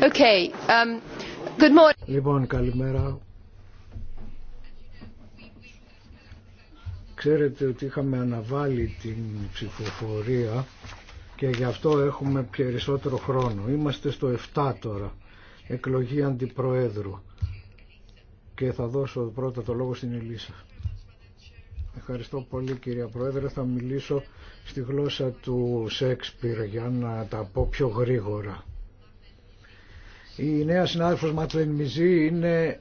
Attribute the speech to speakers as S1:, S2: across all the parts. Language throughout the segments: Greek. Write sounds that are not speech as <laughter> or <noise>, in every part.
S1: Okay. Um,
S2: λοιπόν, καλημέρα. Ξέρετε ότι είχαμε αναβάλει την ψηφοφορία και γι' αυτό έχουμε περισσότερο χρόνο. Είμαστε στο 7 τώρα, εκλογή αντιπροέδρου. Και θα δώσω πρώτα το λόγο στην Ελίσσα. Ευχαριστώ πολύ κυρία Πρόεδρε. Θα μιλήσω στη γλώσσα του Σέξπιρ για να τα πω πιο γρήγορα. Η νέα συνάδελφος Ματλεν Μιζή είναι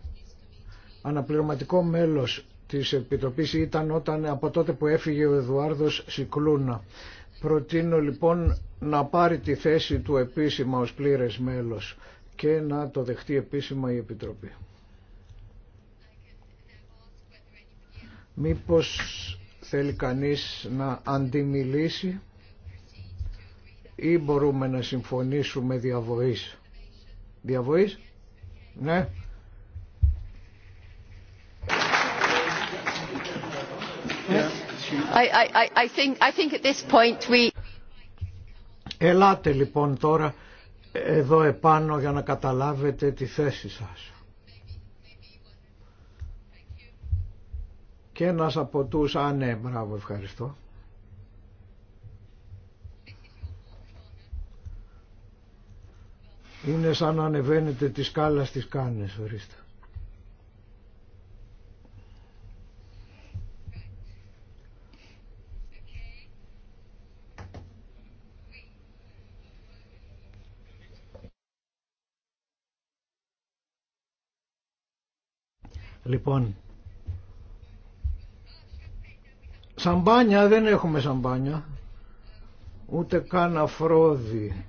S2: αναπληρωματικό μέλος της Επιτροπής ήταν όταν, από τότε που έφυγε ο Εδουάρδος Σικλούνα. Προτείνω λοιπόν να πάρει τη θέση του επίσημα ως πλήρες μέλος και να το δεχτεί επίσημα η Επιτροπή. Μήπως θέλει κανείς να αντιμιλήσει ή μπορούμε να συμφωνήσουμε διαβοή. Διαβοής. Ναι. Ελάτε λοιπόν τώρα εδώ επάνω για να καταλάβετε τη θέση σας. Και ένας από τους, α ναι, μπράβο, ευχαριστώ. Είναι σαν να ανεβαίνετε τη σκάλα στις κάνες, ορίστε. Λοιπόν, σαμπάνια δεν έχουμε σαμπάνια, ούτε καν αφρόδι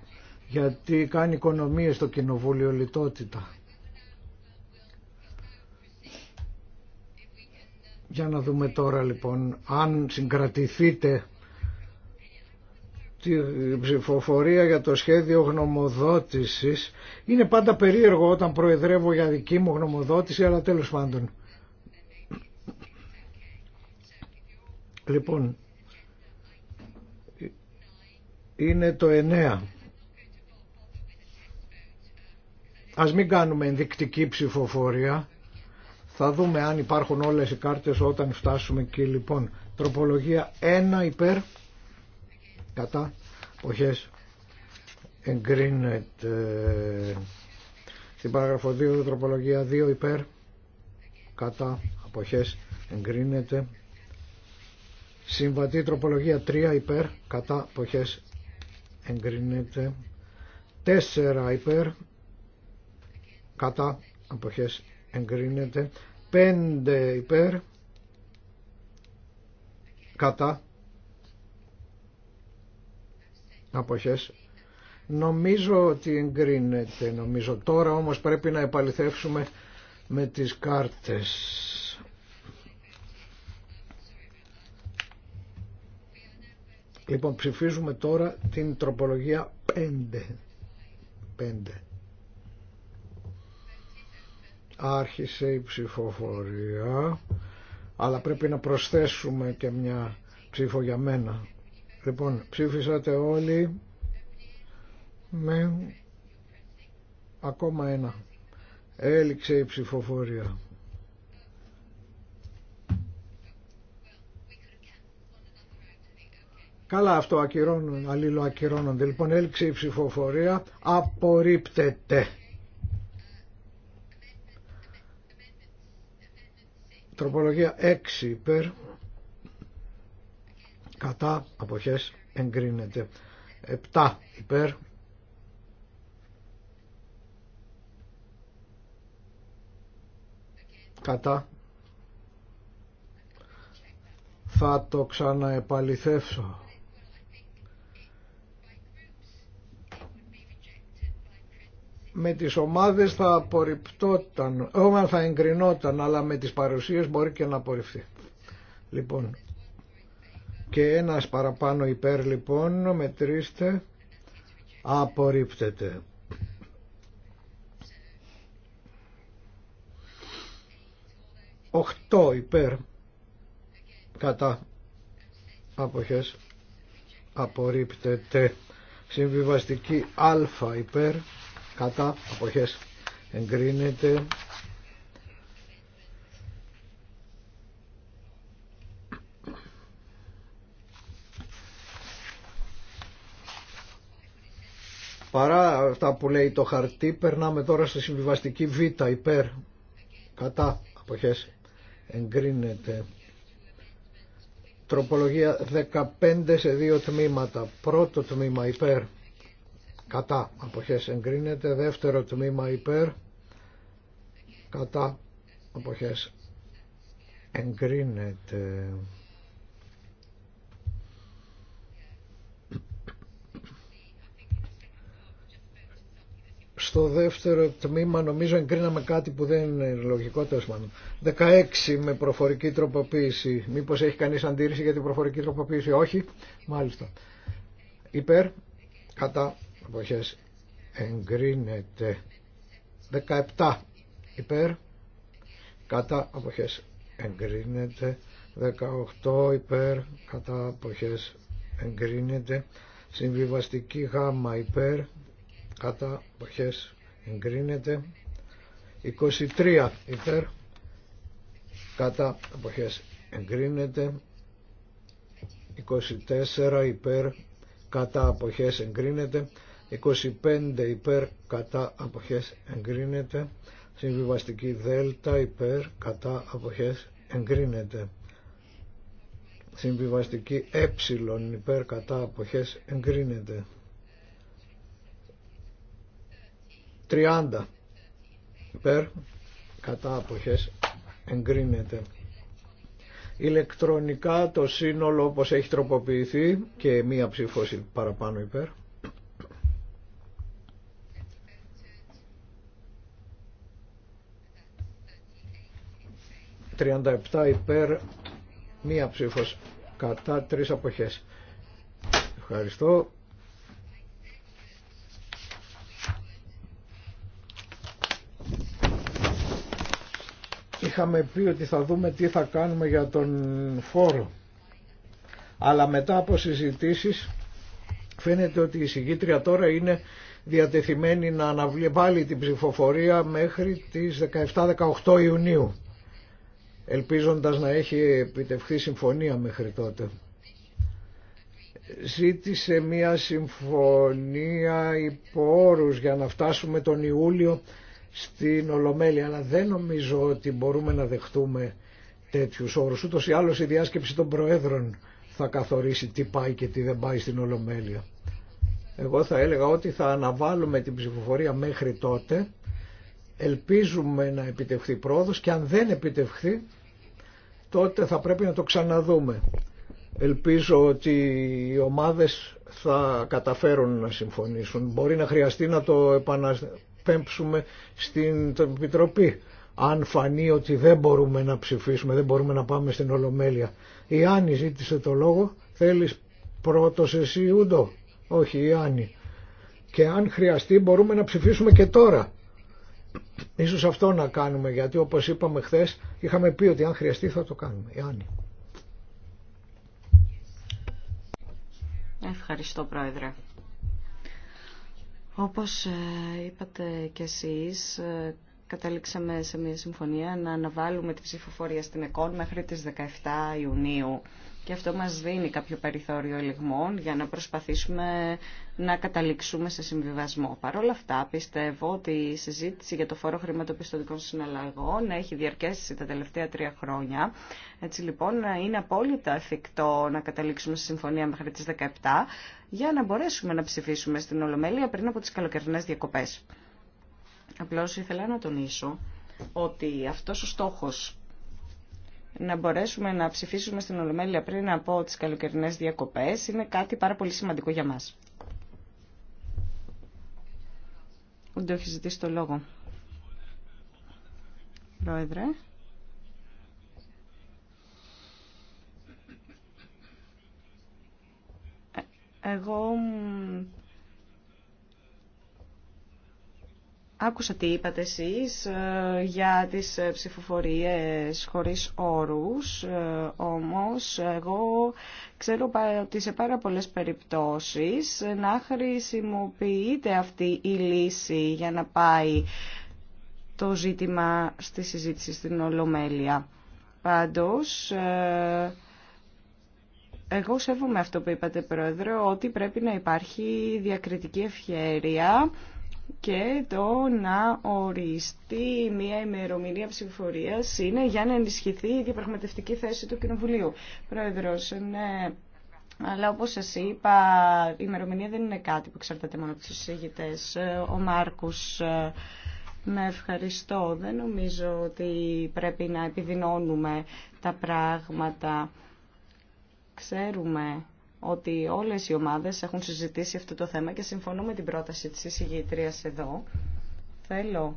S2: γιατί κάνει οικονομίες στο Κοινοβούλιο Λιτότητα. Για να δούμε τώρα λοιπόν αν συγκρατηθείτε τη ψηφοφορία για το σχέδιο γνωμοδότησης. Είναι πάντα περίεργο όταν προεδρεύω για δική μου γνωμοδότηση, αλλά τέλος πάντων. Λοιπόν, είναι το εννέα. Ας μην κάνουμε ενδεικτική ψηφοφορία. Θα δούμε αν υπάρχουν όλες οι κάρτες όταν φτάσουμε εκεί λοιπόν. Τροπολογία 1 υπέρ κατά εποχές εγκρίνεται. Στην παράγραφο 2 τροπολογία 2 υπέρ κατά αποχές εγκρίνεται. Συμβατή τροπολογία 3 υπέρ κατά αποχές εγκρίνεται. 4 υπέρ κατά αποχές εγκρίνεται 5 υπέρ κατά αποχές νομίζω ότι εγκρίνεται νομίζω τώρα όμως πρέπει να επαληθεύσουμε με τις κάρτες Λοιπόν ψηφίζουμε τώρα την τροπολογία 5 5 Άρχισε η ψηφοφορία, αλλά πρέπει να προσθέσουμε και μια ψήφο για μένα. Λοιπόν, ψήφισατε όλοι με ακόμα ένα. Έληξε η ψηφοφορία. Καλά αυτό ακυρώνουν, αλλήλο ακυρώνονται. Λοιπόν έληξε η ψηφοφορία, απορρίπτεται. Τροπολογία 6 υπέρ κατά αποχές εγκρίνεται. 7 υπέρ κατά θα το ξαναεπαληθεύσω. με τις ομάδες θα απορριπτόταν, όμως θα εγκρινόταν, αλλά με τις παρουσίες μπορεί και να απορριφθεί. Λοιπόν, και ένας παραπάνω υπέρ λοιπόν, μετρήστε, απορρίπτεται. Οχτώ υπέρ, κατά, αποχές, απορρίπτεται. Συμβιβαστική α υπέρ, κατά αποχές εγκρίνεται Παρά αυτά που λέει το χαρτί, περνάμε τώρα στη συμβιβαστική Β, υπέρ, κατά, αποχές, εγκρίνεται. Τροπολογία 15 σε δύο τμήματα. Πρώτο τμήμα υπέρ, κατά αποχές εγκρίνεται δεύτερο τμήμα υπέρ κατά αποχές εγκρίνεται στο δεύτερο τμήμα νομίζω εγκρίναμε κάτι που δεν είναι λογικό τέλο 16 με προφορική τροποποίηση. Μήπως έχει κανείς αντίρρηση για την προφορική τροποποίηση. Όχι. Μάλιστα. Υπέρ. Κατά. Εποχές εγκρίνεται 17 υπέρ κατά αποχές εγκρίνεται 18 υπέρ κατά αποχές εγκρίνεται συμβιβαστική γάμα υπέρ κατά αποχές εγκρίνεται 23 υπέρ κατά αποχές εγκρίνεται 24 υπέρ κατά αποχές εγκρίνεται 25 υπέρ κατά αποχές εγκρίνεται. Συμβιβαστική δέλτα υπέρ κατά αποχές εγκρίνεται. Συμβιβαστική ε υπέρ κατά αποχές εγκρίνεται. 30 υπέρ κατά αποχές εγκρίνεται. Ηλεκτρονικά το σύνολο όπως έχει τροποποιηθεί και μία ψήφωση παραπάνω υπέρ. 37 υπέρ, μία ψήφος κατά, τρεις αποχές. Ευχαριστώ. Είχαμε πει ότι θα δούμε τι θα κάνουμε για τον φόρο. Αλλά μετά από συζητήσεις φαίνεται ότι η συγκήτρια τώρα είναι διατεθειμένη να αναβλεβάλει την ψηφοφορία μέχρι τις 17-18 Ιουνίου ελπίζοντας να έχει επιτευχθεί συμφωνία μέχρι τότε. Ζήτησε μία συμφωνία υπό όρους για να φτάσουμε τον Ιούλιο στην Ολομέλεια, αλλά δεν νομίζω ότι μπορούμε να δεχτούμε τέτοιους όρους. Ούτως ή άλλως η διάσκεψη των Προέδρων θα καθορίσει τι πάει και τι δεν πάει στην Ολομέλεια. Εγώ θα έλεγα ότι θα αναβάλουμε την ψηφοφορία μέχρι τότε ελπίζουμε να επιτευχθεί πρόοδος και αν δεν επιτευχθεί τότε θα πρέπει να το ξαναδούμε. Ελπίζω ότι οι ομάδες θα καταφέρουν να συμφωνήσουν. Μπορεί να χρειαστεί να το επαναπέμψουμε στην Επιτροπή. Αν φανεί ότι δεν μπορούμε να ψηφίσουμε, δεν μπορούμε να πάμε στην Ολομέλεια. Η Άννη ζήτησε το λόγο. Θέλεις πρώτος εσύ ούντο. Όχι η Άννη. Και αν χρειαστεί μπορούμε να ψηφίσουμε και τώρα. Ίσως αυτό να κάνουμε γιατί όπως είπαμε χθες είχαμε πει ότι αν χρειαστεί θα το κάνουμε. Ιάννη.
S3: Ευχαριστώ Πρόεδρε. Όπως ε, είπατε και εσείς, ε, καταλήξαμε σε μια συμφωνία να αναβάλουμε τη ψηφοφορία στην ΕΚΟΝ μέχρι τις 17 Ιουνίου και αυτό μας δίνει κάποιο περιθώριο ελιγμών για να προσπαθήσουμε να καταλήξουμε σε συμβιβασμό. Παρ' όλα αυτά πιστεύω ότι η συζήτηση για το φόρο χρηματοπιστωτικών συναλλαγών έχει διαρκέσει τα τελευταία τρία χρόνια. Έτσι λοιπόν είναι απόλυτα εφικτό να καταλήξουμε σε συμφωνία μέχρι τις 17 για να μπορέσουμε να ψηφίσουμε στην Ολομέλεια πριν από τις καλοκαιρινές διακοπές. Απλώς ήθελα να τονίσω ότι αυτός ο στόχος να μπορέσουμε να ψηφίσουμε στην Ολομέλεια πριν από τις καλοκαιρινές διακοπές είναι κάτι πάρα πολύ σημαντικό για μας. Ούτε έχει ζητήσει το λόγο. Πρόεδρε. Ε, εγώ Άκουσα τι είπατε εσείς ε, για τις ε, ψηφοφορίες χωρίς όρους, ε, όμως εγώ ξέρω ότι σε πάρα πολλές περιπτώσεις να χρησιμοποιείται αυτή η λύση για να πάει το ζήτημα στη συζήτηση στην Ολομέλεια. Πάντως, εγώ σέβομαι αυτό που είπατε, προέδρε, ότι πρέπει να υπάρχει διακριτική ευχέρεια και το να οριστεί μια ημερομηνία ψηφοφορία είναι για να ενισχυθεί η διαπραγματευτική θέση του Κοινοβουλίου. Πρόεδρος, ναι. Αλλά όπως σας είπα, η ημερομηνία δεν είναι κάτι που εξαρτάται μόνο από τους εισηγητές. Ο Μάρκους, με ευχαριστώ. Δεν νομίζω ότι πρέπει να επιδεινώνουμε τα πράγματα. Ξέρουμε ότι όλες οι ομάδες έχουν συζητήσει αυτό το θέμα και συμφωνώ με την πρόταση της εισηγήτριας εδώ. Θέλω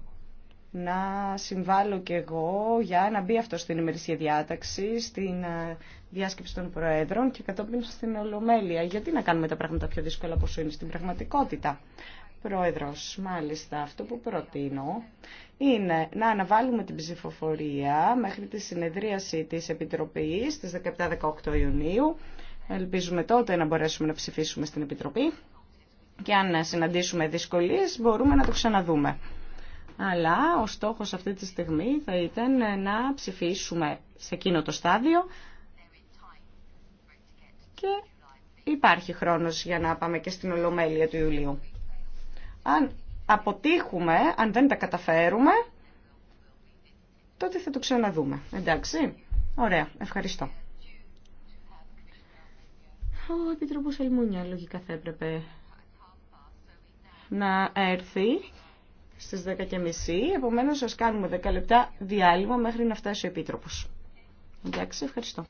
S3: να συμβάλλω και εγώ για να μπει αυτό στην ημερησία διάταξη, στην ε, διάσκεψη των Προέδρων και κατόπιν στην Ολομέλεια. Γιατί να κάνουμε τα πράγματα πιο δύσκολα όπως είναι στην πραγματικότητα. Πρόεδρος, μάλιστα, αυτό που προτείνω είναι να αναβάλουμε την ψηφοφορία μέχρι τη συνεδρίαση της Επιτροπής στις 17-18 Ιουνίου Ελπίζουμε τότε να μπορέσουμε να ψηφίσουμε στην Επιτροπή και αν συναντήσουμε δυσκολίες μπορούμε να το ξαναδούμε. Αλλά ο στόχος αυτή τη στιγμή θα ήταν να ψηφίσουμε σε εκείνο το στάδιο και υπάρχει χρόνος για να πάμε και στην Ολομέλεια του Ιουλίου. Αν αποτύχουμε, αν δεν τα καταφέρουμε, τότε θα το ξαναδούμε. Εντάξει, ωραία, ευχαριστώ. Ο Επιτροπός Αλμούνια λογικά θα έπρεπε να έρθει στις 10.30. Επομένως, σας κάνουμε 10 λεπτά διάλειμμα μέχρι να φτάσει ο Επίτροπος. Εντάξει, ευχαριστώ.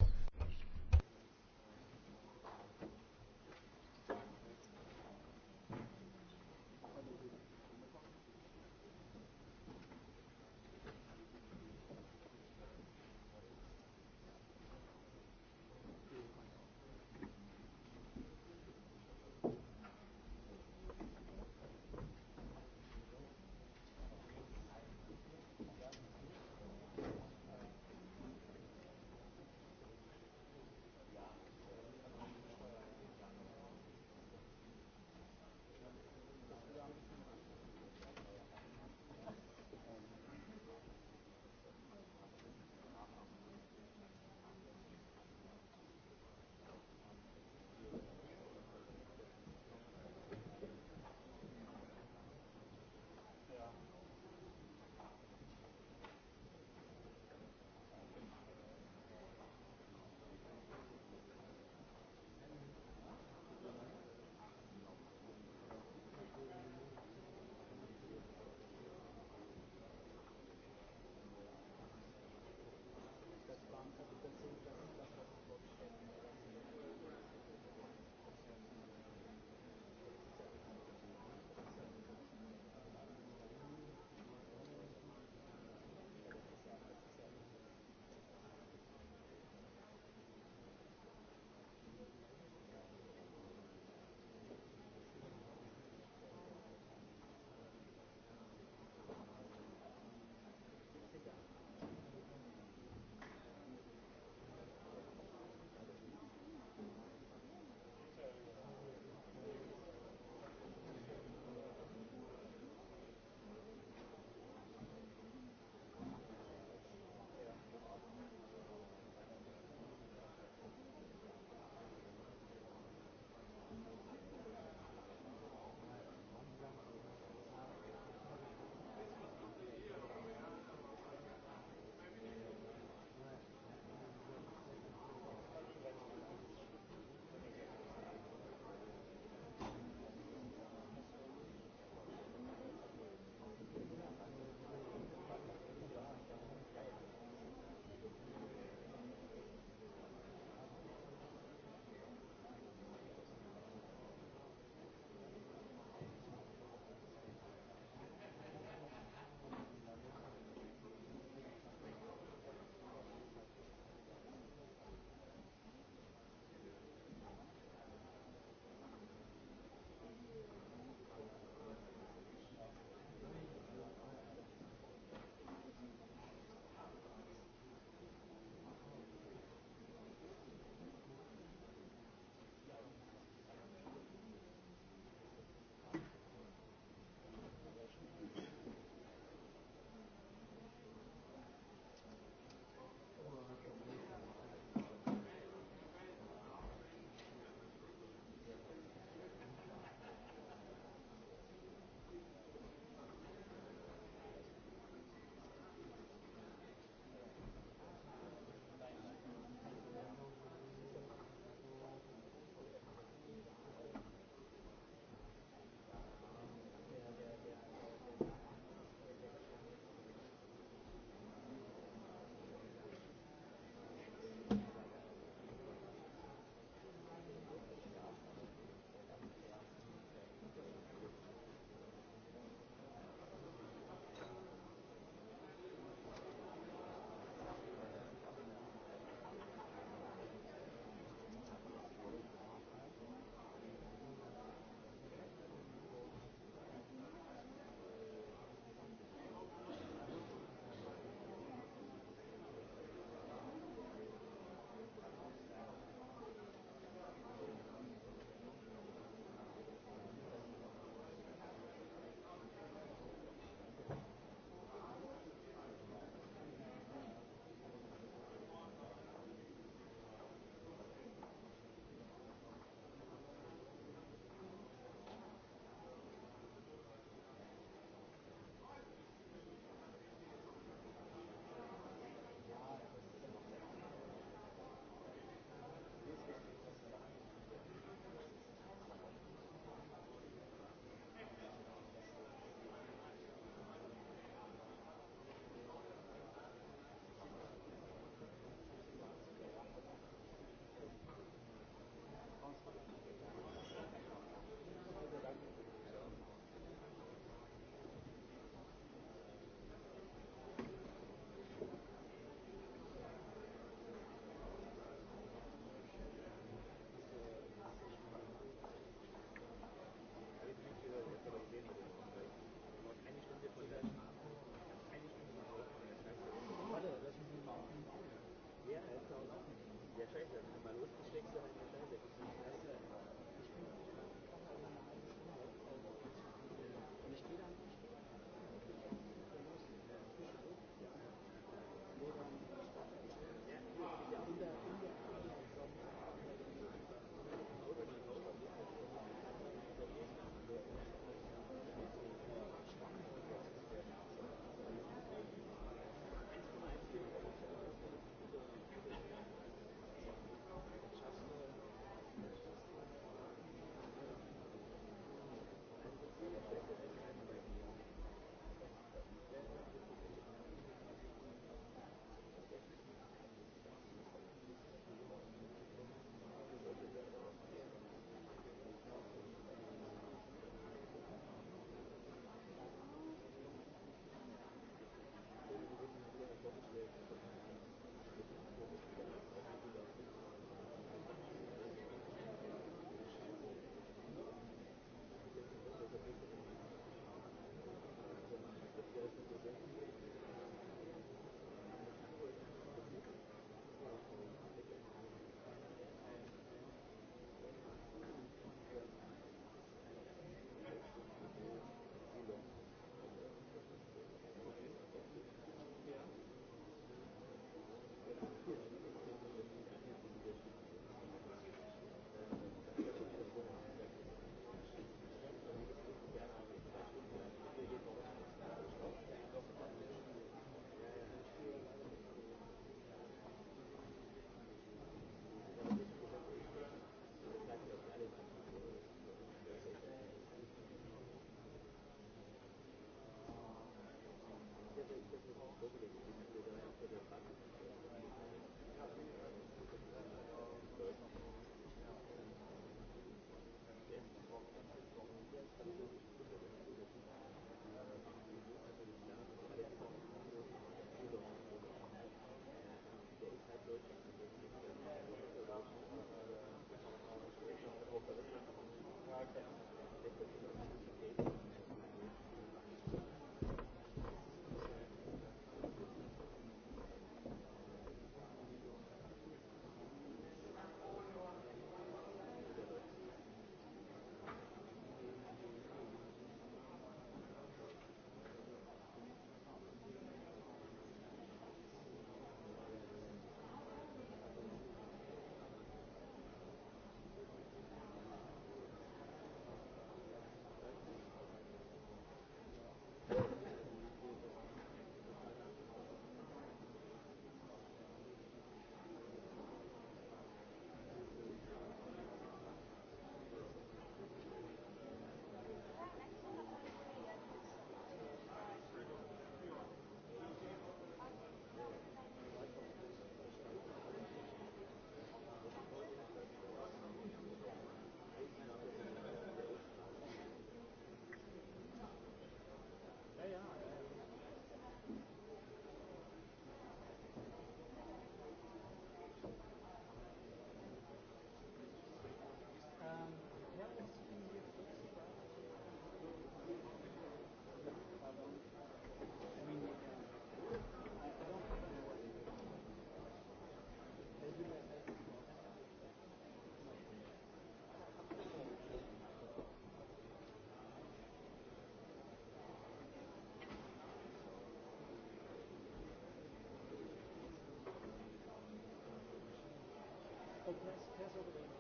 S4: kommt erst,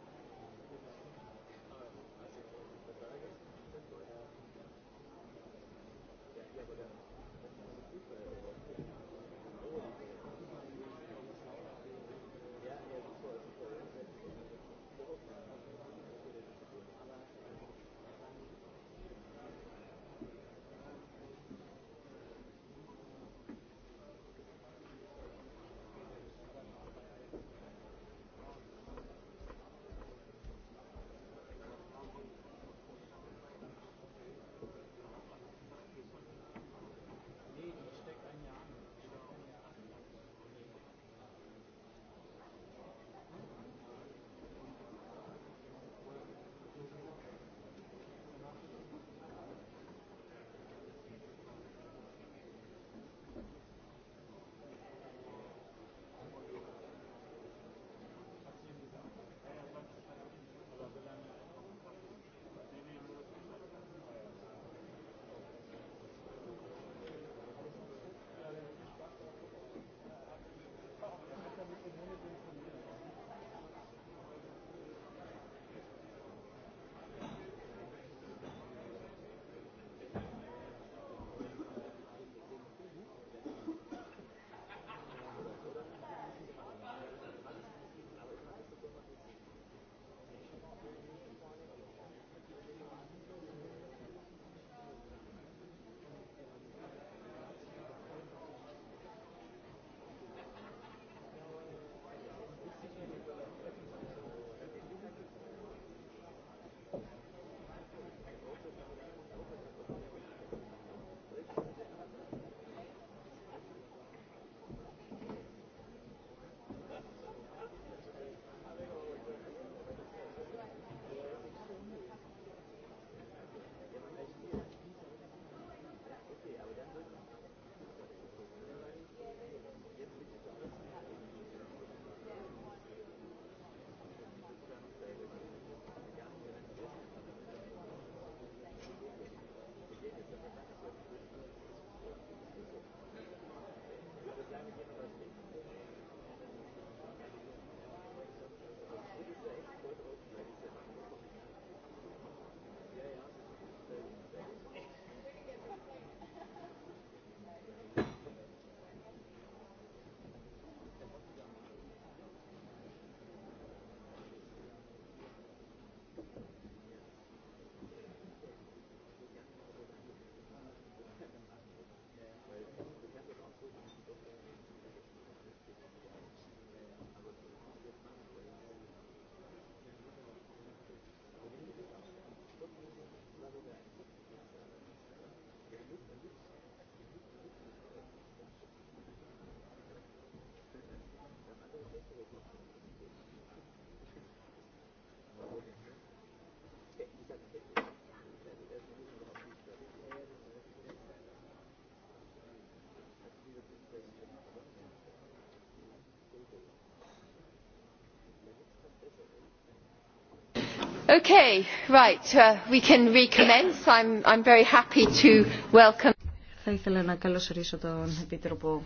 S3: Θα ήθελα να καλωσορίσω τον Επίτροπο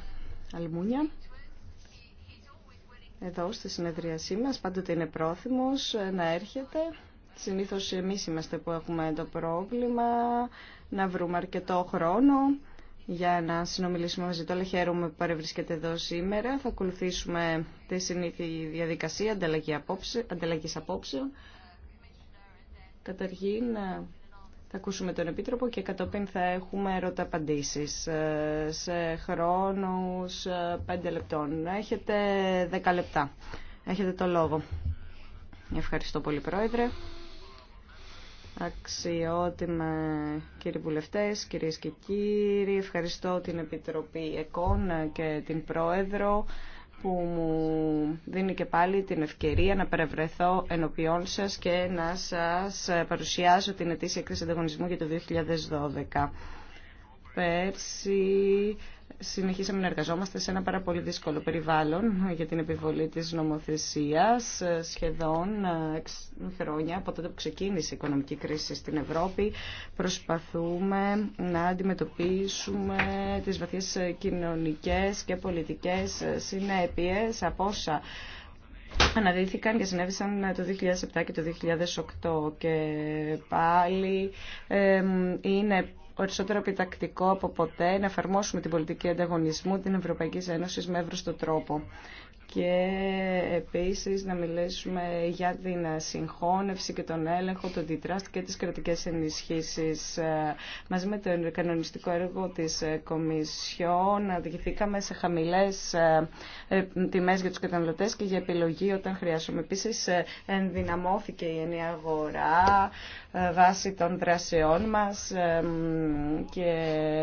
S3: Αλμούνια εδώ στη συνεδρίασή μας. Πάντοτε είναι πρόθυμος να έρχεται. Συνήθως εμείς είμαστε που έχουμε το πρόβλημα να βρούμε αρκετό χρόνο για να συνομιλήσουμε μαζί του, αλλά χαίρομαι που παρευρίσκεται εδώ σήμερα. Θα ακολουθήσουμε τη συνήθη διαδικασία ανταλλαγή απόψεων Καταρχήν, θα ακούσουμε τον Επίτροπο και κατόπιν θα έχουμε ερωταπαντήσεις ε, σε χρόνους 5 ε, λεπτών. Έχετε 10 λεπτά. Έχετε το λόγο. Ευχαριστώ πολύ, Πρόεδρε. Αξιότιμα κύριοι βουλευτές, κυρίες και κύριοι, ευχαριστώ την Επιτροπή ΕΚΟΝ και την Πρόεδρο που μου δίνει και πάλι την ευκαιρία να παρευρεθώ ενώπιόν σας και να σας παρουσιάσω την ετήσια κρίση ανταγωνισμού για το 2012. Πέρσι συνεχίσαμε να εργαζόμαστε σε ένα πάρα πολύ δύσκολο περιβάλλον για την επιβολή της νομοθεσίας ε, σχεδόν 6 ε, χρόνια από τότε που ξεκίνησε η οικονομική κρίση στην Ευρώπη προσπαθούμε να αντιμετωπίσουμε τις βαθιές ε, κοινωνικές και πολιτικές συνέπειες από όσα αναδύθηκαν και συνέβησαν το 2007 και το 2008 και πάλι είναι περισσότερο επιτακτικό από ποτέ να εφαρμόσουμε την πολιτική ανταγωνισμού την Ευρωπαϊκή Ένωση με εύρωστο τρόπο και επίσης να μιλήσουμε για την συγχώνευση και τον έλεγχο, των αντιτράστ και τις κρατικές ενισχύσεις. Ε, μαζί με το κανονιστικό έργο της Κομισιόν αντιγηθήκαμε σε χαμηλές ε, ε, τιμές για τους καταναλωτές και για επιλογή όταν χρειάζομαι. Επίσης ενδυναμώθηκε η ενιαία αγορά βάσει των δρασεών μας και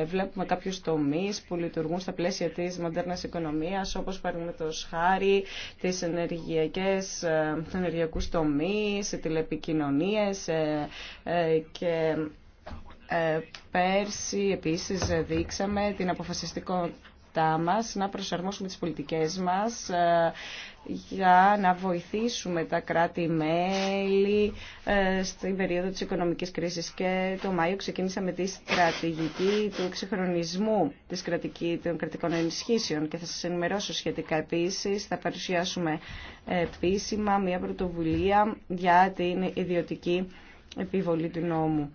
S3: βλέπουμε κάποιους τομείς που λειτουργούν στα πλαίσια της μοντέρνας οικονομίας όπως το χάρη πάρει, τις ενεργειακές, ε, ενεργειακούς τομείς, τηλεπικοινωνίες ε, και ε, πέρσι επίσης δείξαμε την αποφασιστικότητά μας να προσαρμόσουμε τις πολιτικές μας για να βοηθήσουμε τα κράτη-μέλη ε, στην περίοδο της οικονομικής κρίσης. Και το Μάιο ξεκίνησαμε τη στρατηγική του εξυγχρονισμού της κρατική, των κρατικών ενισχύσεων και θα σας ενημερώσω σχετικά επίσης. Θα παρουσιάσουμε ε, επίσημα μια πρωτοβουλία για την ιδιωτική επιβολή του νόμου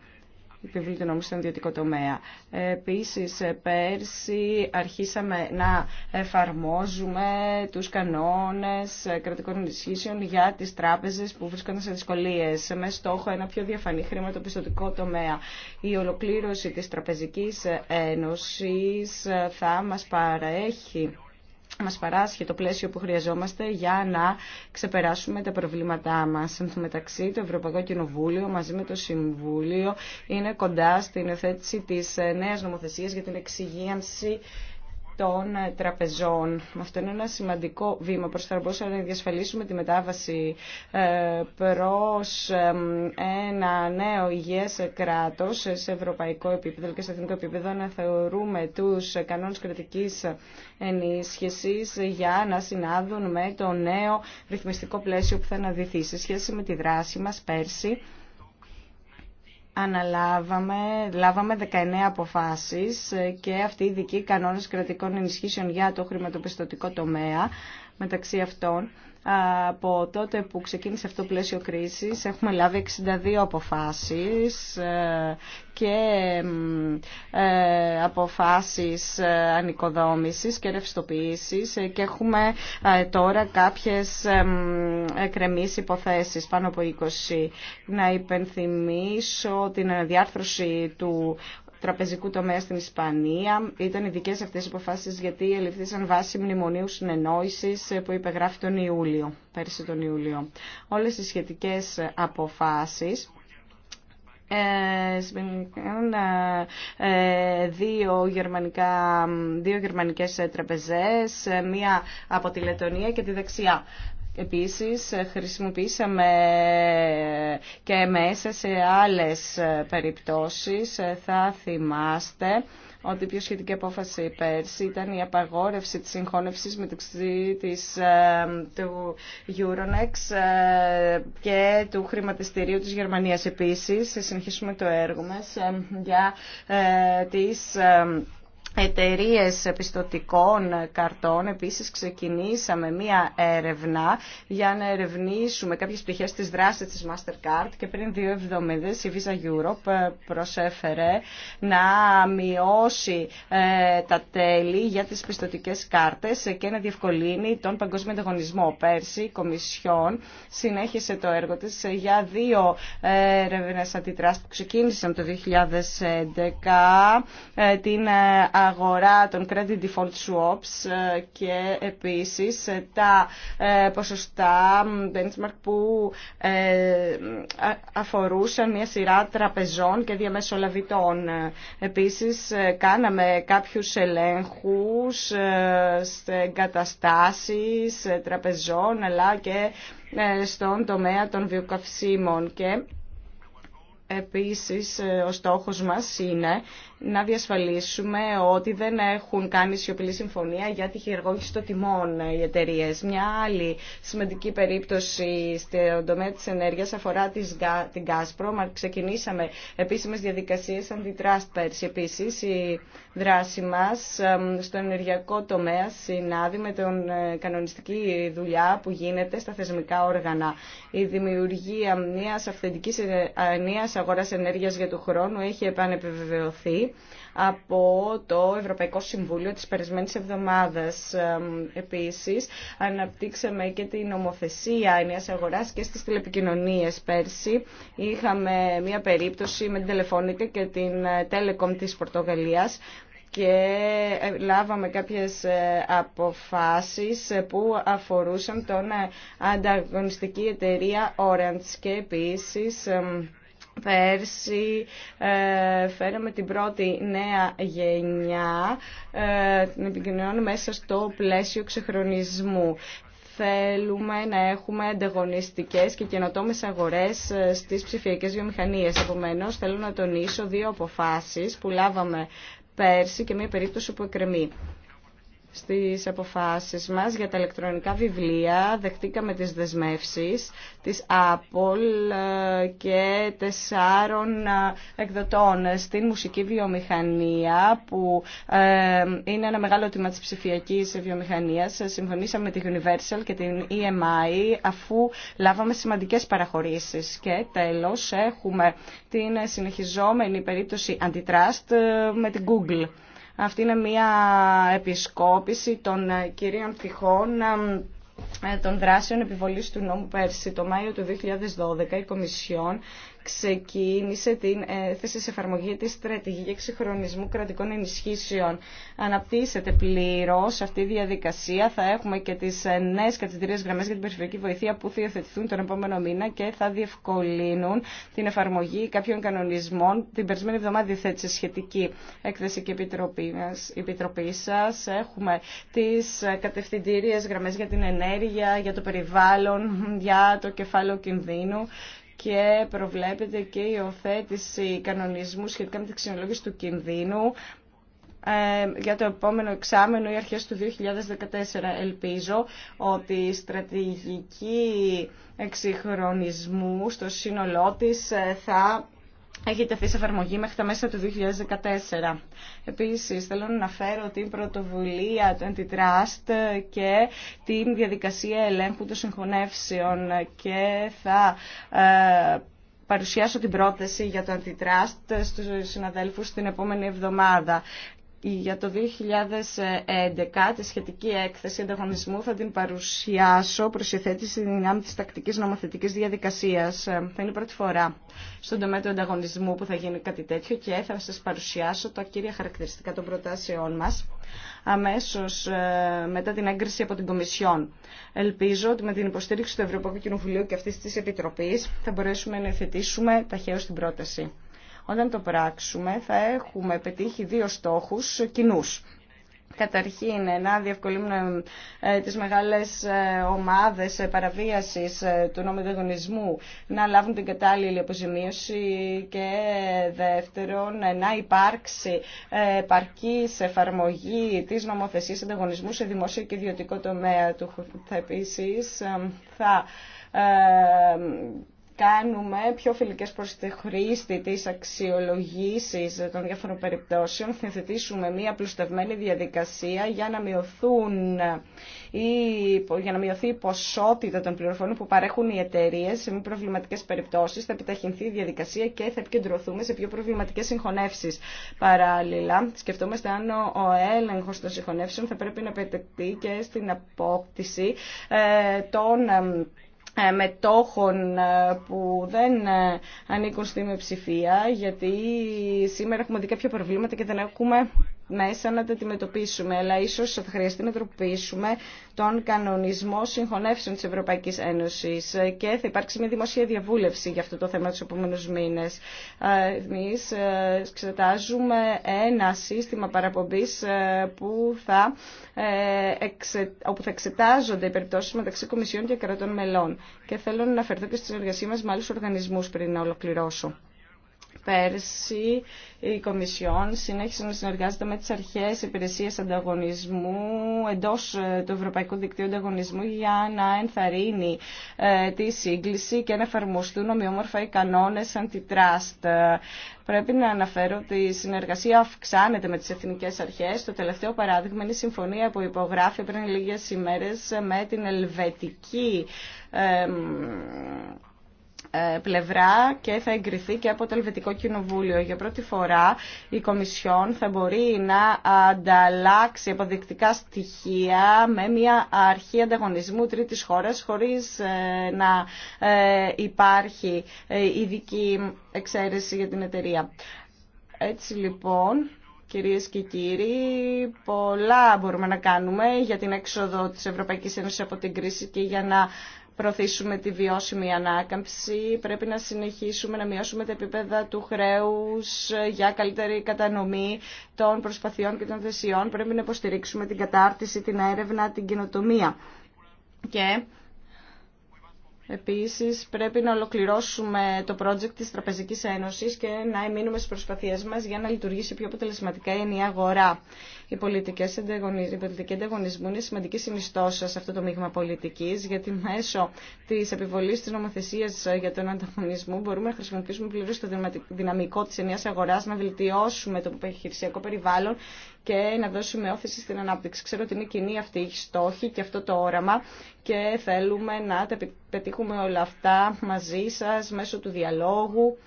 S3: επιβλή στον ιδιωτικό τομέα. Επίσης, πέρσι αρχίσαμε να εφαρμόζουμε τους κανόνες κρατικών ενισχύσεων για τις τράπεζες που βρίσκονται σε δυσκολίες με στόχο ένα πιο διαφανή χρηματοπιστωτικό τομέα. Η ολοκλήρωση της Τραπεζικής Ένωσης θα μας παρέχει μας παράσχει το πλαίσιο που χρειαζόμαστε για να ξεπεράσουμε τα προβλήματά μας. Μεταξύ το Ευρωπαϊκό Κοινοβούλιο μαζί με το Συμβούλιο είναι κοντά στην εθέτηση της νέας νομοθεσίας για την εξυγίανση των ε, τραπεζών. Αυτό είναι ένα σημαντικό βήμα προς τα να διασφαλίσουμε τη μετάβαση ε, προς ένα νέο υγιές κράτος σε ευρωπαϊκό επίπεδο και σε εθνικό επίπεδο να θεωρούμε τους κανόνες κρατικής ενίσχυσης για να συνάδουν με το νέο ρυθμιστικό πλαίσιο που θα αναδυθεί σε σχέση με τη δράση μας πέρσι αναλάβαμε, λάβαμε 19 αποφάσεις ε, και αυτή η δική κανόνας κρατικών ενισχύσεων για το χρηματοπιστωτικό τομέα μεταξύ αυτών από τότε που ξεκίνησε αυτό το πλαίσιο κρίσης έχουμε λάβει 62 αποφάσεις ε, και ε, αποφάσεις ε, ανοικοδόμησης και ρευστοποίησης και έχουμε τώρα κάποιες εκκρεμείς υποθέσεις πάνω από 20. Να υπενθυμίσω την διάρθρωση του τραπεζικού τομέα στην Ισπανία. Ήταν ειδικέ αυτέ οι αποφάσει γιατί ελήφθησαν βάση μνημονίου συνεννόηση που υπεγράφει τον Ιούλιο, πέρσι τον Ιούλιο. Όλε οι σχετικέ αποφάσει ε, ε, ε, δύο, γερμανικά, δύο γερμανικές τραπεζές, μία από τη Λετωνία και τη δεξιά Επίσης χρησιμοποιήσαμε και μέσα σε άλλες περιπτώσεις. Θα θυμάστε ότι η πιο σχετική απόφαση πέρσι ήταν η απαγόρευση της συγχώνευσης μεταξύ της, ε, του Euronext ε, και του χρηματιστηρίου της Γερμανίας. Επίσης, συνεχίσουμε το έργο μας ε, για τις εταιρείε πιστοτικών καρτών. Επίσης ξεκινήσαμε μία έρευνα για να ερευνήσουμε κάποιες πτυχέ της δράσης της Mastercard και πριν δύο εβδομάδε η Visa Europe ε, προσέφερε να μειώσει ε, τα τέλη για τις πιστοτικέ κάρτες και να διευκολύνει τον παγκόσμιο ανταγωνισμό. Πέρσι η Κομισιόν συνέχισε το έργο της για δύο έρευνε αντιτράστ που ξεκίνησαν το 2011 ε, την αγορά των credit default swaps ε, και επίσης ε, τα ε, ποσοστά benchmark που αφορούσαν μια σειρά τραπεζών και διαμεσολαβητών. Επίσης κάναμε κάποιους ελέγχους σε καταστάσεις τραπεζών αλλά και στον τομέα των βιοκαυσίμων και Επίσης, ο στόχος μας είναι να διασφαλίσουμε ότι δεν έχουν κάνει σιωπηλή συμφωνία για τη χειραγώγηση των τιμών οι εταιρείε. Μια άλλη σημαντική περίπτωση στον τομέα τη ενέργεια αφορά την Gazprom. Ξεκινήσαμε επίσημε διαδικασίε αντιτράστ πέρσι. Επίση, η δράση μα στο ενεργειακό τομέα συνάδει με τον ε, κανονιστική δουλειά που γίνεται στα θεσμικά όργανα. Η δημιουργία μια αυθεντική ενία ε, αγορά ενέργεια για του χρόνου έχει επανεπιβεβαιωθεί από το Ευρωπαϊκό Συμβούλιο της περισμένης εβδομάδας. Επίσης, αναπτύξαμε και την νομοθεσία ενιαίας αγοράς και στις τηλεπικοινωνίες πέρσι. Είχαμε μια περίπτωση με την Τελεφώνικα και την Τέλεκομ της Πορτογαλίας και ε, λάβαμε κάποιες ε, αποφάσεις ε, που αφορούσαν τον ανταγωνιστική εταιρεία Orange και επίσης Πέρσι ε, φέραμε την πρώτη νέα γενιά, ε, την επικοινωνιών μέσα στο πλαίσιο ξεχρονισμού θέλουμε να έχουμε ανταγωνιστικές και καινοτόμες αγορές ε, στις ψηφιακές βιομηχανίες. Επομένως, θέλω να τονίσω δύο αποφάσεις που λάβαμε πέρσι και μία περίπτωση που εκκρεμεί στις αποφάσεις μας για τα ηλεκτρονικά βιβλία δεχτήκαμε τις δεσμεύσεις της Apple ε, και τεσσάρων ε, εκδοτών στην μουσική βιομηχανία που ε, είναι ένα μεγάλο τμήμα της ψηφιακής βιομηχανίας. Συμφωνήσαμε με τη Universal και την EMI αφού λάβαμε σημαντικές παραχωρήσεις και τέλος έχουμε την συνεχιζόμενη περίπτωση antitrust με την Google. Αυτή είναι μια επισκόπηση των κυρίων φυχών. Ε, των δράσεων επιβολής του νόμου πέρσι, το Μάιο του 2012, η Κομισιόν ξεκίνησε την ε, θέση σε εφαρμογή της στρατηγική εξυγχρονισμού κρατικών ενισχύσεων. Αναπτύσσεται πλήρως αυτή η διαδικασία. Θα έχουμε και τις ε, νέες κατηγορίες γραμμές για την περιφερειακή βοήθεια που θα υιοθετηθούν τον επόμενο μήνα και θα διευκολύνουν την εφαρμογή κάποιων κανονισμών. Την περσμένη εβδομάδα διθέτησε σχετική έκθεση και επιτροπή, επιτροπή Έχουμε τις κατευθυντήριες γραμμές για την ενέργεια για το περιβάλλον, για το κεφάλαιο κινδύνου και προβλέπεται και η οθέτηση κανονισμού σχετικά με τη ξενολόγηση του κινδύνου ε, για το επόμενο εξάμενο ή αρχές του 2014. Ελπίζω ότι η στρατηγική εξυγχρονισμού στο σύνολό της ε, θα έχει τεθεί σε εφαρμογή μέχρι τα μέσα του 2014. Επίσης, θέλω να αναφέρω την πρωτοβουλία του Antitrust και την διαδικασία ελέγχου των συγχωνεύσεων και θα ε, παρουσιάσω την πρόταση για το Antitrust στους συναδέλφους την επόμενη εβδομάδα για το 2011 τη σχετική έκθεση ανταγωνισμού θα την παρουσιάσω προς η θέτηση δυνάμει της τακτικής νομοθετικής διαδικασίας. Ε, θα είναι η πρώτη φορά στον τομέα του ανταγωνισμού που θα γίνει κάτι τέτοιο και θα σας παρουσιάσω τα κύρια χαρακτηριστικά των προτάσεών μας αμέσως ε, μετά την έγκριση από την Κομισιόν. Ελπίζω ότι με την υποστήριξη του Ευρωπαϊκού Κοινοβουλίου και αυτής της Επιτροπής θα μπορέσουμε να υιοθετήσουμε ταχαίως την πρόταση. Όταν το πράξουμε θα έχουμε πετύχει δύο στόχους κοινού. Καταρχήν να διευκολύνουν ε, τις μεγάλες ε, ομάδες ε, παραβίασης του νόμου να λάβουν την κατάλληλη αποζημίωση και δεύτερον να υπάρξει παρκής εφαρμογή της νομοθεσίας ανταγωνισμού σε δημόσιο και ιδιωτικό τομέα του. Επίσης θα κάνουμε πιο φιλικές προς τη χρήστη της αξιολογήσεις των διάφορων περιπτώσεων, θα θετήσουμε μία πλουστευμένη διαδικασία για να, ή, για μειωθεί η ποσότητα των πληροφοριών που παρέχουν οι εταιρείε σε μη προβληματικές περιπτώσεις, θα επιταχυνθεί η διαδικασία και θα επικεντρωθούμε σε πιο προβληματικές συγχωνεύσεις. Παράλληλα, σκεφτόμαστε αν ο έλεγχος των συγχωνεύσεων θα πρέπει να επιτεθεί και στην απόκτηση ε, των ε, μετόχων ε, που δεν ε, ανήκουν στη μειοψηφία, γιατί σήμερα έχουμε δει κάποια προβλήματα και δεν έχουμε μέσα να τα αντιμετωπίσουμε, αλλά ίσω θα χρειαστεί να τροποποιήσουμε τον κανονισμό συγχωνεύσεων τη Ευρωπαϊκή Ένωση και θα υπάρξει μια δημοσία διαβούλευση για αυτό το θέμα του επόμενου μήνε. Εμεί ε, εξετάζουμε ένα σύστημα παραπομπής ε, που θα, ε, εξε... όπου θα εξετάζονται οι περιπτώσει μεταξύ Κομισιών και κρατών μελών. Και θέλω να αναφερθώ και στη συνεργασία μα με άλλου οργανισμούς πριν να ολοκληρώσω πέρσι η Κομισιόν συνέχισε να συνεργάζεται με τις αρχές υπηρεσίες ανταγωνισμού εντός ε, του Ευρωπαϊκού Δικτύου Ανταγωνισμού για να ενθαρρύνει ε, τη σύγκληση και να εφαρμοστούν ομοιόμορφα οι κανόνες αντιτράστ. Πρέπει να αναφέρω ότι η συνεργασία αυξάνεται με τις εθνικές αρχές. Το τελευταίο παράδειγμα είναι η συμφωνία που υπογράφει πριν λίγες ημέρες με την Ελβετική ε, πλευρά και θα εγκριθεί και από το Ελβετικό Κοινοβούλιο. Για πρώτη φορά η Κομισιόν θα μπορεί να ανταλλάξει αποδεικτικά στοιχεία με μια αρχή ανταγωνισμού τρίτης χώρας χωρίς ε, να ε, υπάρχει ειδική εξαίρεση για την εταιρεία. Έτσι λοιπόν, κυρίες και κύριοι, πολλά μπορούμε να κάνουμε για την έξοδο της Ευρωπαϊκής Ένωσης από την κρίση και για να προωθήσουμε τη βιώσιμη ανάκαμψη, πρέπει να συνεχίσουμε να μειώσουμε τα επίπεδα του χρέους για καλύτερη κατανομή των προσπαθειών και των θεσιών, πρέπει να υποστηρίξουμε την κατάρτιση, την έρευνα, την κοινοτομία. Και Επίσης πρέπει να ολοκληρώσουμε το project της Τραπεζικής Ένωσης και να εμείνουμε στις προσπαθίες μας για να λειτουργήσει πιο αποτελεσματικά η ενιαία αγορά. Η πολιτική ανταγωνισμού είναι σημαντική συνιστόσα σε αυτό το μείγμα πολιτικής, γιατί μέσω της επιβολή της νομοθεσίας για τον ανταγωνισμό μπορούμε να χρησιμοποιήσουμε πλήρως το δυναμικό της ενιαίας αγοράς, να βελτιώσουμε το επιχειρησιακό περιβάλλον και να δώσουμε όθηση στην ανάπτυξη. Ξέρω ότι είναι κοινή αυτή η στόχη και αυτό το όραμα και θέλουμε να πετύχουμε όλα αυτά μαζί σας μέσω του διαλόγου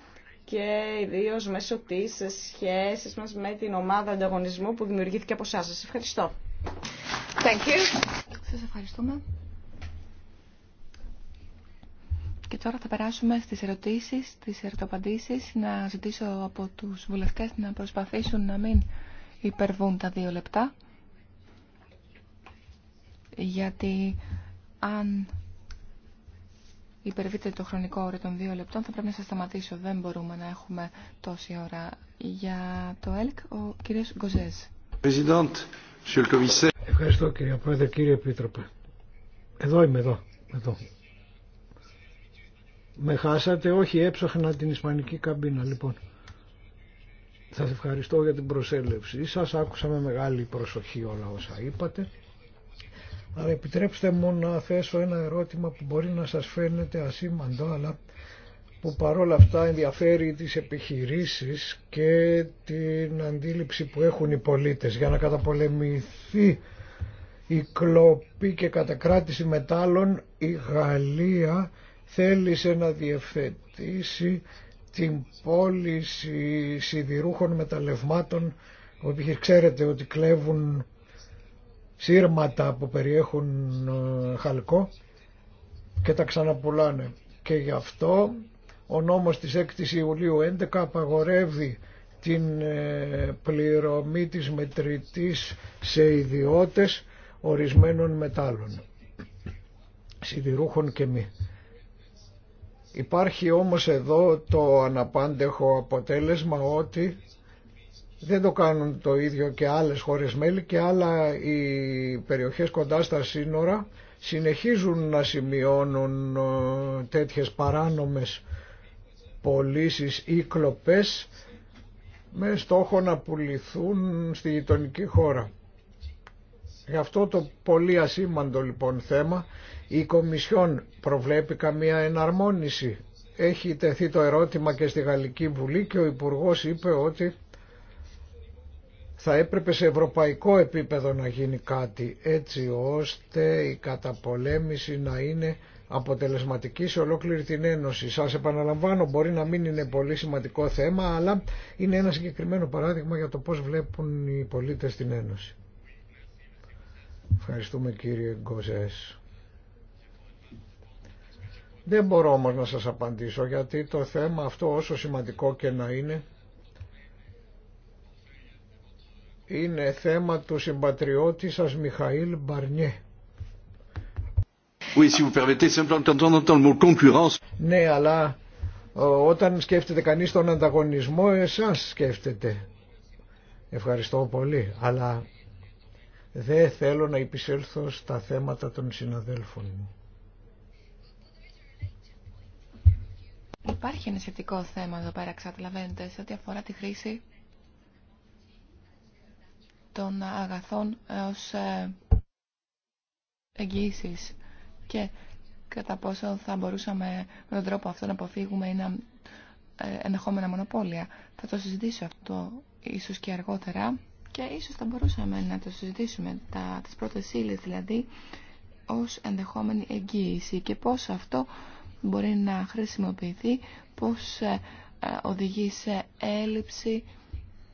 S3: και ιδίω μέσω της σχέσης μας με την ομάδα ανταγωνισμού που δημιουργήθηκε από εσάς. Σας ευχαριστώ. Thank you.
S1: Σας ευχαριστούμε. Και τώρα θα περάσουμε στις ερωτήσεις, στις ερωτοπαντήσεις, να ζητήσω από τους βουλευτές να προσπαθήσουν να μην υπερβούν τα δύο λεπτά γιατί αν υπερβείτε το χρονικό όριο των δύο λεπτών θα πρέπει να σας σταματήσω. Δεν μπορούμε να έχουμε τόση ώρα. Για το ΕΛΚ ο κύριος Γκοζέζ.
S2: Ευχαριστώ κύριε Πρόεδρε, κύριε Επίτροπε. Εδώ είμαι εδώ. εδώ. Με χάσατε, όχι έψαχνα την Ισπανική καμπίνα λοιπόν. Σας ευχαριστώ για την προσέλευση σας. Άκουσα με μεγάλη προσοχή όλα όσα είπατε. Αλλά επιτρέψτε μου να θέσω ένα ερώτημα που μπορεί να σας φαίνεται ασήμαντο, αλλά που παρόλα αυτά ενδιαφέρει τις επιχειρήσεις και την αντίληψη που έχουν οι πολίτες για να καταπολεμηθεί η κλοπή και κατακράτηση μετάλλων η Γαλλία θέλησε να διευθετήσει την πώληση σιδηρούχων μεταλλευμάτων που ξέρετε ότι κλέβουν σύρματα που περιέχουν ε, χαλκό και τα ξαναπουλάνε. Και γι' αυτό ο νόμος της 6ης Ιουλίου 11 απαγορεύει την ε, πληρωμή της μετρητής σε ιδιώτες ορισμένων μετάλλων, σιδηρούχων και μη. Υπάρχει όμως εδώ το αναπάντεχο αποτέλεσμα ότι δεν το κάνουν το ίδιο και άλλες χώρες μέλη και άλλα οι περιοχές κοντά στα σύνορα συνεχίζουν να σημειώνουν ε, τέτοιες παράνομες πωλήσει ή κλοπές με στόχο να πουληθούν στη γειτονική χώρα. Γι' αυτό το πολύ ασήμαντο λοιπόν θέμα η Κομισιόν προβλέπει καμία εναρμόνιση. Έχει τεθεί το ερώτημα και στη Γαλλική Βουλή και ο Υπουργός είπε ότι θα έπρεπε σε ευρωπαϊκό επίπεδο να γίνει κάτι έτσι ώστε η καταπολέμηση να είναι αποτελεσματική σε ολόκληρη την Ένωση. Σας επαναλαμβάνω μπορεί να μην είναι πολύ σημαντικό θέμα αλλά είναι ένα συγκεκριμένο παράδειγμα για το πώς βλέπουν οι πολίτες την Ένωση. Ευχαριστούμε κύριε Γκοζέσου. Δεν μπορώ όμως να σας απαντήσω γιατί το θέμα αυτό όσο σημαντικό και να είναι είναι θέμα του συμπατριώτη σας Μιχαήλ Μπαρνιέ.
S3: Oui, si vous permettez,
S2: Ναι, αλλά ε, όταν σκέφτεται κανείς τον ανταγωνισμό, εσάς σκέφτεται. Ευχαριστώ πολύ, αλλά δεν θέλω να υπησέλθω στα θέματα των συναδέλφων μου.
S1: Υπάρχει ένα σχετικό θέμα εδώ πέρα, ξαναλαβαίνετε, σε ό,τι αφορά τη χρήση των αγαθών ως ε, εγγύησης και κατά πόσο θα μπορούσαμε με τον τρόπο αυτό να αποφύγουμε ένα ε, ενδεχόμενα μονοπόλια. Θα το συζητήσω αυτό ίσως και αργότερα και ίσως θα μπορούσαμε να το συζητήσουμε τα, τις πρώτες δηλαδή ως ενδεχόμενη εγγύηση και πώς αυτό μπορεί να χρησιμοποιηθεί, πώς ε, ε, οδηγεί σε έλλειψη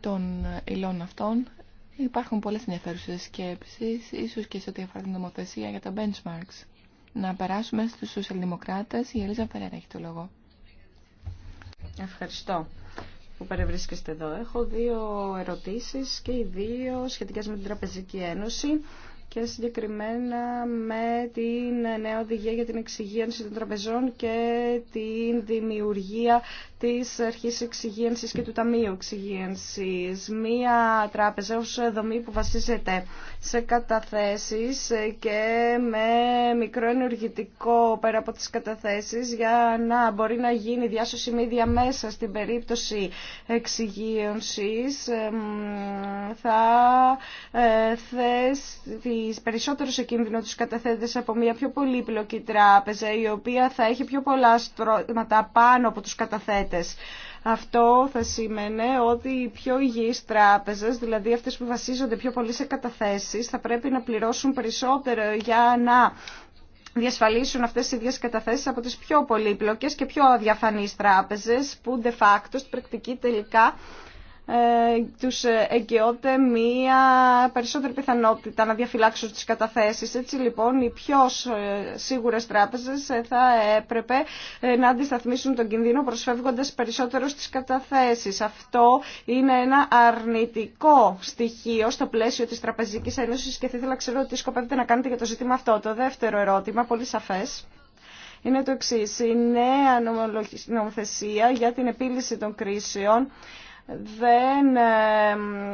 S1: των υλών αυτών. Υπάρχουν πολλές ενδιαφέρουσες σκέψεις, ίσως και σε ό,τι αφορά την νομοθεσία για τα benchmarks. Να περάσουμε στους σοσιαλδημοκράτες. Η Ελίζα Φερέρα έχει το λόγο.
S3: Ευχαριστώ που παρευρίσκεστε εδώ. Έχω δύο ερωτήσεις και οι δύο σχετικές με την Τραπεζική Ένωση και συγκεκριμένα με την νέα οδηγία για την εξυγίανση των τραπεζών και την δημιουργία της Αρχής Εξυγίανσης και του Ταμείου Εξυγίανσης. Μία τράπεζα ως δομή που βασίζεται σε καταθέσεις και με μικρό ενεργητικό πέρα από τις καταθέσεις για να μπορεί να γίνει διάσωση με μέσα στην περίπτωση εξυγίανσης θα ε, θέσει περισσότερο σε κίνδυνο τους καταθέτες από μια πιο πολύπλοκη τράπεζα η οποία θα έχει πιο πολλά στρώματα πάνω από τους καταθέτες αυτό θα σημαίνει ότι οι πιο υγιείς τράπεζες, δηλαδή αυτές που βασίζονται πιο πολύ σε καταθέσεις, θα πρέπει να πληρώσουν περισσότερο για να διασφαλίσουν αυτές οι ίδιες καταθέσεις από τις πιο πολύπλοκες και πιο αδιαφανείς τράπεζες που de facto στην πρακτική τελικά ε, τους εγκαιώται μία περισσότερη πιθανότητα να διαφυλάξουν τις καταθέσεις. Έτσι λοιπόν οι πιο ε, σίγουρες τράπεζες ε, θα έπρεπε να αντισταθμίσουν τον κινδύνο προσφεύγοντας περισσότερο στις καταθέσεις. Αυτό είναι ένα αρνητικό στοιχείο στο πλαίσιο της Τραπεζικής Ένωσης και θα ήθελα να ξέρω τι σκοπεύετε να κάνετε για το ζήτημα αυτό. Το δεύτερο ερώτημα, πολύ σαφές είναι το εξή. Η νέα νομοθεσία για την επίλυση των κρίσεων δεν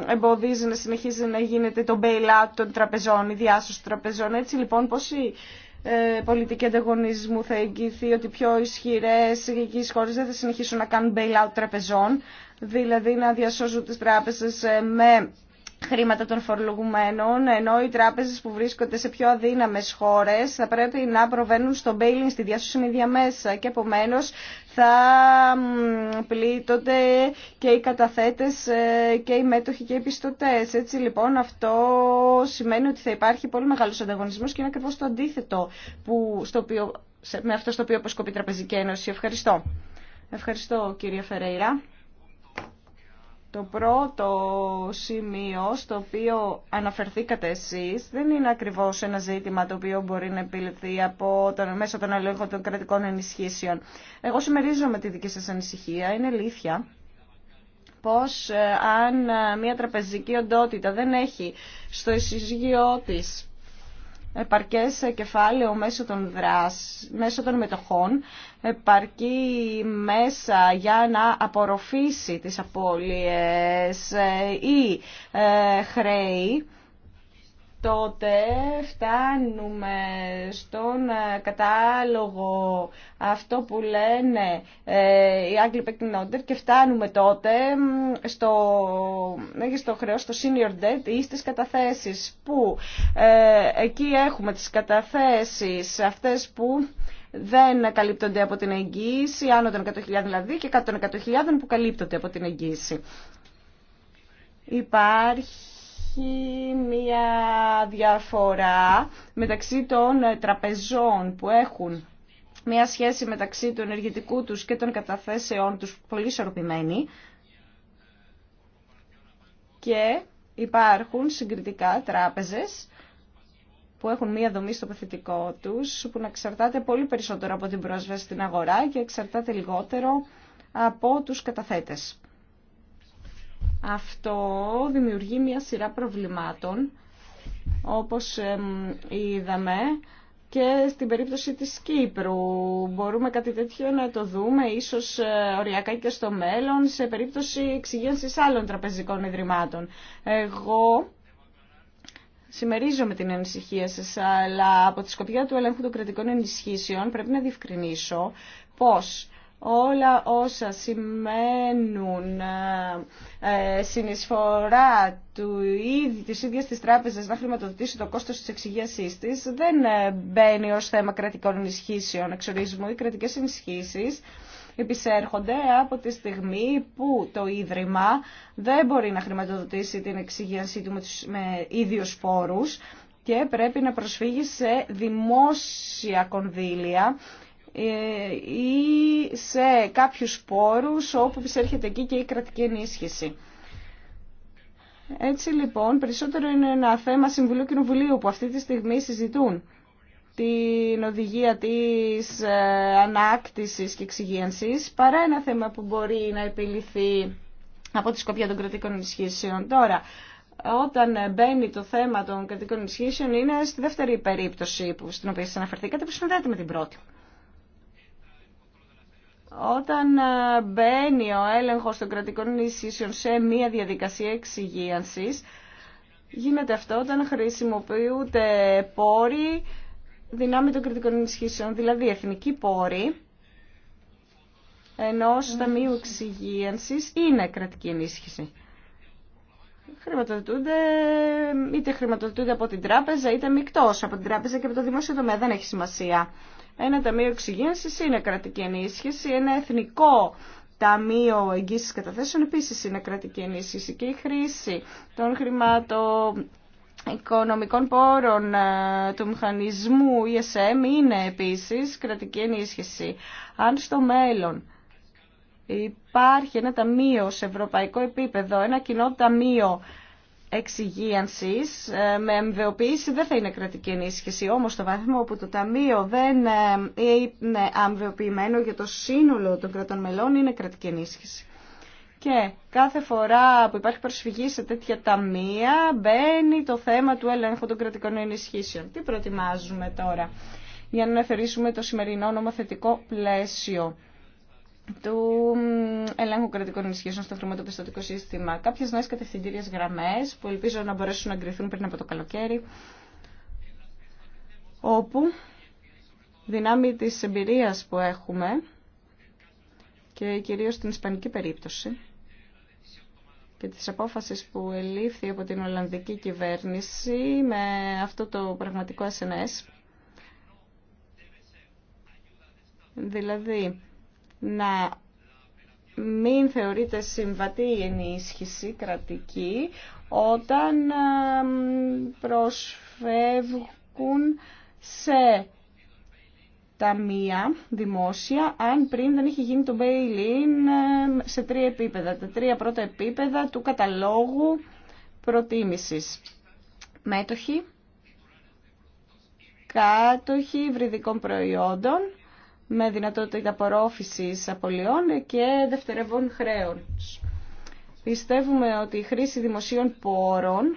S3: εμποδίζει να συνεχίζει να γίνεται το bailout των τραπεζών, η διάσωση των τραπεζών. Έτσι λοιπόν πώς η ε, πολιτική ανταγωνισμού θα εγγυηθεί ότι πιο ισχυρές οι χώρες δεν θα συνεχίσουν να κάνουν bailout τραπεζών, δηλαδή να διασώζουν τις τράπεζες ε, με χρήματα των φορολογουμένων, ενώ οι τράπεζες που βρίσκονται σε πιο αδύναμες χώρες θα πρέπει να προβαίνουν στο μπέιλινγκ, in στη με διαμέσα και επομένω θα πλήττονται και οι καταθέτες ε, και οι μέτοχοι και οι πιστωτές. Έτσι λοιπόν αυτό σημαίνει ότι θα υπάρχει πολύ μεγάλος ανταγωνισμός και είναι ακριβώ το αντίθετο που, στο οποίο, με αυτό στο οποίο αποσκοπεί η Τραπεζική Ένωση. Ευχαριστώ. Ευχαριστώ κύριε Φερέιρα. Το πρώτο σημείο στο οποίο αναφερθήκατε εσείς δεν είναι ακριβώς ένα ζήτημα το οποίο μπορεί να επιληθεί από μέσω των αλληλεγγύων των κρατικών ενισχύσεων. Εγώ με τη δική σας ανησυχία, είναι αλήθεια πως ε, αν ε, μια τραπεζική οντότητα δεν έχει στο εισήγειό της επαρκές κεφάλαιο μέσω των, δράσ, μέσω των μετοχών, επαρκεί μέσα για να απορροφήσει τις απώλειες ε, ή ε, χρέη τότε φτάνουμε στον ε, κατάλογο αυτό που λένε ε, οι Άγγλοι Pecknotter και φτάνουμε τότε στο στο χρέο, στο senior debt ή στις καταθέσεις που ε, εκεί έχουμε τις καταθέσεις αυτές που δεν καλύπτονται από την εγγύηση, άνω των 100.000 δηλαδή και κάτω των 100.000 που καλύπτονται από την εγγύηση. Υπάρχει υπάρχει μια διαφορά μεταξύ των ε, τραπεζών που έχουν μια σχέση μεταξύ του ενεργητικού τους και των καταθέσεών τους πολύ ισορροπημένη και υπάρχουν συγκριτικά τράπεζες που έχουν μία δομή στο παθητικό τους που να εξαρτάται πολύ περισσότερο από την πρόσβαση στην αγορά και εξαρτάται λιγότερο από τους καταθέτες. Αυτό δημιουργεί μια σειρά προβλημάτων, όπως είδαμε και στην περίπτωση της Κύπρου. Μπορούμε κάτι τέτοιο να το δούμε, ίσως ε, οριακά και στο μέλλον, σε περίπτωση εξυγένσης άλλων τραπεζικών ιδρυμάτων. Εγώ συμμερίζομαι την ανησυχία σας, αλλά από τη σκοπιά του ελέγχου των κρατικών ενισχύσεων πρέπει να διευκρινίσω πώς όλα όσα σημαίνουν ε, ε, συνεισφορά του ήδη, της ίδιας της τράπεζας να χρηματοδοτήσει το κόστος της εξηγίασής της δεν ε, μπαίνει ως θέμα κρατικών ενισχύσεων εξορισμού. Οι κρατικές ενισχύσεις επισέρχονται από τη στιγμή που το Ίδρυμα δεν μπορεί να χρηματοδοτήσει την εξηγίασή του με, ίδιους φόρους και πρέπει να προσφύγει σε δημόσια κονδύλια ε, ή σε κάποιους πόρους όπου εισέρχεται εκεί και η κρατική ενίσχυση. Έτσι λοιπόν, περισσότερο είναι ένα θέμα Συμβουλίου Κοινοβουλίου που αυτή τη στιγμή συζητούν την οδηγία της ε, ανάκτησης και εξυγίανσης παρά ένα θέμα που μπορεί να επιληθεί από τη σκοπιά των κρατικών ενισχύσεων. Τώρα, όταν μπαίνει το θέμα των κρατικών ενισχύσεων είναι στη δεύτερη περίπτωση που, στην οποία σας αναφερθήκατε που συνδέεται με την πρώτη. Όταν ε, μπαίνει ο έλεγχος των κρατικών ενισχύσεων σε μία διαδικασία εξυγίανσης, γίνεται αυτό όταν χρησιμοποιούνται πόροι δυνάμει των κρατικών ενισχύσεων, δηλαδή εθνικοί πόροι στα ταμείου εξυγίανσης είναι κρατική ενίσχυση. Χρηματοδοτούνται, είτε χρηματοδοτούνται από την τράπεζα, είτε μεικτός από την τράπεζα και από το δημόσιο τομέα. Δεν έχει σημασία. Ένα ταμείο εξυγένση είναι κρατική ενίσχυση, ένα εθνικό ταμείο εγγύηση καταθέσεων επίση είναι κρατική ενίσχυση και η χρήση των χρημάτων οικονομικών πόρων ε, του μηχανισμού ESM είναι επίσης κρατική ενίσχυση. Αν στο μέλλον υπάρχει ένα ταμείο σε ευρωπαϊκό επίπεδο, ένα κοινό ταμείο εξυγίανσης ε, με αμοιβαιοποίηση δεν θα είναι κρατική ενίσχυση. Όμως το βαθμό που το Ταμείο δεν ε, είναι αμοιβαιοποιημένο για το σύνολο των κρατών μελών είναι κρατική ενίσχυση. Και κάθε φορά που υπάρχει προσφυγή σε τέτοια ταμεία μπαίνει το θέμα του έλεγχου των κρατικών ενισχύσεων. Τι προετοιμάζουμε τώρα για να αφαιρήσουμε το σημερινό νομοθετικό πλαίσιο του ελέγχου κρατικών ενισχύσεων στο χρηματοπιστωτικό σύστημα. Κάποιε νέε κατευθυντήριε γραμμέ που ελπίζω να μπορέσουν να εγκριθούν πριν από το καλοκαίρι, όπου δυνάμει τη εμπειρία που έχουμε και κυρίως στην ισπανική περίπτωση και τις απόφαση που ελήφθη από την Ολλανδική κυβέρνηση με αυτό το πραγματικό SNS. Δηλαδή, να μην θεωρείται συμβατή η ενίσχυση κρατική όταν προσφεύγουν σε ταμεία δημόσια αν πριν δεν είχε γίνει το bail-in σε τρία επίπεδα. Τα τρία πρώτα επίπεδα του καταλόγου προτίμησης. Μέτοχοι, κάτοχοι βρυδικών προϊόντων με δυνατότητα απορρόφησης απολειών και δευτερεύων χρέων. Πιστεύουμε ότι η χρήση δημοσίων πόρων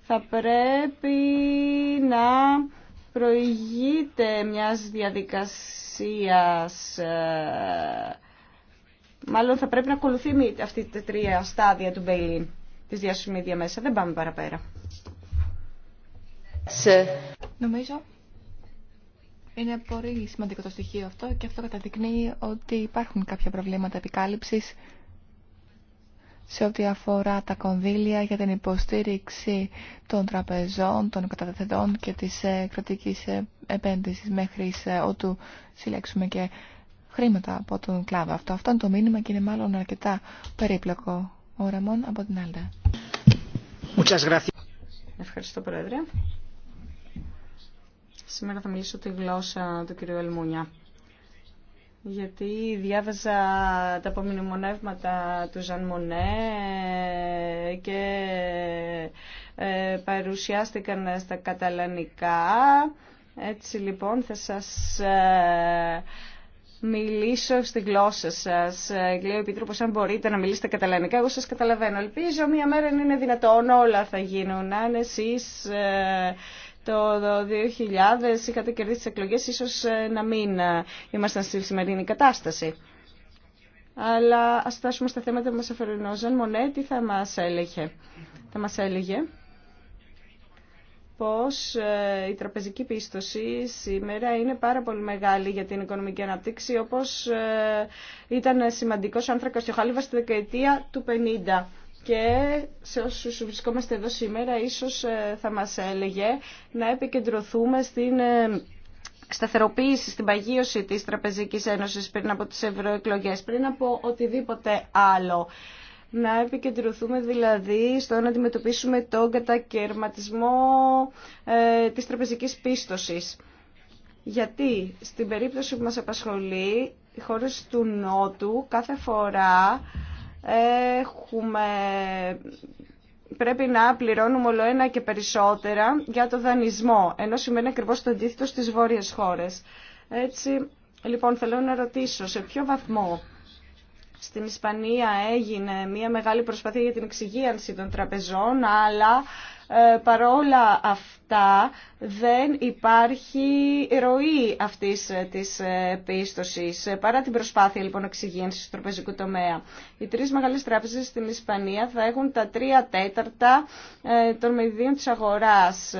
S3: θα πρέπει να προηγείται μιας διαδικασίας ε, μάλλον θα πρέπει να ακολουθεί αυτή τα τρία στάδια του Μπέιλιν της διάσωσης μέσα. Δεν πάμε παραπέρα. Σε.
S1: Νομίζω είναι πολύ σημαντικό το στοιχείο αυτό και αυτό καταδεικνύει ότι υπάρχουν κάποια προβλήματα επικάλυψης σε ό,τι αφορά τα κονδύλια για την υποστήριξη των τραπεζών, των καταθετών και της ε, κρατικής ε, επένδυσης μέχρι ε, ότου συλλέξουμε και χρήματα από τον κλάδο αυτό. Αυτό είναι το μήνυμα και είναι μάλλον αρκετά περίπλοκο. Ο Ραμών από την Άλτα.
S3: Ευχαριστώ, Πρόεδρε. Σήμερα θα μιλήσω τη γλώσσα του κυρίου Ελμούνια. Γιατί διάβαζα τα απομνημονεύματα του Ζαν Μονέ και ε, παρουσιάστηκαν στα καταλανικά. Έτσι λοιπόν θα σας ε, μιλήσω στη γλώσσα σας. Λέω, ο Επίτροπος, αν μπορείτε να μιλήσετε καταλανικά, εγώ σας καταλαβαίνω. Ελπίζω μια μέρα να είναι δυνατόν όλα θα γίνουν. Αν εσείς ε, το 2000 είχατε κερδίσει τις εκλογές, ίσως ε, να μην ε, ήμασταν στη σημερινή κατάσταση. Αλλά ας φτάσουμε στα θέματα που μας αφαιρενόζαν. Μονέ, τι θα μας έλεγε. Θα μας έλεγε πως ε, η τραπεζική πίστοση σήμερα είναι πάρα πολύ μεγάλη για την οικονομική αναπτύξη, όπως ήταν σημαντικός ο άνθρακας και στη δεκαετία του 50 και σε όσους βρισκόμαστε εδώ σήμερα ίσως ε, θα μας έλεγε να επικεντρωθούμε στην ε, σταθεροποίηση στην παγίωση της Τραπεζικής Ένωσης πριν από τις ευρωεκλογέ, πριν από οτιδήποτε άλλο. Να επικεντρωθούμε δηλαδή στο να αντιμετωπίσουμε τον κατακαιρματισμό ε, της τραπεζικής πίστοσης. Γιατί στην περίπτωση που μας απασχολεί, οι χώρες του Νότου κάθε φορά έχουμε πρέπει να πληρώνουμε όλο ένα και περισσότερα για το δανεισμό, ενώ σημαίνει ακριβώς το αντίθετο στις βόρειες χώρες. Έτσι, λοιπόν, θέλω να ρωτήσω σε ποιο βαθμό στην Ισπανία έγινε μια μεγάλη προσπάθεια για την εξυγίανση των τραπεζών, αλλά ε, παρόλα αυτά δεν υπάρχει ροή αυτής ε, της ε, πίστοσης, παρά την προσπάθεια λοιπόν εξυγένσης του τροπεζικού τομέα. Οι τρεις μεγάλες τράπεζες στην Ισπανία θα έχουν τα τρία τέταρτα των μεδίων της αγοράς.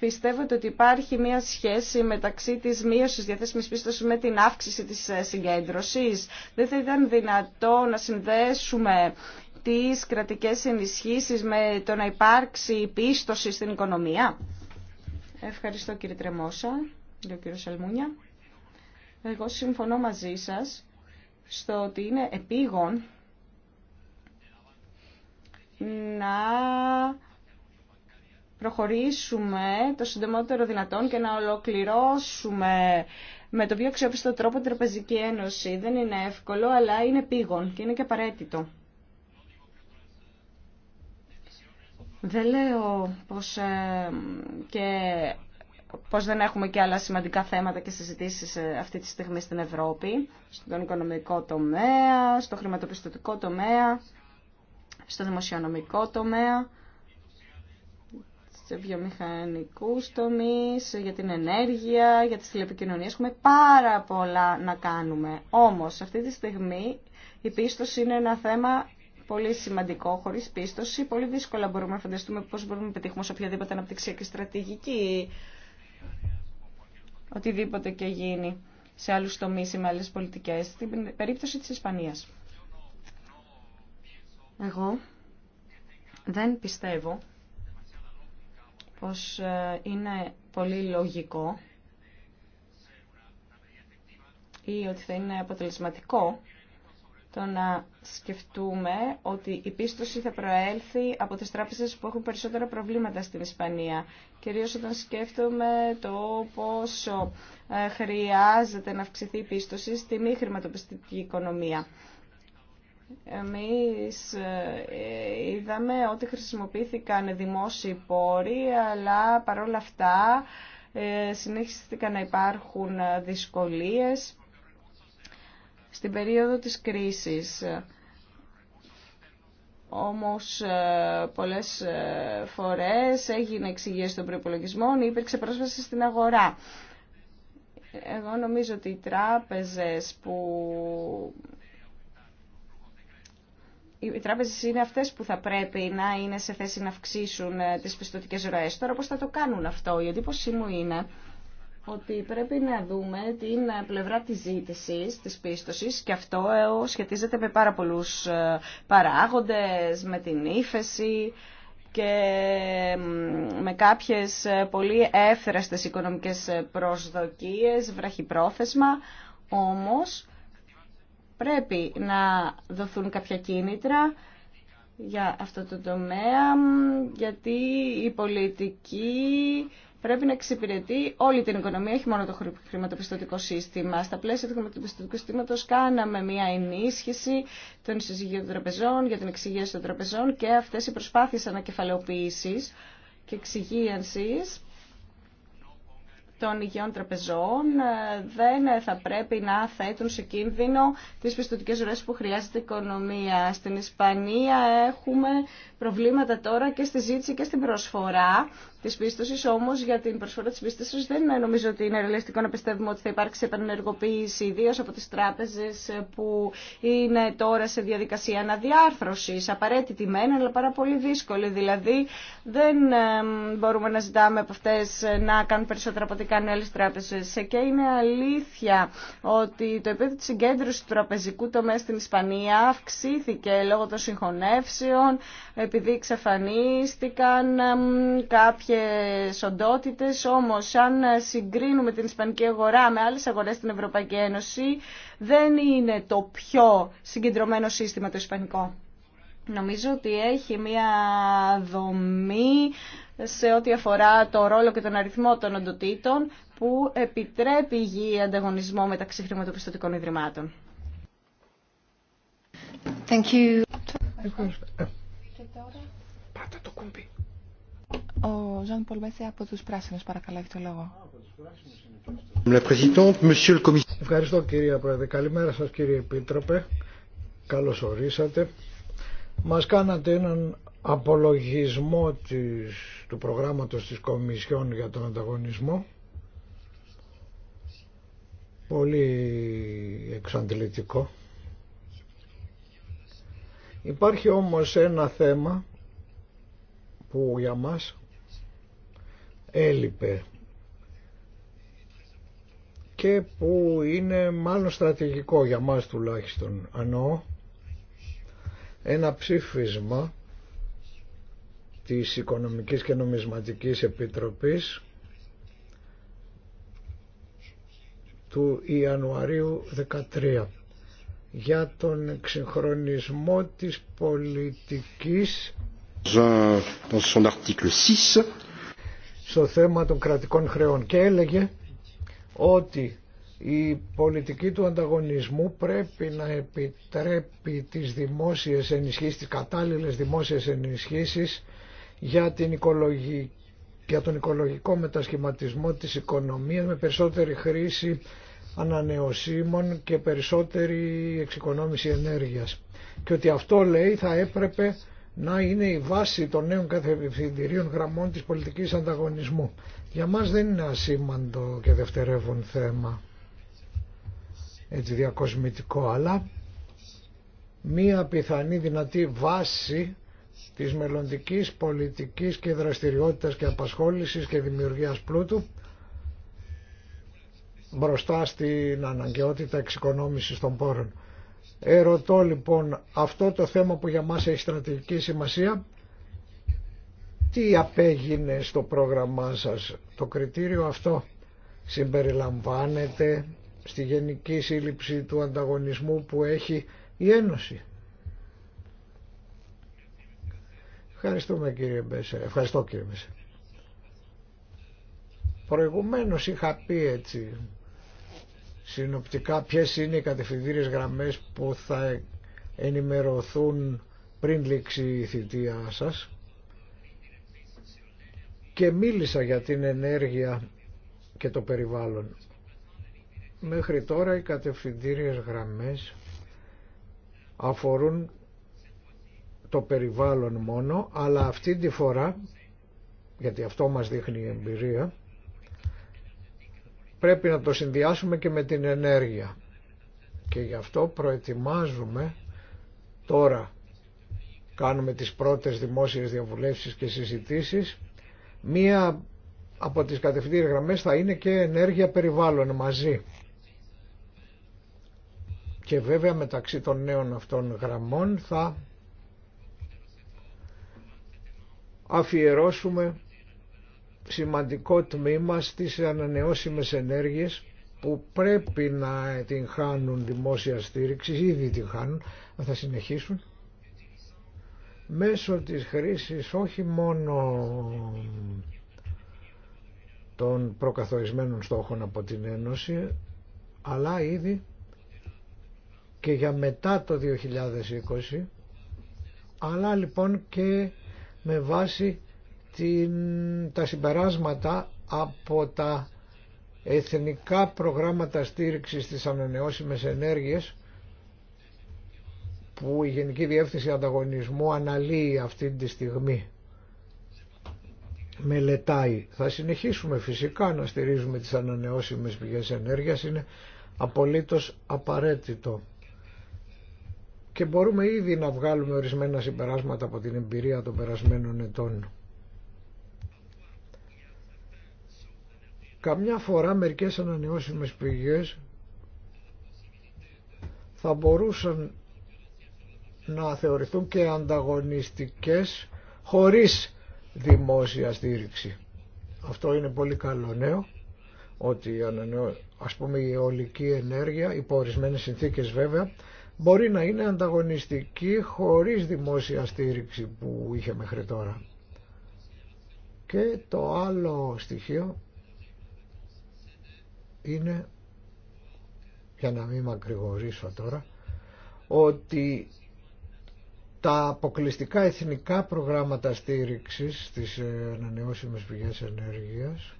S3: Πιστεύετε ότι υπάρχει μία σχέση μεταξύ της μείωσης διαθέσιμης πίστοσης με την αύξηση της συγκέντρωσης. Δεν θα ήταν δυνατό να συνδέσουμε τις κρατικές ενισχύσεις με το να υπάρξει πίστοση στην οικονομία. Ευχαριστώ κύριε Τρεμόσα, ο κύριο Σαλμούνια. Εγώ συμφωνώ μαζί σας στο ότι είναι επίγον να προχωρήσουμε το συντομότερο δυνατόν και να ολοκληρώσουμε με το πιο αξιόπιστο τρόπο την Τραπεζική Ένωση. Δεν είναι εύκολο, αλλά είναι επίγον και είναι και απαραίτητο. Δεν λέω πως, ε, και, πως δεν έχουμε και άλλα σημαντικά θέματα και συζητήσεις ε, αυτή τη στιγμή στην Ευρώπη, στον οικονομικό τομέα, στο χρηματοπιστωτικό τομέα, στο δημοσιονομικό τομέα, σε βιομηχανικούς τομείς, για την ενέργεια, για τις τηλεπικοινωνίες. Έχουμε πάρα πολλά να κάνουμε. Όμως, αυτή τη στιγμή η πίστοση είναι ένα θέμα πολύ σημαντικό, χωρί πίστοση. Πολύ δύσκολα μπορούμε να φανταστούμε πώ μπορούμε να πετύχουμε σε οποιαδήποτε αναπτυξιακή στρατηγική. Οτιδήποτε και γίνει σε άλλου τομεί ή με άλλε πολιτικέ. Στην περίπτωση τη Ισπανία. Εγώ δεν πιστεύω πως ε, είναι πολύ λογικό ή ότι θα είναι αποτελεσματικό το να σκεφτούμε ότι η πίστοση θα προέλθει από τις τράπεζες που έχουν περισσότερα προβλήματα στην Ισπανία. Κυρίως όταν σκέφτομαι το πόσο ε, χρειάζεται να αυξηθεί η πίστοση στη μη χρηματοπιστική οικονομία. Εμείς ε, είδαμε ότι χρησιμοποιήθηκαν δημόσιοι πόροι, αλλά παρόλα αυτά ε, συνέχιστηκαν να υπάρχουν δυσκολίες στην περίοδο της κρίσης. Όμως ε, πολλές ε, φορές έγινε εξηγήση των προϋπολογισμών, υπήρξε πρόσβαση στην αγορά. Εγώ νομίζω ότι οι τράπεζες που... Οι τράπεζες είναι αυτές που θα πρέπει να είναι σε θέση να αυξήσουν ε, τις πιστοτικές ροές. Τώρα πώς θα το κάνουν αυτό, η εντύπωσή μου είναι ότι πρέπει να δούμε την πλευρά της ζήτησης, της πίστοσης και αυτό ε, σχετίζεται με πάρα πολλούς ε, παράγοντες, με την ύφεση και με κάποιες ε, πολύ εύθραστες οικονομικές προσδοκίες, βραχυπρόθεσμα, όμως πρέπει να δοθούν κάποια κίνητρα για αυτό το τομέα, γιατί η πολιτική πρέπει να εξυπηρετεί όλη την οικονομία, όχι μόνο το χρηματοπιστωτικό σύστημα. Στα πλαίσια του χρηματοπιστωτικού συστήματο κάναμε μια ενίσχυση των συζυγίων των τραπεζών, για την εξυγίαση των τραπεζών και αυτέ οι προσπάθειε ανακεφαλαιοποίηση και εξυγίαση των υγιών τραπεζών ε, δεν θα πρέπει να θέτουν σε κίνδυνο τις πιστοτικές ροές που χρειάζεται η οικονομία. Στην Ισπανία έχουμε προβλήματα τώρα και στη ζήτηση και στην προσφορά τη πίστοση. Όμω για την προσφορά τη πίστοση δεν νομίζω ότι είναι ρεαλιστικό να πιστεύουμε ότι θα υπάρξει επανενεργοποίηση, ιδίω από τι τράπεζε που είναι τώρα σε διαδικασία αναδιάρθρωση. Απαραίτητη μεν, αλλά πάρα πολύ δύσκολη. Δηλαδή δεν μπορούμε να ζητάμε από αυτέ να κάνουν περισσότερα από ό,τι κάνουν άλλε τράπεζε. Και είναι αλήθεια ότι το επίπεδο τη συγκέντρωση του τραπεζικού τομέα στην Ισπανία αυξήθηκε λόγω των συγχωνεύσεων, επειδή εξαφανίστηκαν κάποια και οντότητες, όμως αν συγκρίνουμε την ισπανική αγορά με άλλες αγορές στην Ευρωπαϊκή Ένωση, δεν είναι το πιο συγκεντρωμένο σύστημα το ισπανικό. Νομίζω ότι έχει μια δομή σε ό,τι αφορά το ρόλο και τον αριθμό των οντοτήτων που επιτρέπει υγιή ανταγωνισμό μεταξύ χρηματοπιστωτικών ιδρυμάτων.
S4: Thank you.
S1: το κουμπί. Ο Ζαν Πολμπέση από τους Πράσινους, παρακαλώ, έχει το λόγο.
S2: Ευχαριστώ κύριε Πρόεδρε. Καλημέρα σας κύριε Επίτροπε. Καλώς ορίσατε. Μας κάνατε έναν απολογισμό της, του προγράμματος της Κομισιόν για τον ανταγωνισμό. Πολύ εξαντλητικό. Υπάρχει όμως ένα θέμα που για μας έλειπε και που είναι μάλλον στρατηγικό για μας τουλάχιστον ανώ ένα ψήφισμα της Οικονομικής και Νομισματικής Επιτροπής του Ιανουαρίου 13 για τον εξυγχρονισμό της πολιτικής dans son 6 στο θέμα των κρατικών χρεών και έλεγε ότι η πολιτική του ανταγωνισμού πρέπει να επιτρέπει τις δημόσιες ενισχύσεις, τις κατάλληλες δημόσιες ενισχύσεις για, την οικολογική, για τον οικολογικό μετασχηματισμό της οικονομίας με περισσότερη χρήση ανανεωσίμων και περισσότερη εξοικονόμηση ενέργειας. Και ότι αυτό λέει θα έπρεπε να είναι η βάση των νέων καθευθυντηρίων γραμμών της πολιτικής ανταγωνισμού. Για μας δεν είναι ασήμαντο και δευτερεύον θέμα έτσι διακοσμητικό, αλλά μία πιθανή δυνατή βάση της μελλοντικής πολιτικής και δραστηριότητας και απασχόλησης και δημιουργίας πλούτου μπροστά στην αναγκαιότητα εξοικονόμησης των πόρων. Ερωτώ λοιπόν αυτό το θέμα που για μας έχει στρατηγική σημασία τι απέγινε στο πρόγραμμά σας. Το κριτήριο αυτό συμπεριλαμβάνεται στη γενική σύλληψη του ανταγωνισμού που έχει η Ένωση. Ευχαριστούμε κύριε Μπέσερ. Ευχαριστώ κύριε Μπέσερ. Προηγουμένως είχα πει έτσι συνοπτικά ποιες είναι οι κατευθυντήριες γραμμές που θα ενημερωθούν πριν λήξει η θητεία σας και μίλησα για την ενέργεια και το περιβάλλον. Μέχρι τώρα οι κατευθυντήριες γραμμές αφορούν το περιβάλλον μόνο, αλλά αυτή τη φορά, γιατί αυτό μας δείχνει η εμπειρία, πρέπει να το συνδυάσουμε και με την ενέργεια. Και γι' αυτό προετοιμάζουμε τώρα κάνουμε τις πρώτες δημόσιες διαβουλεύσεις και συζητήσεις μία από τις κατευθύνες γραμμές θα είναι και ενέργεια περιβάλλον μαζί και βέβαια μεταξύ των νέων αυτών γραμμών θα αφιερώσουμε σημαντικό τμήμα στις ανανεώσιμες ενέργειες που πρέπει να την χάνουν δημόσια στήριξη, ήδη την χάνουν, να θα συνεχίσουν μέσω της χρήσης όχι μόνο των προκαθορισμένων στόχων από την Ένωση αλλά ήδη και για μετά το 2020 αλλά λοιπόν και με βάση την, τα συμπεράσματα από τα εθνικά προγράμματα στήριξης της ανανεώσιμες ενέργειες που η Γενική Διεύθυνση Ανταγωνισμού αναλύει αυτή τη στιγμή. Μελετάει. Θα συνεχίσουμε φυσικά να στηρίζουμε τις ανανεώσιμες πηγές ενέργειας. Είναι απολύτως απαραίτητο. Και μπορούμε ήδη να βγάλουμε ορισμένα συμπεράσματα από την εμπειρία των περασμένων ετών. Καμιά φορά μερικές ανανεώσιμες πηγές θα μπορούσαν να θεωρηθούν και ανταγωνιστικές χωρίς δημόσια στήριξη. Αυτό είναι πολύ καλό νέο, ότι ας πούμε η ολική ενέργεια, υπό ορισμένες συνθήκες βέβαια, μπορεί να είναι ανταγωνιστική χωρίς δημόσια στήριξη που είχε μέχρι τώρα. Και το άλλο στοιχείο είναι, για να μην μακρηγορήσω τώρα, ότι τα αποκλειστικά εθνικά προγράμματα στήριξης της ανανεώσιμες πηγές ενέργειας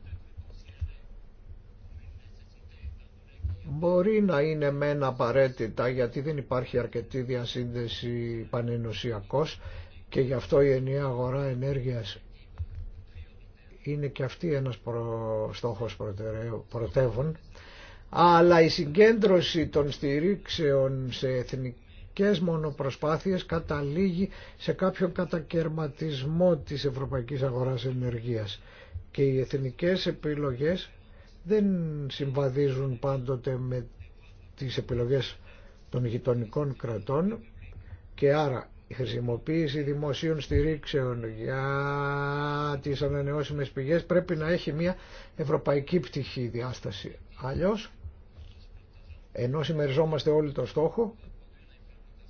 S2: μπορεί να είναι μεν απαραίτητα γιατί δεν υπάρχει αρκετή διασύνδεση πανενωσιακός και γι' αυτό η ενιαία αγορά ενέργειας είναι και αυτή ένας προ... στόχος πρωτεύων αλλά η συγκέντρωση των στηρίξεων σε εθνικές μονοπροσπάθειες καταλήγει σε κάποιο κατακαιρματισμό της ευρωπαϊκής αγοράς ενεργείας και οι εθνικές επιλογές δεν συμβαδίζουν πάντοτε με τις επιλογές των γειτονικών κρατών και άρα η χρησιμοποίηση δημοσίων στηρίξεων για τις ανανεώσιμες πηγές πρέπει να έχει μια ευρωπαϊκή πτυχή διάσταση. Αλλιώς, ενώ συμμεριζόμαστε όλοι το στόχο,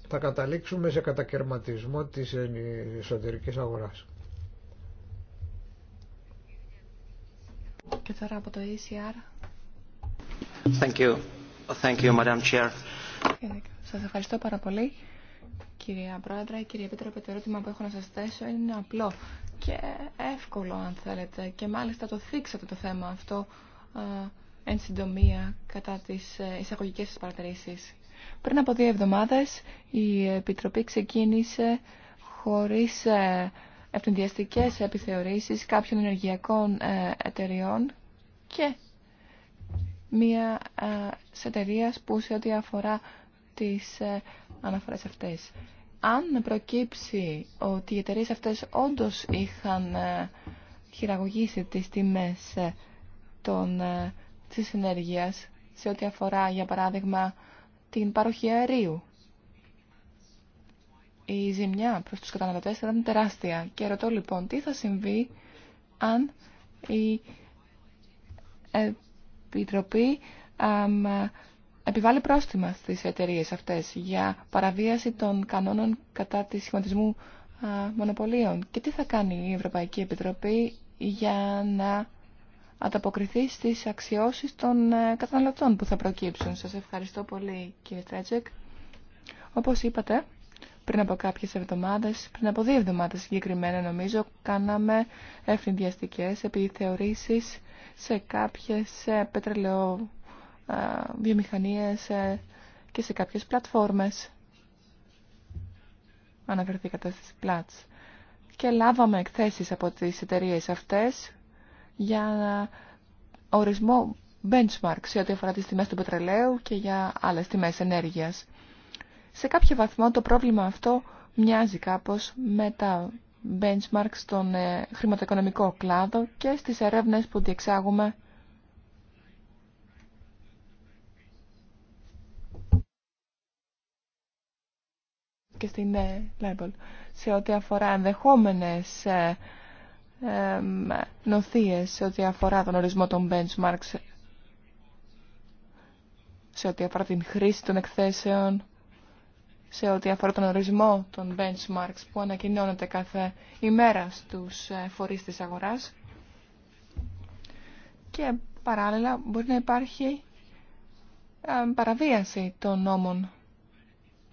S2: θα καταλήξουμε σε κατακαιρματισμό της εσωτερικής αγοράς.
S1: Και τώρα από το ECR. Thank you. Thank you, Chair. Σας ευχαριστώ πάρα πολύ κυρία Πρόεδρε, κυρία Επίτροπε, το ερώτημα που έχω να σας θέσω είναι απλό και εύκολο αν θέλετε και μάλιστα το θίξατε το θέμα αυτό εν συντομία κατά τις ε, εισαγωγικές σας παρατηρήσεις. Πριν από δύο εβδομάδες η Επιτροπή ξεκίνησε χωρίς ε, ευθυνδιαστικές επιθεωρήσεις κάποιων ενεργειακών ε, εταιριών και μια εταιρεία που σε ό,τι αφορά τις ε, αναφορές αυτές. Αν προκύψει ότι οι εταιρείε αυτές όντως είχαν ε, χειραγωγήσει τις τιμές ε, των, της ενέργειας σε ό,τι αφορά, για παράδειγμα, την παροχή αερίου. Η ζημιά προς τους καταναλωτές ήταν τεράστια και ρωτώ λοιπόν τι θα συμβεί αν η Επιτροπή επιβάλλει πρόστιμα στις εταιρείες αυτές για παραβίαση των κανόνων κατά της σχηματισμού μονοπωλίων. Και τι θα κάνει η Ευρωπαϊκή Επιτροπή για να ανταποκριθεί στις αξιώσεις των ε, καταναλωτών που θα προκύψουν. Σας ευχαριστώ πολύ κύριε Τρέτσεκ. Όπως είπατε, πριν από κάποιες εβδομάδες, πριν από δύο εβδομάδες συγκεκριμένα νομίζω, κάναμε ευθυνδιαστικές επιθεωρήσεις σε κάποιες ε, πετρελαιό ε, βιομηχανίες ε, και σε κάποιες πλατφόρμες. Αναφερθήκατε στις πλάτς. Και λάβαμε εκθέσεις από τις εταιρείες αυτές για ορισμό benchmark σε ό,τι αφορά τις τιμές του πετρελαίου και για άλλες τιμές ενέργειας. Σε κάποιο βαθμό το πρόβλημα αυτό μοιάζει κάπως με τα benchmark στον ε, χρηματοοικονομικό κλάδο και στις ερεύνες που διεξάγουμε και σε ό,τι αφορά ενδεχόμενες ε, ε, νοθείες, σε ό,τι αφορά τον ορισμό των benchmarks, σε ό,τι αφορά την χρήση των εκθέσεων, σε ό,τι αφορά τον ορισμό των benchmarks που ανακοινώνεται κάθε ημέρα στους ε, φορείς της αγοράς. Και παράλληλα μπορεί να υπάρχει ε, παραβίαση των νόμων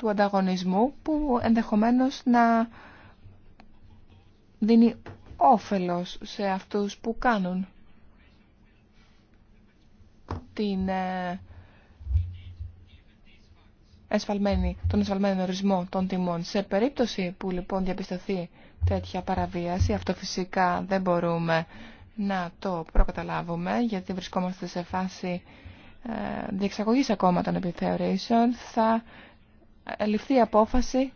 S1: του ανταγωνισμού που ενδεχομένως να δίνει όφελος σε αυτούς που κάνουν την ε, εσφαλμένη, τον εσφαλμένο ορισμό των τιμών. Σε περίπτωση που λοιπόν διαπιστωθεί τέτοια παραβίαση, αυτό φυσικά δεν μπορούμε να το προκαταλάβουμε, γιατί βρισκόμαστε σε φάση ε, διεξαγωγής ακόμα των επιθεωρήσεων, θα ε, ληφθεί απόφαση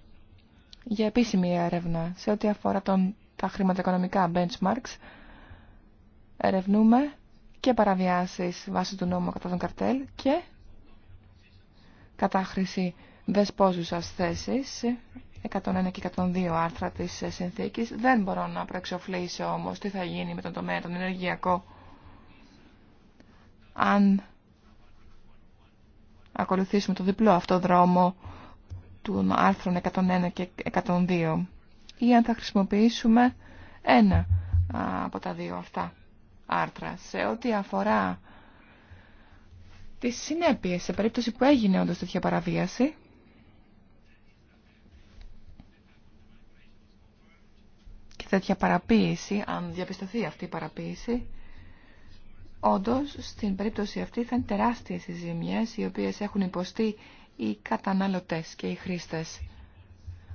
S1: για επίσημη έρευνα σε ό,τι αφορά τον, τα χρηματοοικονομικά benchmarks. Ερευνούμε και παραβιάσεις βάσει του νόμου κατά τον καρτέλ και κατάχρηση δεσπόζουσας θέσης 101 και 102 άρθρα της συνθήκης. Δεν μπορώ να προεξοφλήσω όμως τι θα γίνει με τον τομέα τον ενεργειακό αν ακολουθήσουμε το διπλό αυτό δρόμο του άρθρων 101 και 102 ή αν θα χρησιμοποιήσουμε ένα από τα δύο αυτά άρθρα σε ό,τι αφορά τις συνέπειες σε περίπτωση που έγινε όντως τέτοια παραβίαση και τέτοια παραποίηση, αν διαπιστωθεί αυτή η παραποίηση, όντως στην περίπτωση αυτή θα είναι τεράστιες οι ζημιές οι οποίες έχουν υποστεί οι καταναλωτές και οι χρήστες.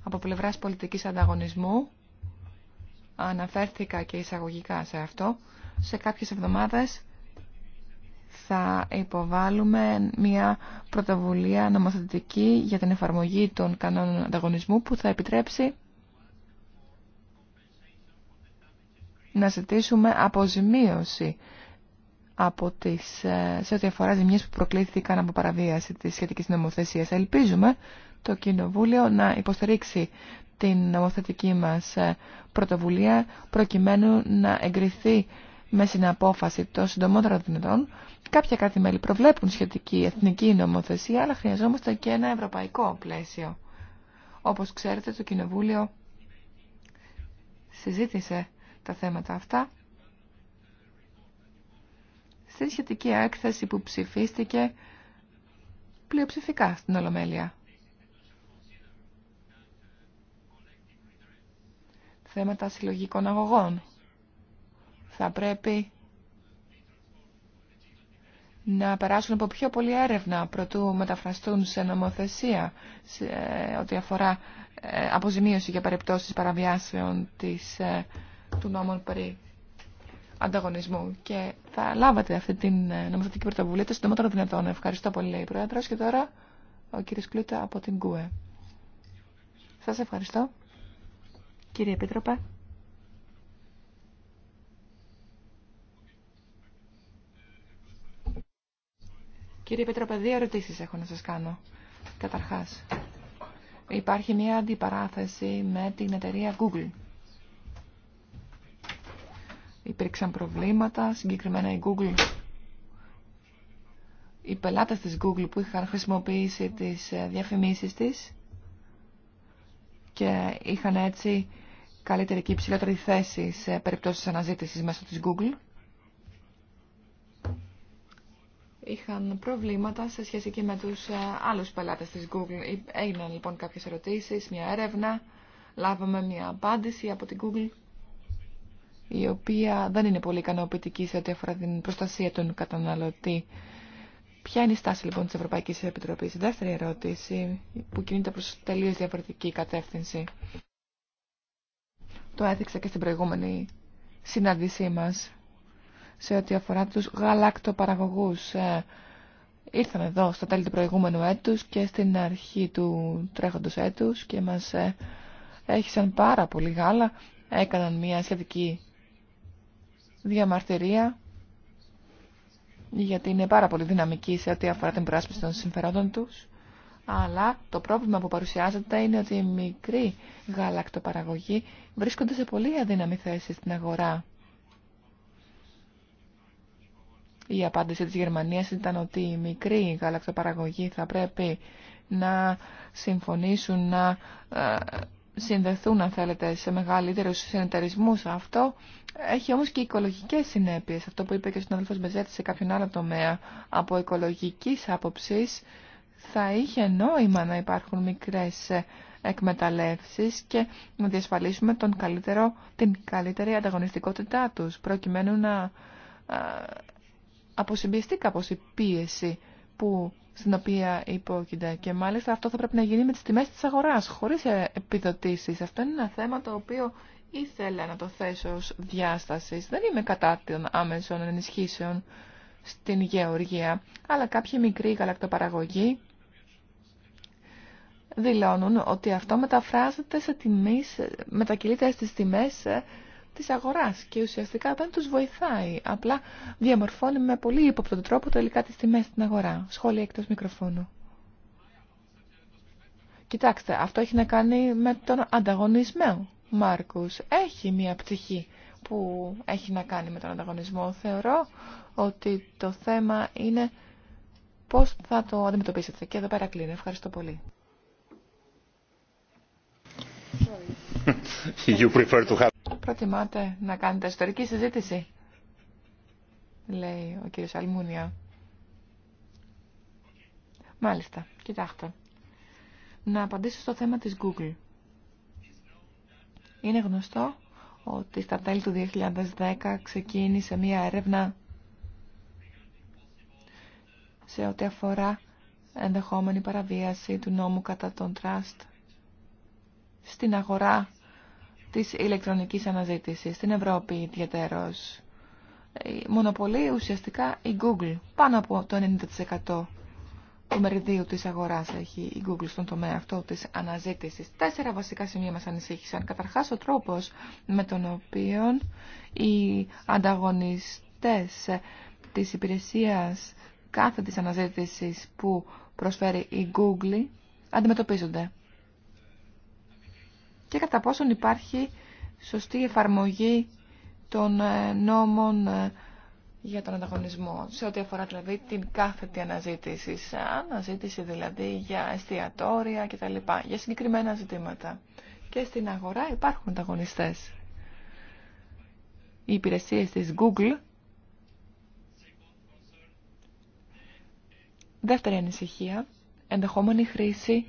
S1: Από πλευράς πολιτικής ανταγωνισμού, αναφέρθηκα και εισαγωγικά σε αυτό, σε κάποιες εβδομάδες θα υποβάλουμε μια πρωτοβουλία νομοθετική για την εφαρμογή των κανόνων ανταγωνισμού που θα επιτρέψει να ζητήσουμε αποζημίωση από τις, ε, σε ό,τι αφορά ζημιές που προκλήθηκαν από παραβίαση της σχετικής νομοθεσίας. Ελπίζουμε το Κοινοβούλιο να υποστηρίξει την νομοθετική μας ε, πρωτοβουλία προκειμένου να εγκριθεί με συναπόφαση το συντομότερο δυνατόν. Κάποια κάτι μέλη προβλέπουν σχετική εθνική νομοθεσία, αλλά χρειαζόμαστε και ένα ευρωπαϊκό πλαίσιο. Όπως ξέρετε, το Κοινοβούλιο συζήτησε τα θέματα αυτά στη σχετική έκθεση που ψηφίστηκε πλειοψηφικά στην Ολομέλεια. Θέματα συλλογικών αγωγών. Θα πρέπει να περάσουν από πιο πολλή έρευνα προτού μεταφραστούν σε νομοθεσία σε, ε, ό,τι αφορά ε, αποζημίωση για περιπτώσεις παραβιάσεων της, ε, του νόμου περί ανταγωνισμού. Και θα λάβατε αυτή την ε, νομοθετική πρωτοβουλία το συντομότερο δυνατόν. Ευχαριστώ πολύ, λέει η Πρόεδρος. Και τώρα ο κύριος Κλούτα από την ΚΟΕ. Σας ευχαριστώ. Κύριε Επίτροπε. Κύριε Επίτροπε, δύο ερωτήσεις έχω να σας κάνω. Καταρχάς, υπάρχει μια αντιπαράθεση με την εταιρεία Google υπήρξαν προβλήματα, συγκεκριμένα η Google. Οι πελάτες της Google που είχαν χρησιμοποιήσει τις ε, διαφημίσεις της και είχαν έτσι καλύτερη και υψηλότερη θέση σε περιπτώσεις αναζήτησης μέσω της Google. Είχαν προβλήματα σε σχέση και με τους ε, άλλους πελάτες της Google. Ε, έγιναν λοιπόν κάποιες ερωτήσεις, μια έρευνα, λάβαμε μια απάντηση από την Google η οποία δεν είναι πολύ ικανοποιητική σε ό,τι αφορά την προστασία των καταναλωτή. Ποια είναι η στάση λοιπόν της Ευρωπαϊκής Επιτροπής. Η δεύτερη ερώτηση που κινείται προς τελείως διαφορετική κατεύθυνση. Το έδειξα και στην προηγούμενη συνάντησή μας σε ό,τι αφορά τους γαλακτοπαραγωγούς. Ε, ήρθαν εδώ στα τέλη του προηγούμενου έτους και στην αρχή του τρέχοντος έτους και μας ε, έχησαν πάρα πολύ γάλα. Έκαναν μια σχετική διαμαρτυρία γιατί είναι πάρα πολύ δυναμική σε ό,τι αφορά την πράσπιση των συμφερόντων τους. Αλλά το πρόβλημα που παρουσιάζεται είναι ότι οι μικροί γαλακτοπαραγωγοί βρίσκονται σε πολύ αδύναμη θέση στην αγορά. Η απάντηση της Γερμανίας ήταν ότι οι μικροί γαλακτοπαραγωγοί θα πρέπει να συμφωνήσουν να ε, συνδεθούν, αν θέλετε, σε μεγαλύτερους συνεταιρισμού. Αυτό έχει όμως και οικολογικές συνέπειες. Αυτό που είπε και ο συναδελφός Μπεζέτη σε κάποιον άλλο τομέα. Από οικολογικής άποψη, θα είχε νόημα να υπάρχουν μικρές εκμεταλλεύσεις και να διασφαλίσουμε τον καλύτερο, την καλύτερη ανταγωνιστικότητά τους προκειμένου να αποσυμπιεστεί κάπως η πίεση που στην οποία υπόκεινται. Και μάλιστα αυτό θα πρέπει να γίνει με τις τιμές της αγοράς, χωρίς επιδοτήσεις. Αυτό είναι ένα θέμα το οποίο ήθελα να το θέσω ως διάσταση. Δεν είμαι κατά των άμεσων ενισχύσεων στην γεωργία, αλλά κάποιοι μικροί γαλακτοπαραγωγοί δηλώνουν ότι αυτό μεταφράζεται σε τιμές, μετακυλείται στις τιμές της αγοράς και ουσιαστικά δεν τους βοηθάει. Απλά διαμορφώνει με πολύ ύποπτο τρόπο τελικά τις τιμές στην αγορά. Σχόλια εκτός μικροφώνου. Κοιτάξτε, αυτό έχει να κάνει με τον ανταγωνισμό, Μάρκους. Έχει μία πτυχή που έχει να κάνει με τον ανταγωνισμό. Θεωρώ ότι το θέμα είναι πώς θα το αντιμετωπίσετε. Και εδώ πέρα κλείνω. Ευχαριστώ πολύ. <laughs> προτιμάτε να κάνετε ιστορική συζήτηση, λέει ο κύριος Αλμούνια. Μάλιστα, κοιτάξτε. Να απαντήσω στο θέμα της Google. Είναι γνωστό ότι στα τέλη του 2010 ξεκίνησε μία έρευνα σε ό,τι αφορά ενδεχόμενη παραβίαση του νόμου κατά τον τραστ στην αγορά της ηλεκτρονικής αναζήτησης στην Ευρώπη ιδιαίτερος. Ε, μονοπολεί ουσιαστικά η Google. Πάνω από το 90% του μεριδίου της αγοράς έχει η Google στον τομέα αυτό της αναζήτησης. Τέσσερα βασικά σημεία μας ανησύχησαν. Καταρχάς ο τρόπος με τον οποίο οι ανταγωνιστές της υπηρεσίας κάθε της αναζήτησης που προσφέρει η Google αντιμετωπίζονται και κατά πόσον υπάρχει σωστή εφαρμογή των ε, νόμων ε, για τον ανταγωνισμό, σε ό,τι αφορά δηλαδή την κάθετη αναζήτηση, αναζήτηση δηλαδή για εστιατόρια λοιπά, Για συγκεκριμένα ζητήματα. Και στην αγορά υπάρχουν ανταγωνιστές. Οι υπηρεσίες της Google Δεύτερη ανησυχία, ενδεχόμενη χρήση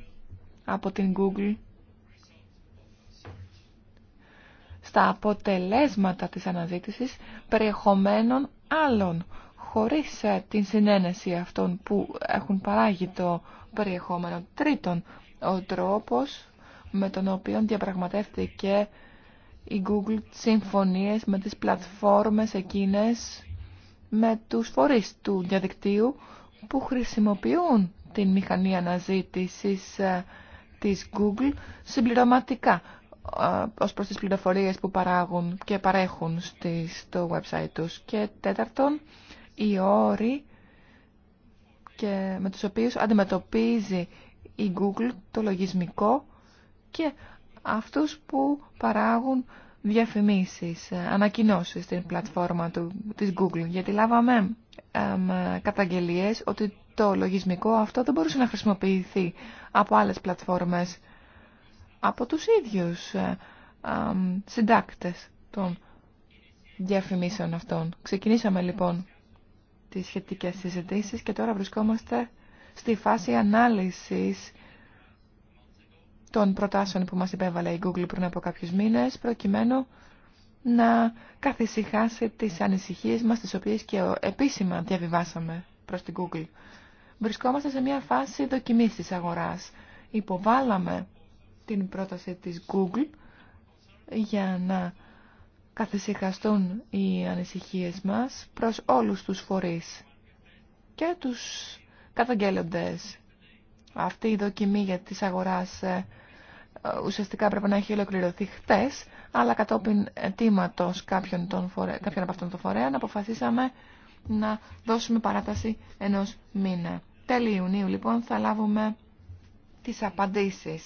S1: από την Google στα αποτελέσματα της αναζήτησης περιεχομένων άλλων, χωρίς ε, την συνένεση αυτών που έχουν παράγει το περιεχόμενο. Τρίτον, ο τρόπος με τον οποίο διαπραγματεύτηκε η Google συμφωνίες με τις πλατφόρμες εκείνες με τους φορείς του διαδικτύου που χρησιμοποιούν την μηχανή αναζήτησης ε, της Google συμπληρωματικά ως προ τις πληροφορίες που παράγουν και παρέχουν στο website τους. Και τέταρτον, οι όροι και με τους οποίους αντιμετωπίζει η Google το λογισμικό και αυτούς που παράγουν διαφημίσεις, ε, ανακοινώσεις στην πλατφόρμα του, της Google. Γιατί λάβαμε καταγγελίε καταγγελίες ότι το λογισμικό αυτό δεν μπορούσε να χρησιμοποιηθεί από άλλες πλατφόρμες από τους ίδιους ε, συντάκτες των διαφημίσεων αυτών. Ξεκινήσαμε λοιπόν τις σχετικές συζητήσεις και τώρα βρισκόμαστε στη φάση ανάλυσης των προτάσεων που μας υπέβαλε η Google πριν από κάποιους μήνες, προκειμένου να καθησυχάσει τις ανησυχίες μας, τις οποίες και επίσημα διαβιβάσαμε προς την Google. Βρισκόμαστε σε μια φάση δοκιμής της αγοράς. Υποβάλαμε την πρόταση της Google για να καθησυχαστούν οι ανησυχίες μας προς όλους τους φορείς και τους καταγγέλλοντες. Αυτή η δοκιμή για τις αγοράς ε, ουσιαστικά πρέπει να έχει ολοκληρωθεί χτες, αλλά κατόπιν αιτήματος κάποιων, των φορέ... κάποιων από αυτών των φορέων αποφασίσαμε να δώσουμε παράταση ενός μήνα. Τέλη Ιουνίου λοιπόν θα λάβουμε τις απαντήσεις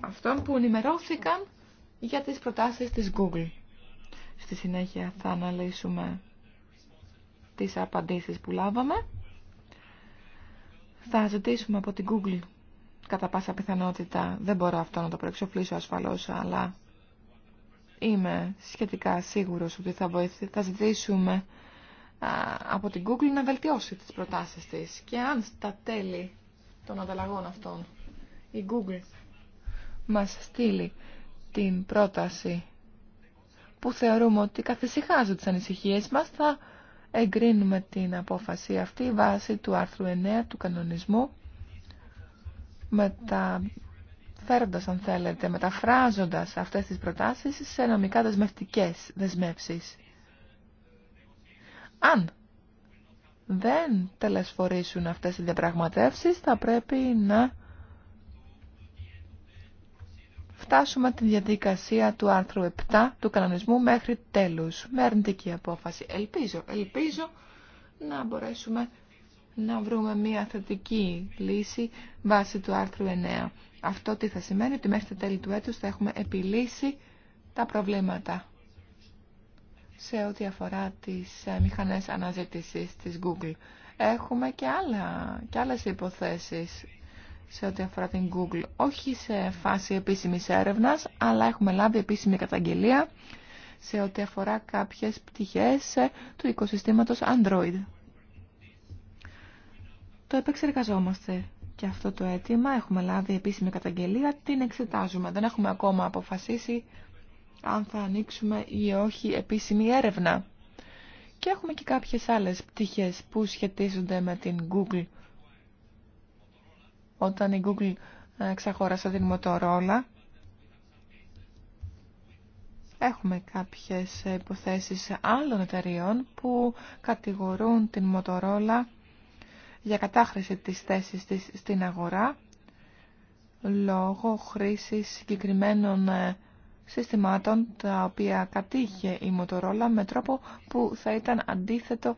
S1: αυτών που ενημερώθηκαν για τις προτάσεις της Google. Στη συνέχεια θα αναλύσουμε τις απαντήσεις που λάβαμε. Θα ζητήσουμε από την Google κατά πάσα πιθανότητα, δεν μπορώ αυτό να το προεξοφλήσω ασφαλώς, αλλά είμαι σχετικά σίγουρος ότι θα, βοηθήσει, θα ζητήσουμε από την Google να βελτιώσει τις προτάσεις της. Και αν στα τέλη των ανταλλαγών αυτών η Google μας στείλει την πρόταση που θεωρούμε ότι καθησυχάζει τις ανησυχίες μας, θα εγκρίνουμε την απόφαση αυτή βάσει του άρθρου 9 του κανονισμού, μεταφέροντας αν θέλετε, μεταφράζοντας αυτές τις προτάσεις σε νομικά δεσμευτικές δεσμεύσεις. Αν δεν τελεσφορήσουν αυτές οι διαπραγματεύσεις, θα πρέπει να φτάσουμε τη διαδικασία του άρθρου 7 του κανονισμού μέχρι τέλους, με αρνητική απόφαση. Ελπίζω, ελπίζω να μπορέσουμε να βρούμε μια θετική λύση βάσει του άρθρου 9. Αυτό τι θα σημαίνει ότι μέχρι τα τέλη του έτους θα έχουμε επιλύσει τα προβλήματα σε ό,τι αφορά τις ε, μηχανές αναζήτησης της Google. Έχουμε και, άλλα, και άλλες υποθέσεις σε ό,τι αφορά την Google. Όχι σε φάση επίσημης έρευνας, αλλά έχουμε λάβει επίσημη καταγγελία σε ό,τι αφορά κάποιες πτυχές του οικοσυστήματος Android. Το επεξεργαζόμαστε και αυτό το αίτημα. Έχουμε λάβει επίσημη καταγγελία, την εξετάζουμε. Δεν έχουμε ακόμα αποφασίσει αν θα ανοίξουμε ή όχι επίσημη έρευνα. Και έχουμε και κάποιες άλλες πτυχές που σχετίζονται με την Google όταν η Google εξαγόρασε την Motorola. Έχουμε κάποιες υποθέσεις άλλων εταιρείων που κατηγορούν την Motorola για κατάχρηση της θέσης της στην αγορά λόγω χρήσης συγκεκριμένων ε, συστημάτων τα οποία κατήχε η Motorola με τρόπο που θα ήταν αντίθετο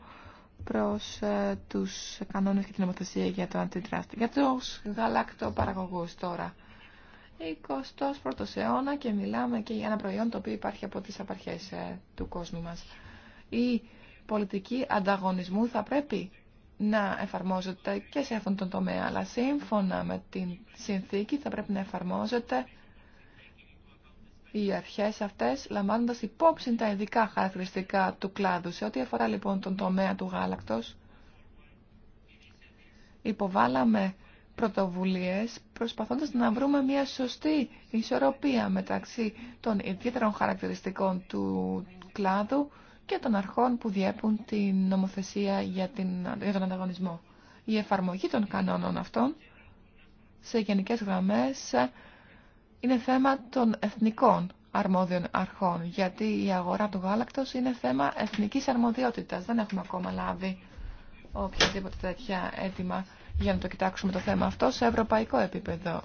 S1: προς ε, τους κανόνες και την νομοθεσία για το αντιτράστη. Για τους γαλακτοπαραγωγούς τώρα. 21ος αιώνα και μιλάμε και για ένα προϊόν το οποίο υπάρχει από τις απαρχές ε, του κόσμου μας. Η πολιτική ανταγωνισμού θα πρέπει να εφαρμόζεται και σε αυτόν τον τομέα, αλλά σύμφωνα με την συνθήκη θα πρέπει να εφαρμόζεται οι αρχέ αυτές λαμβάνοντα υπόψη τα ειδικά χαρακτηριστικά του κλάδου. Σε ό,τι αφορά λοιπόν τον τομέα του γάλακτος, υποβάλαμε πρωτοβουλίε προσπαθώντας να βρούμε μια σωστή ισορροπία μεταξύ των ιδιαίτερων χαρακτηριστικών του κλάδου και των αρχών που διέπουν την νομοθεσία για, την, τον ανταγωνισμό. Η εφαρμογή των κανόνων αυτών σε γενικές γραμμές είναι θέμα των εθνικών αρμόδιων αρχών, γιατί η αγορά του γάλακτος είναι θέμα εθνικής αρμοδιότητας. Δεν έχουμε ακόμα λάβει οποιαδήποτε τέτοια έτοιμα για να το κοιτάξουμε το θέμα αυτό σε ευρωπαϊκό επίπεδο.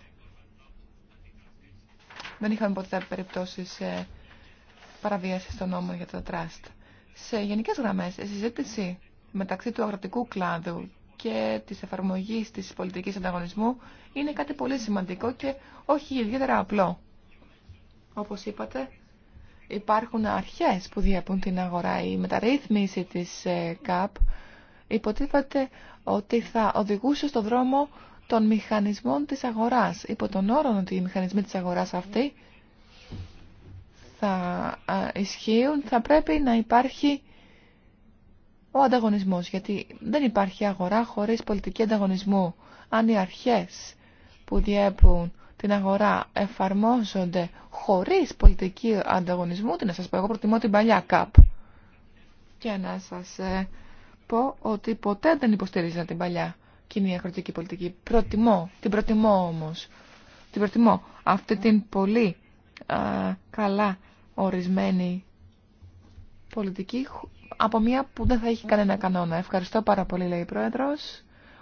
S1: Δεν είχαμε ποτέ περιπτώσεις παραβίαση των νόμων για το τραστ. Σε γενικές γραμμές, η συζήτηση μεταξύ του αγροτικού κλάδου και της εφαρμογής της πολιτικής ανταγωνισμού είναι κάτι πολύ σημαντικό και όχι ιδιαίτερα απλό. Όπως είπατε, υπάρχουν αρχές που διαπούν την αγορά. Η μεταρρύθμιση της ε, ΚΑΠ υποτίθεται ότι θα οδηγούσε στο δρόμο των μηχανισμών της αγοράς. Υπό τον όρο ότι οι μηχανισμοί της αγοράς αυτοί θα ε, ισχύουν, θα πρέπει να υπάρχει ο ανταγωνισμός, γιατί δεν υπάρχει αγορά χωρίς πολιτική ανταγωνισμού. Αν οι αρχές που διέπουν την αγορά εφαρμόζονται χωρίς πολιτική ανταγωνισμού, τι να σας πω, εγώ προτιμώ την παλιά ΚΑΠ. Και να σας ε, πω ότι ποτέ δεν υποστηρίζα την παλιά κοινή αγροτική πολιτική. Προτιμώ, την προτιμώ όμως. Την προτιμώ αυτή την πολύ καλά ορισμένη πολιτική από μια που δεν θα έχει κανένα κανόνα. Ευχαριστώ πάρα πολύ, λέει η πρόεδρο.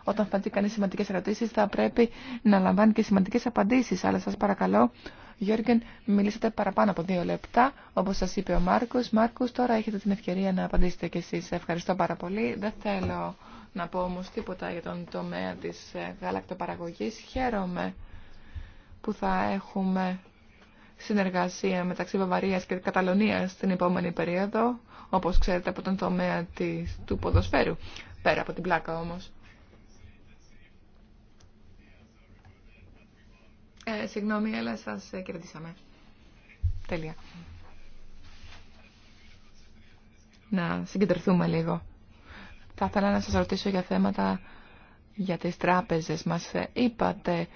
S1: Όταν θα κάνει σημαντικέ ερωτήσεις θα πρέπει να λαμβάνει και σημαντικέ απαντήσει, Αλλά σα παρακαλώ, Γιώργεν, μιλήσατε παραπάνω από δύο λεπτά, όπω σα είπε ο Μάρκο. Μάρκο, τώρα έχετε την ευκαιρία να απαντήσετε κι εσεί. Ευχαριστώ πάρα πολύ. Δεν θέλω να πω όμω τίποτα για τον τομέα τη ε, γαλακτοπαραγωγή. Χαίρομαι που θα έχουμε συνεργασία μεταξύ Βαβαρίας και Καταλωνίας την επόμενη περίοδο όπως ξέρετε από τον τομέα της, του ποδοσφαίρου, πέρα από την πλάκα όμως. Ε, συγγνώμη, αλλά σας ε, κερδίσαμε. Τέλεια. Να συγκεντρωθούμε λίγο. Θα ήθελα να σας ρωτήσω για θέματα για τις τράπεζες μας. Ε, είπατε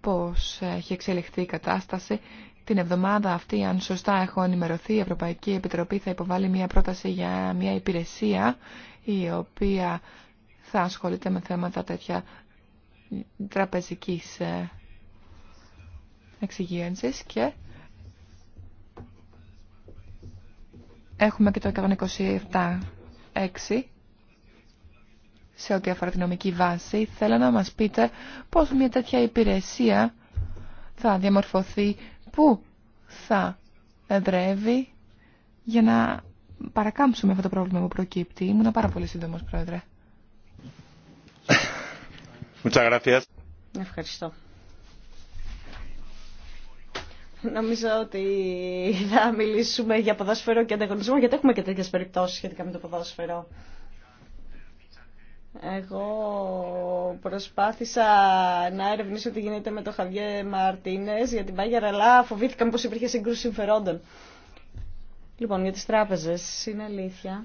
S1: πώς έχει εξελιχθεί η κατάσταση την εβδομάδα αυτή, αν σωστά έχω ενημερωθεί, η Ευρωπαϊκή Επιτροπή θα υποβάλει μια πρόταση για μια υπηρεσία η οποία θα ασχολείται με θέματα τέτοια τραπεζικής ε, εξυγίανσης και έχουμε και το 127.6 σε ό,τι αφορά την νομική βάση. Θέλω να μας πείτε πώς μια τέτοια υπηρεσία θα διαμορφωθεί πού θα εδρεύει για να παρακάμψουμε αυτό το πρόβλημα που προκύπτει. Ήμουν πάρα πολύ σύντομος, Πρόεδρε. Ευχαριστώ.
S3: Νομίζω ότι θα μιλήσουμε για ποδόσφαιρο και ανταγωνισμό, γιατί έχουμε και τέτοιες περιπτώσεις σχετικά με το ποδόσφαιρο. Εγώ προσπάθησα να ερευνήσω τι γίνεται με τον Χαβιέ Μαρτίνε για την Πάγια αλλά φοβήθηκαν πως υπήρχε σύγκρουση συμφερόντων. Λοιπόν, για τις τράπεζες είναι αλήθεια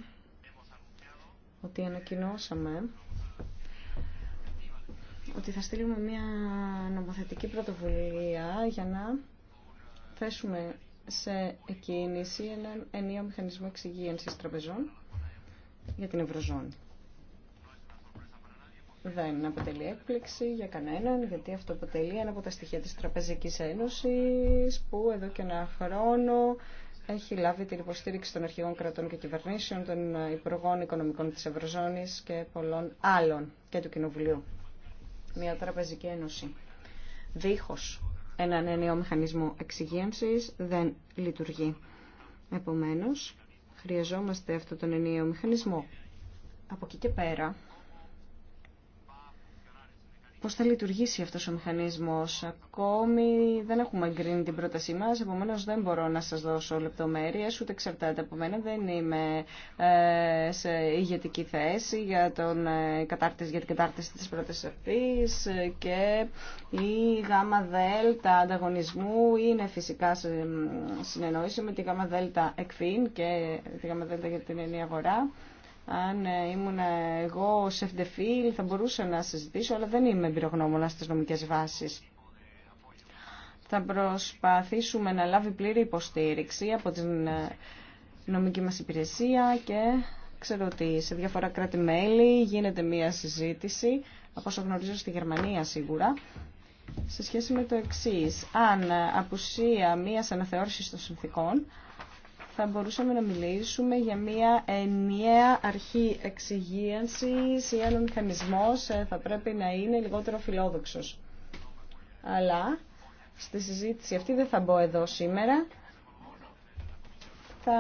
S3: ότι ανακοινώσαμε ότι θα στείλουμε μια νομοθετική πρωτοβουλία για να θέσουμε σε εκκίνηση έναν ενίο μηχανισμό εξυγίανσης τραπεζών για την Ευρωζώνη δεν αποτελεί έκπληξη για κανέναν, γιατί αυτό αποτελεί ένα από τα στοιχεία της Τραπεζικής Ένωσης, που εδώ και ένα χρόνο έχει λάβει την υποστήριξη των αρχηγών κρατών και κυβερνήσεων, των Υπουργών Οικονομικών της Ευρωζώνης και πολλών άλλων και του Κοινοβουλίου. Μια Τραπεζική Ένωση. Δίχως έναν νέο μηχανισμό εξυγίανσης δεν λειτουργεί. Επομένως, χρειαζόμαστε αυτόν τον ενιαίο μηχανισμό. Από εκεί και πέρα, πώς θα λειτουργήσει αυτός ο μηχανισμός. Ακόμη δεν έχουμε εγκρίνει την πρότασή μας, επομένως δεν μπορώ να σας δώσω λεπτομέρειες, ούτε εξαρτάται από μένα, δεν είμαι ε, σε ηγετική θέση για, τον, ε, κατάρτιση, για την κατάρτιση της πρότασης αυτής ε, και η γάμα δέλτα ανταγωνισμού είναι φυσικά σε συνεννόηση με τη γάμα δέλτα εκφήν και τη γάμα δέλτα για την ενή αγορά αν ε, ήμουν εγώ σε φντεφίλ θα μπορούσα να συζητήσω, αλλά δεν είμαι εμπειρογνώμονα στις νομικές βάσεις. Θα προσπαθήσουμε να λάβει πλήρη υποστήριξη από την ε, νομική μας υπηρεσία και ξέρω ότι σε διάφορα κράτη-μέλη γίνεται μία συζήτηση, από όσο γνωρίζω στη Γερμανία σίγουρα, σε σχέση με το εξής. Αν ε, απουσία μίας αναθεώρησης των συνθήκων, θα μπορούσαμε να μιλήσουμε για μια ενιαία αρχή εξυγίανσης ή αν ο μηχανισμός ε, θα πρέπει να είναι λιγότερο φιλόδοξος. Αλλά στη συζήτηση αυτή δεν θα μπω εδώ σήμερα. Θα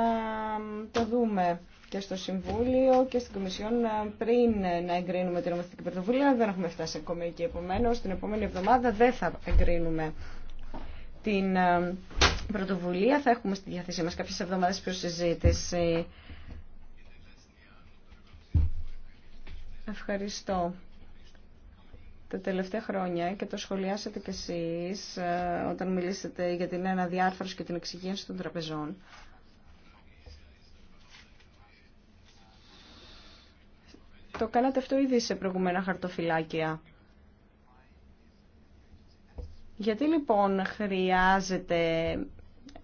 S3: το δούμε και στο Συμβούλιο και στην Κομισιόν ε, πριν να εγκρίνουμε την νομοθετική πρωτοβουλία. Δεν έχουμε φτάσει ακόμα εκεί. Επομένω, την επόμενη εβδομάδα δεν θα εγκρίνουμε την ε, πρωτοβουλία. Θα έχουμε στη διάθεσή μας κάποιες εβδομάδες προς συζήτηση. Ευχαριστώ. Τα τελευταία χρόνια και το σχολιάσατε κι εσείς ε, όταν μιλήσατε για την αναδιάρθρωση και την εξυγίανση των τραπεζών. Το κάνατε αυτό ήδη σε προηγουμένα χαρτοφυλάκια. Γιατί λοιπόν χρειάζεται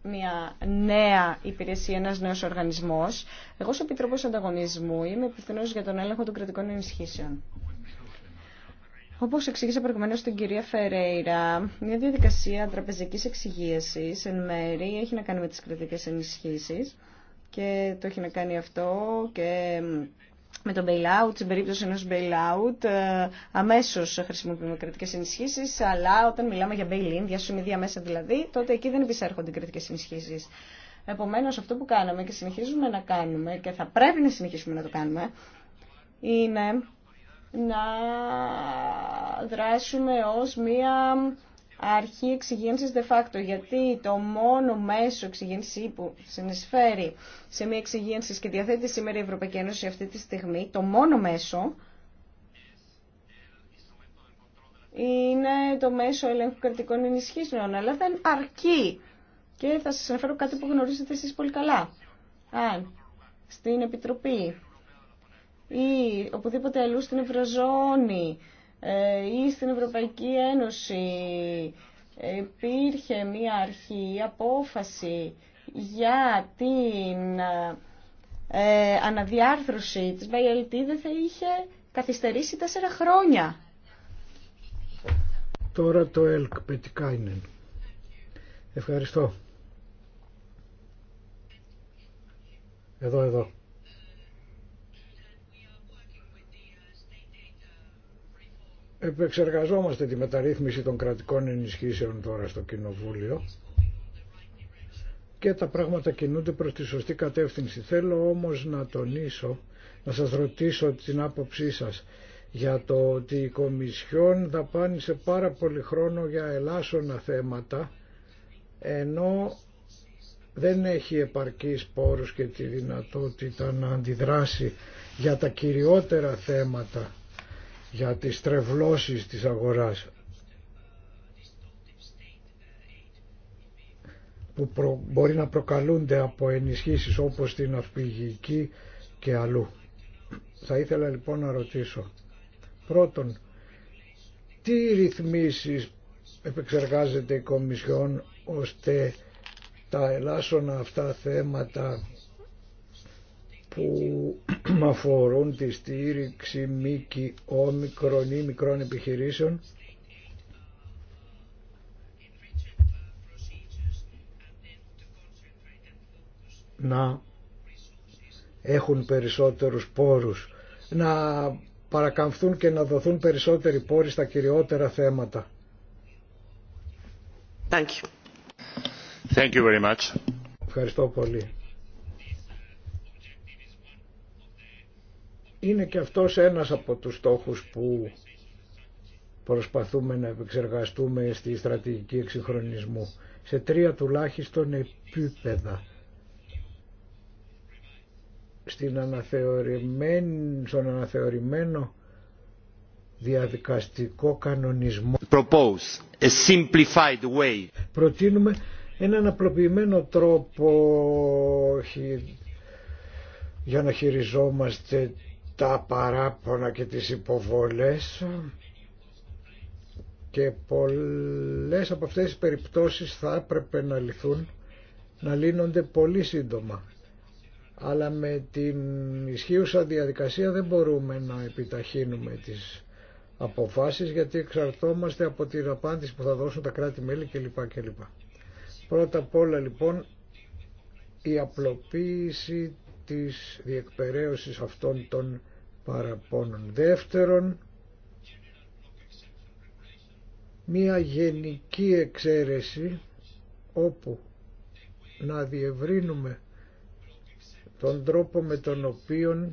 S3: μια νέα υπηρεσία, ένας νέος οργανισμός. Εγώ ω Επιτρόπο Ανταγωνισμού είμαι υπευθυνό για τον έλεγχο των κρατικών ενισχύσεων. Όπω εξήγησα προηγουμένω στην κυρία Φερέιρα, μια διαδικασία τραπεζική εξηγίαση εν μέρη έχει να κάνει με τι κρατικέ ενισχύσει και το έχει να κάνει αυτό και με τον bailout, στην περίπτωση ενός bailout, ε, αμέσως χρησιμοποιούμε κρατικές ενισχύσεις, αλλά όταν μιλάμε για bail-in, διασημιδία μέσα δηλαδή, τότε εκεί δεν επισέρχονται οι κρατικές ενισχύσεις. Επομένως, αυτό που κάναμε και συνεχίζουμε να κάνουμε και θα πρέπει να συνεχίσουμε να το κάνουμε, είναι να δράσουμε ως μία αρχή εξυγένσης de facto, γιατί το μόνο μέσο εξυγένση που συνεισφέρει σε μια εξυγένση και διαθέτει σήμερα η Ευρωπαϊκή Ένωση αυτή τη στιγμή, το μόνο μέσο είναι το μέσο ελέγχου κρατικών ενισχύσεων, αλλά δεν αρκεί. Και θα σας αναφέρω κάτι που γνωρίζετε εσείς πολύ καλά. Αν στην Επιτροπή ή οπουδήποτε αλλού στην Ευρωζώνη ε, ή στην Ευρωπαϊκή Ένωση υπήρχε μία αρχή, απόφαση για την ε, αναδιάρθρωση της ΒΑΙΑΛΤ δεν θα είχε καθυστερήσει τέσσερα χρόνια.
S2: Τώρα το ΕΛΚ Πετικάινεν. Ευχαριστώ. Εδώ, εδώ. επεξεργαζόμαστε τη μεταρρύθμιση των κρατικών ενισχύσεων τώρα στο Κοινοβούλιο και τα πράγματα κινούνται προς τη σωστή κατεύθυνση. Θέλω όμως να τονίσω, να σας ρωτήσω την άποψή σας για το ότι η Κομισιόν δαπάνησε πάρα πολύ χρόνο για ελάσσονα θέματα ενώ δεν έχει επαρκείς πόρους και τη δυνατότητα να αντιδράσει για τα κυριότερα θέματα για τις τρευλώσεις της αγοράς που μπορεί να προκαλούνται από ενισχύσεις όπως την αυπηγική και αλλού. Θα ήθελα λοιπόν να ρωτήσω πρώτον τι ρυθμίσεις επεξεργάζεται η Κομισιόν ώστε τα ελάσσονα αυτά θέματα που <clears throat> αφορούν τη στήριξη μήκη όμικρων ή μικρών επιχειρήσεων να έχουν περισσότερους πόρους, να παρακαμφθούν και να δοθούν περισσότεροι πόροι στα κυριότερα θέματα. Thank you.
S1: Thank you
S2: Ευχαριστώ πολύ. είναι και αυτός ένας από τους στόχους που προσπαθούμε να επεξεργαστούμε στη στρατηγική εξυγχρονισμού σε τρία τουλάχιστον επίπεδα. Στην στον αναθεωρημένο διαδικαστικό κανονισμό Propose a simplified way. προτείνουμε έναν απλοποιημένο τρόπο για να χειριζόμαστε τα παράπονα και τις υποβολές και πολλές από αυτές τις περιπτώσεις θα έπρεπε να λυθούν, να λύνονται πολύ σύντομα. Αλλά με την ισχύουσα διαδικασία δεν μπορούμε να επιταχύνουμε τις αποφάσεις γιατί εξαρτώμαστε από την απάντηση που θα δώσουν τα κράτη-μέλη κλπ. κλπ. Πρώτα απ' όλα λοιπόν η απλοποίηση της διεκπαιρέωσης αυτών των παραπώνων. Δεύτερον, μία γενική εξαίρεση όπου να διευρύνουμε τον τρόπο με τον οποίο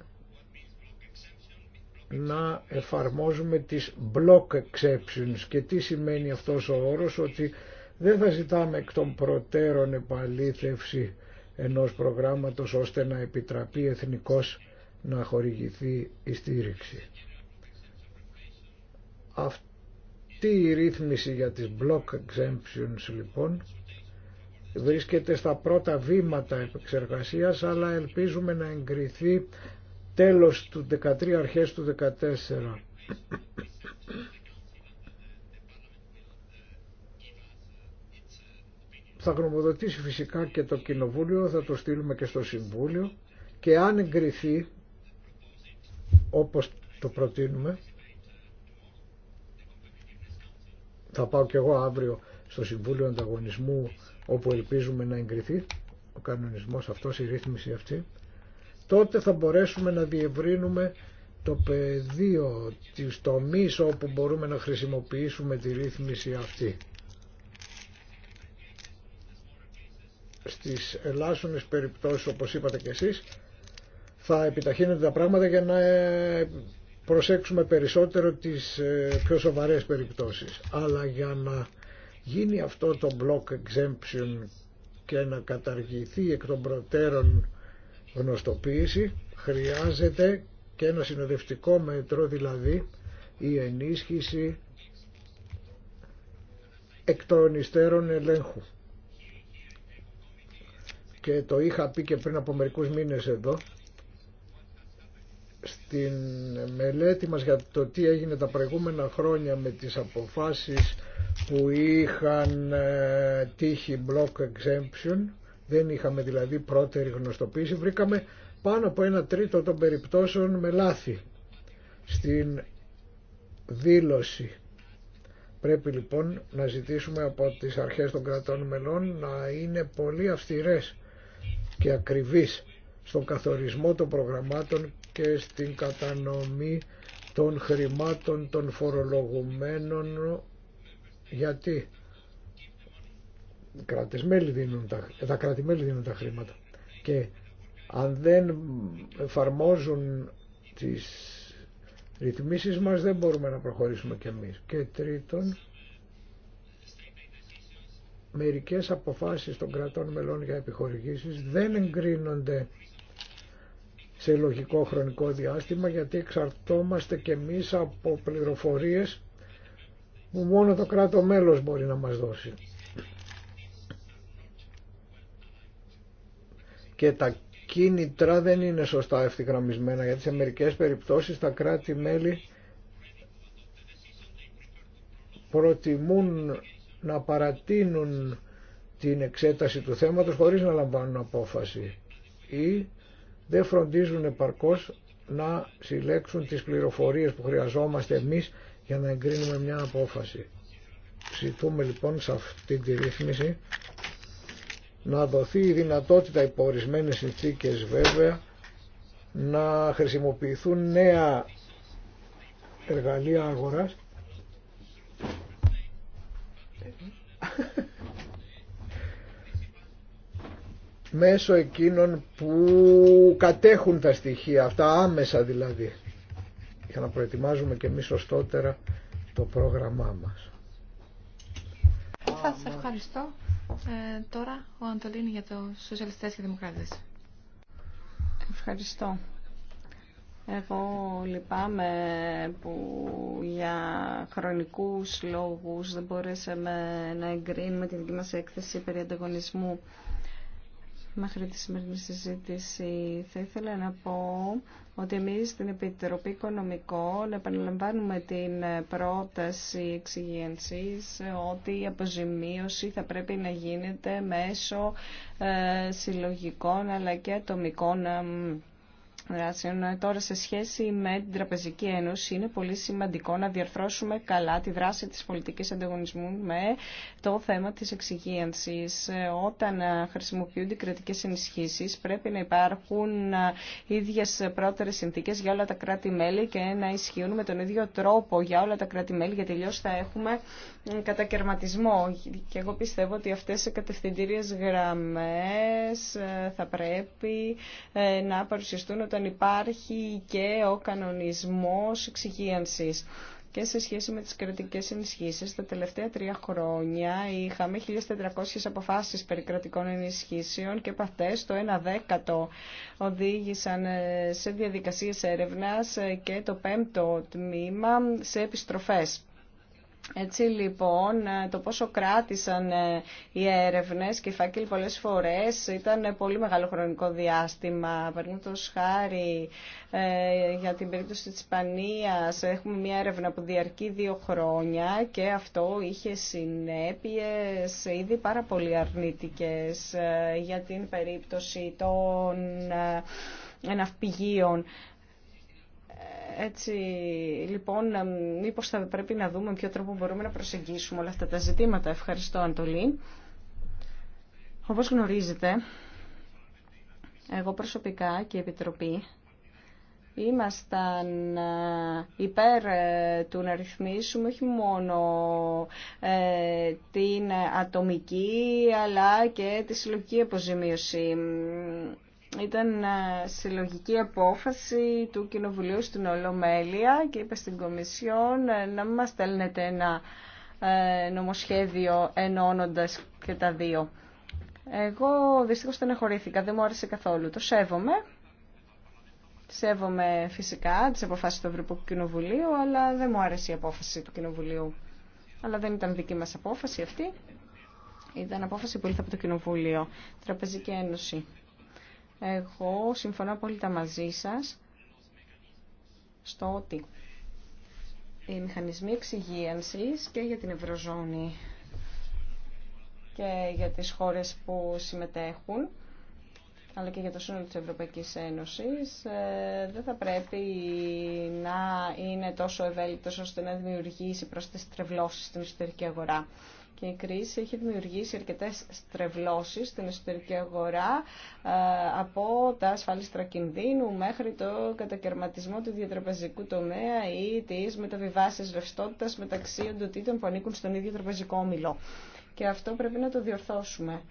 S2: να εφαρμόζουμε τις block exceptions και τι σημαίνει αυτός ο όρος ότι δεν θα ζητάμε εκ των προτέρων επαλήθευση ενός προγράμματος ώστε να επιτραπεί εθνικός να χορηγηθεί η στήριξη. Αυτή η ρύθμιση για τις block exemptions λοιπόν βρίσκεται στα πρώτα βήματα επεξεργασίας αλλά ελπίζουμε να εγκριθεί τέλος του 13 αρχές του 14 θα γνωμοδοτήσει φυσικά και το Κοινοβούλιο, θα το στείλουμε και στο Συμβούλιο και αν εγκριθεί όπως το προτείνουμε θα πάω και εγώ αύριο στο Συμβούλιο Ανταγωνισμού όπου ελπίζουμε να εγκριθεί ο κανονισμός αυτός, η ρύθμιση αυτή τότε θα μπορέσουμε να διευρύνουμε το πεδίο της τομής όπου μπορούμε να χρησιμοποιήσουμε τη ρύθμιση αυτή. στις ελάσσονες περιπτώσεις όπως είπατε και εσείς θα επιταχύνονται τα πράγματα για να ε, προσέξουμε περισσότερο τις ε, πιο σοβαρές περιπτώσεις. Αλλά για να γίνει αυτό το block exemption και να καταργηθεί εκ των προτέρων γνωστοποίηση χρειάζεται και ένα συνοδευτικό μέτρο δηλαδή η ενίσχυση εκ των υστέρων ελέγχου και το είχα πει και πριν από μερικούς μήνες εδώ στην μελέτη μας για το τι έγινε τα προηγούμενα χρόνια με τις αποφάσεις που είχαν ε, τύχει block exemption δεν είχαμε δηλαδή πρώτερη γνωστοποίηση βρήκαμε πάνω από ένα τρίτο των περιπτώσεων με λάθη στην δήλωση πρέπει λοιπόν να ζητήσουμε από τις αρχές των κρατών μελών να είναι πολύ αυστηρές και ακριβής στον καθορισμό των προγραμμάτων και στην κατανομή των χρημάτων των φορολογουμένων γιατί δίνουν τα, τα κρατη δίνουν τα χρήματα και αν δεν εφαρμόζουν τις ρυθμίσεις μας δεν μπορούμε να προχωρήσουμε κι εμείς. Και τρίτον, μερικές αποφάσεις των κρατών μελών για επιχορηγήσεις δεν εγκρίνονται σε λογικό χρονικό διάστημα γιατί εξαρτόμαστε και εμείς από πληροφορίες που μόνο το κράτο μέλος μπορεί να μας δώσει. Και τα κίνητρα δεν είναι σωστά ευθυγραμμισμένα γιατί σε μερικές περιπτώσεις τα κράτη-μέλη προτιμούν να παρατείνουν την εξέταση του θέματος χωρίς να λαμβάνουν απόφαση ή δεν φροντίζουν επαρκώς να συλλέξουν τις πληροφορίες που χρειαζόμαστε εμείς για να εγκρίνουμε μια απόφαση. Ζητούμε λοιπόν σε αυτή τη ρύθμιση να δοθεί η δυνατότητα υπό ορισμένες συνθήκες βέβαια να χρησιμοποιηθούν νέα εργαλεία αγοράς <laughs> μέσω εκείνων που κατέχουν τα στοιχεία αυτά άμεσα δηλαδή για να προετοιμάζουμε και εμείς σωστότερα το πρόγραμμά μας.
S1: Σας ευχαριστώ. Ε, τώρα ο Αντολίνη για το Σοσιαλιστές και Δημοκράτες. Ευχαριστώ.
S3: Εγώ λυπάμαι που για χρονικούς λόγους δεν μπορέσαμε να εγκρίνουμε τη δική μας έκθεση περί ανταγωνισμού μέχρι τη σημερινή συζήτηση. Θα ήθελα να πω ότι εμείς στην Επιτροπή Οικονομικών επαναλαμβάνουμε την πρόταση εξυγένσης ότι η αποζημίωση θα πρέπει να γίνεται μέσω ε, συλλογικών αλλά και ατομικών ε, Τώρα σε σχέση με την Τραπεζική Ένωση είναι πολύ σημαντικό να διαρθρώσουμε καλά τη δράση της πολιτικής ανταγωνισμού με το θέμα της εξυγίανσης. Όταν χρησιμοποιούνται οι κρατικές ενισχύσεις πρέπει να υπάρχουν ίδιες πρώτερες συνθήκες για όλα τα κράτη-μέλη και να ισχύουν με τον ίδιο τρόπο για όλα τα κράτη-μέλη γιατί αλλιώ θα έχουμε κατακαιρματισμό. Και εγώ πιστεύω ότι αυτές οι κατευθυντήριες γραμμές ε, θα πρέπει ε, να παρουσιαστούν όταν υπάρχει και ο κανονισμός εξυγίανσης και σε σχέση με τις κρατικές ενισχύσεις. Τα τελευταία τρία χρόνια είχαμε 1.400 αποφάσεις περί κρατικών ενισχύσεων και από το 1 δέκατο οδήγησαν ε, σε διαδικασίες έρευνας ε, και το πέμπτο τμήμα σε επιστροφές. Έτσι λοιπόν ε, το πόσο κράτησαν ε, οι έρευνες και οι φάκελοι πολλές φορές ήταν ε, πολύ μεγάλο χρονικό διάστημα. Παραδείγματο χάρη για την περίπτωση της Ισπανίας έχουμε μια έρευνα που διαρκεί δύο χρόνια και αυτό είχε συνέπειες ήδη πάρα πολύ αρνητικές για την περίπτωση των εναυπηγείων. Έτσι, λοιπόν, μήπως θα πρέπει να δούμε ποιο τρόπο μπορούμε να προσεγγίσουμε όλα αυτά τα ζητήματα. Ευχαριστώ, Αντολή. Όπως γνωρίζετε, εγώ προσωπικά και η Επιτροπή ήμασταν ε, υπέρ ε, του να ρυθμίσουμε όχι μόνο ε, την ατομική αλλά και τη συλλογική αποζημίωση. Ήταν ε, συλλογική απόφαση του Κοινοβουλίου στην Ολομέλεια και είπε στην Κομισιόν ε, να μας στέλνετε ένα ε, νομοσχέδιο ενώνοντας και τα δύο. Εγώ δυστυχώς στεναχωρήθηκα, δεν μου άρεσε καθόλου. Το σέβομαι. Σέβομαι φυσικά τις αποφάσεις του Ευρωπαϊκού Κοινοβουλίου, αλλά δεν μου άρεσε η απόφαση του Κοινοβουλίου. Αλλά δεν ήταν δική μας απόφαση αυτή. Ήταν απόφαση που ήρθε από το Κοινοβούλιο, Τραπεζική Ένωση. Εγώ συμφωνώ απόλυτα μαζί σας στο ότι οι μηχανισμοί εξυγίανσης και για την Ευρωζώνη και για τις χώρες που συμμετέχουν αλλά και για το σύνολο της Ευρωπαϊκής Ένωσης ε, δεν θα πρέπει να είναι τόσο ευέλικτος ώστε να δημιουργήσει προς τις τρευλώσεις στην εσωτερική αγορά και η κρίση έχει δημιουργήσει αρκετές στρεβλώσεις στην εσωτερική αγορά ε, από τα ασφάλιστρα κινδύνου μέχρι το κατακαιρματισμό του διατραπεζικού τομέα ή τις μεταβιβάσεις ρευστότητα μεταξύ οντοτήτων που ανήκουν στον ίδιο τραπεζικό όμιλο. Και αυτό πρέπει να το διορθώσουμε.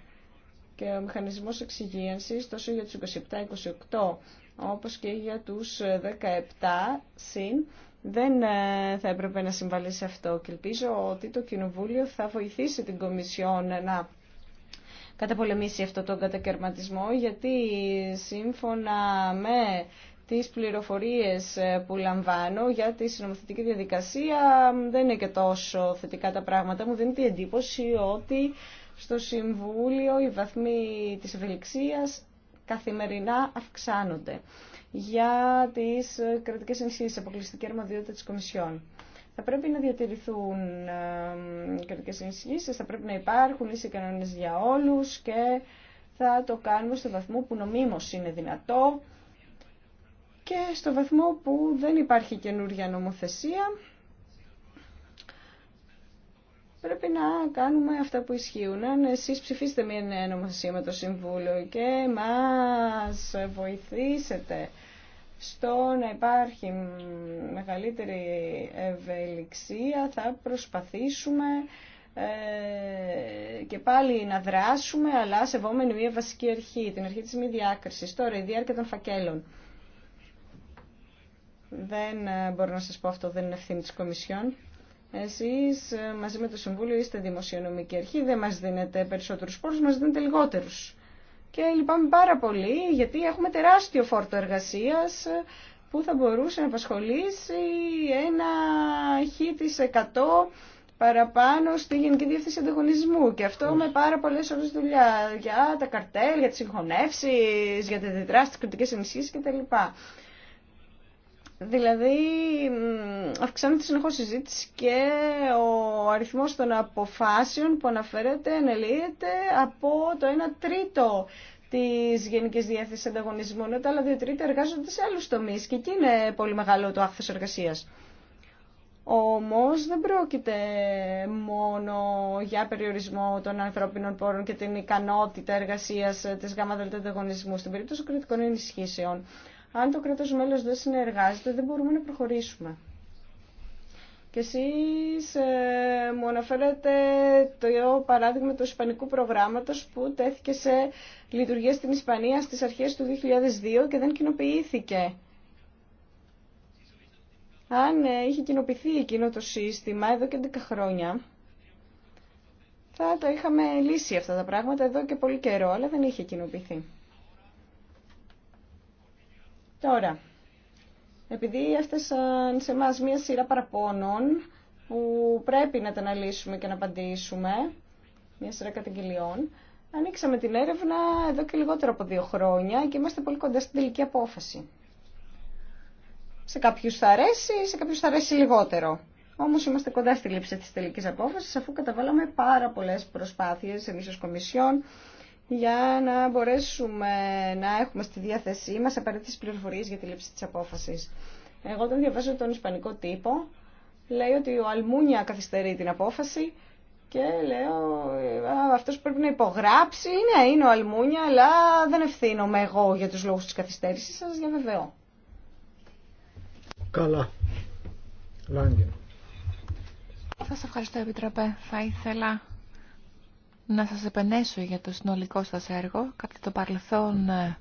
S3: Και ο μηχανισμός εξυγίανσης τόσο για τους 27-28 όπως και για τους 17 συν δεν ε, θα έπρεπε να συμβαλεί σε αυτό και ελπίζω ότι το Κοινοβούλιο θα βοηθήσει την Κομισιόν να καταπολεμήσει αυτό τον κατακαιρματισμό γιατί σύμφωνα με τις πληροφορίες ε, που λαμβάνω για τη συνομοθετική διαδικασία δεν είναι και τόσο θετικά τα πράγματα. Μου δίνει την εντύπωση ότι στο Συμβούλιο οι βαθμοί της ευελιξίας καθημερινά αυξάνονται για τις ε, κρατικέ ενισχύσει, αποκλειστική αρμοδιότητα τη Κομισιόν. Θα πρέπει να διατηρηθούν κρατικέ ενισχύσει, θα πρέπει να υπάρχουν ίσοι κανόνε για όλους και θα το κάνουμε στο βαθμό που νομίμω είναι δυνατό και στο βαθμό που δεν υπάρχει καινούργια νομοθεσία πρέπει να κάνουμε αυτά που ισχύουν. Αν εσείς ψηφίσετε μια νέα νομοθεσία με το Συμβούλιο και μας βοηθήσετε στο να υπάρχει μεγαλύτερη ευελιξία θα προσπαθήσουμε ε, και πάλι να δράσουμε αλλά σεβόμενη μια βασική αρχή, την αρχή της μη διάκρισης. Τώρα η διάρκεια των φακέλων. Δεν ε, μπορώ να σας πω αυτό, δεν είναι ευθύνη της Κομισιόν. Εσείς ε, μαζί με το Συμβούλιο είστε δημοσιονομική αρχή, δεν μας δίνετε περισσότερους πόρους, μας δίνετε λιγότερους. Και λυπάμαι πάρα πολύ γιατί έχουμε τεράστιο φόρτο εργασίας ε, που θα μπορούσε να απασχολήσει ένα χ της 100 παραπάνω στη Γενική Διεύθυνση Ανταγωνισμού και αυτό με πάρα πολλές ώρες δουλειά για τα καρτέλ, για τις συγχωνεύσεις, για τα διδράσεις, τις κριτικές ενισχύσεις κτλ. Δηλαδή αυξάνεται συνεχώ η συζήτηση και ο αριθμός των αποφάσεων που αναφέρεται ενελύεται από το 1 τρίτο τη Γενική Διεύθυνση Ανταγωνισμού, ενώ τα άλλα δύο τρίτα εργάζονται σε άλλου τομεί και εκεί είναι πολύ μεγάλο το άχθο εργασία. Όμω δεν πρόκειται μόνο για περιορισμό των ανθρώπινων πόρων και την ικανότητα εργασία τη ΓΔΑ ανταγωνισμού στην περίπτωση κριτικών ενισχύσεων. Αν το κράτο μέλο δεν συνεργάζεται, δεν μπορούμε να προχωρήσουμε. Και εσείς ε, μου αναφέρατε το παράδειγμα του Ισπανικού προγράμματος που τέθηκε σε λειτουργία στην Ισπανία στις αρχές του 2002 και δεν κοινοποιήθηκε. Αν ε, είχε κοινοποιηθεί εκείνο το σύστημα εδώ και 10 χρόνια, θα το είχαμε λύσει αυτά τα πράγματα εδώ και πολύ καιρό, αλλά δεν είχε κοινοποιηθεί. Τώρα, επειδή έφτασαν σε εμά μία σειρά παραπώνων που πρέπει να τα αναλύσουμε και να απαντήσουμε, μία σειρά καταγγελιών, ανοίξαμε την έρευνα εδώ και λιγότερο από δύο χρόνια και είμαστε πολύ κοντά στην τελική απόφαση. Σε κάποιους θα αρέσει, σε κάποιους θα αρέσει λιγότερο. Όμω είμαστε κοντά στη λήψη τη τελική απόφαση, αφού καταβάλαμε πάρα πολλέ προσπάθειε εμεί ω Κομισιόν, για να μπορέσουμε να έχουμε στη διάθεσή μας απαραίτητες πληροφορίες για τη λήψη της απόφασης. Εγώ όταν διαβάζω τον ισπανικό τύπο, λέει ότι ο Αλμούνια καθυστερεί την απόφαση και λέω αυτός που πρέπει να υπογράψει, ναι είναι ο Αλμούνια, αλλά δεν ευθύνομαι εγώ για τους λόγους της καθυστέρησης, σας διαβεβαιώ.
S2: Καλά. Λάγκεν.
S1: Σας ευχαριστώ Επιτροπέ. Θα ήθελα να σας επενέσω για το συνολικό σας έργο. Κατά το παρελθόν ε,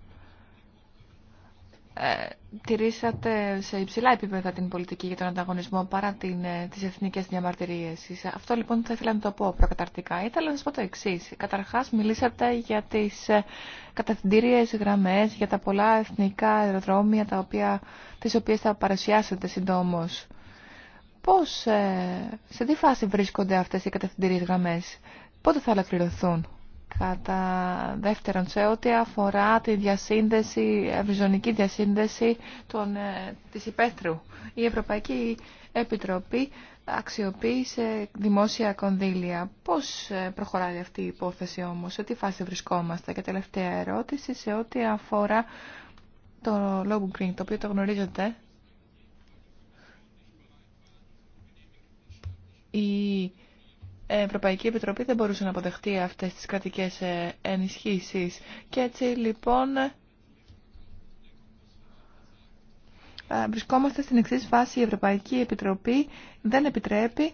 S1: ε, τηρήσατε σε υψηλά επίπεδα την πολιτική για τον ανταγωνισμό παρά την, ε, τις εθνικές διαμαρτυρίες. Αυτό λοιπόν θα ήθελα να το πω προκαταρτικά. Ήθελα να σας πω το εξή. Καταρχάς μιλήσατε για τις ε, καταθυντήριες γραμμές, για τα πολλά εθνικά αεροδρόμια τα οποία, τις οποίες θα παρουσιάσετε συντόμως. Πώς, ε, σε τι φάση βρίσκονται αυτές οι κατευθυντήριες γραμμές πότε θα ολοκληρωθούν. Κατά δεύτερον, σε ό,τι αφορά τη διασύνδεση, ευρυζωνική διασύνδεση των, ε, της υπαίθρου, η Ευρωπαϊκή Επιτροπή αξιοποίησε δημόσια κονδύλια. Πώς ε, προχωράει αυτή η υπόθεση όμως, σε τι φάση βρισκόμαστε. Και τελευταία ερώτηση σε ό,τι αφορά το Lobo Green, το οποίο το γνωρίζετε. Η Ευρωπαϊκή Επιτροπή δεν μπορούσε να αποδεχτεί αυτές τις κρατικές ε, ενισχύσεις. Και έτσι λοιπόν βρισκόμαστε στην εξής φάση. Η Ευρωπαϊκή Επιτροπή δεν επιτρέπει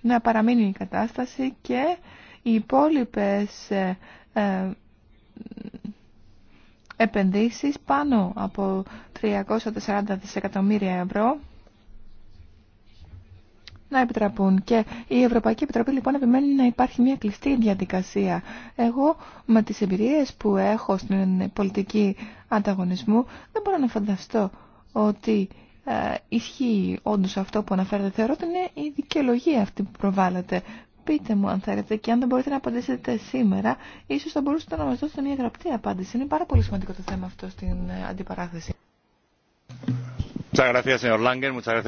S1: να παραμείνει η κατάσταση και οι υπόλοιπες ε, ε, επενδύσεις πάνω από 340 δισεκατομμύρια ευρώ να επιτραπούν. Και η Ευρωπαϊκή Επιτροπή λοιπόν επιμένει να υπάρχει μια κλειστή διαδικασία. Εγώ με τις εμπειρίες που έχω στην πολιτική ανταγωνισμού δεν μπορώ να φανταστώ ότι ε, ισχύει όντω αυτό που αναφέρετε. Θεωρώ ότι είναι η δικαιολογία αυτή που προβάλλεται. Πείτε μου αν θέλετε και αν δεν μπορείτε να απαντήσετε σήμερα, ίσως θα μπορούσατε να μας δώσετε μια γραπτή απάντηση. Είναι πάρα πολύ σημαντικό το θέμα αυτό στην ε, αντιπαράθεση.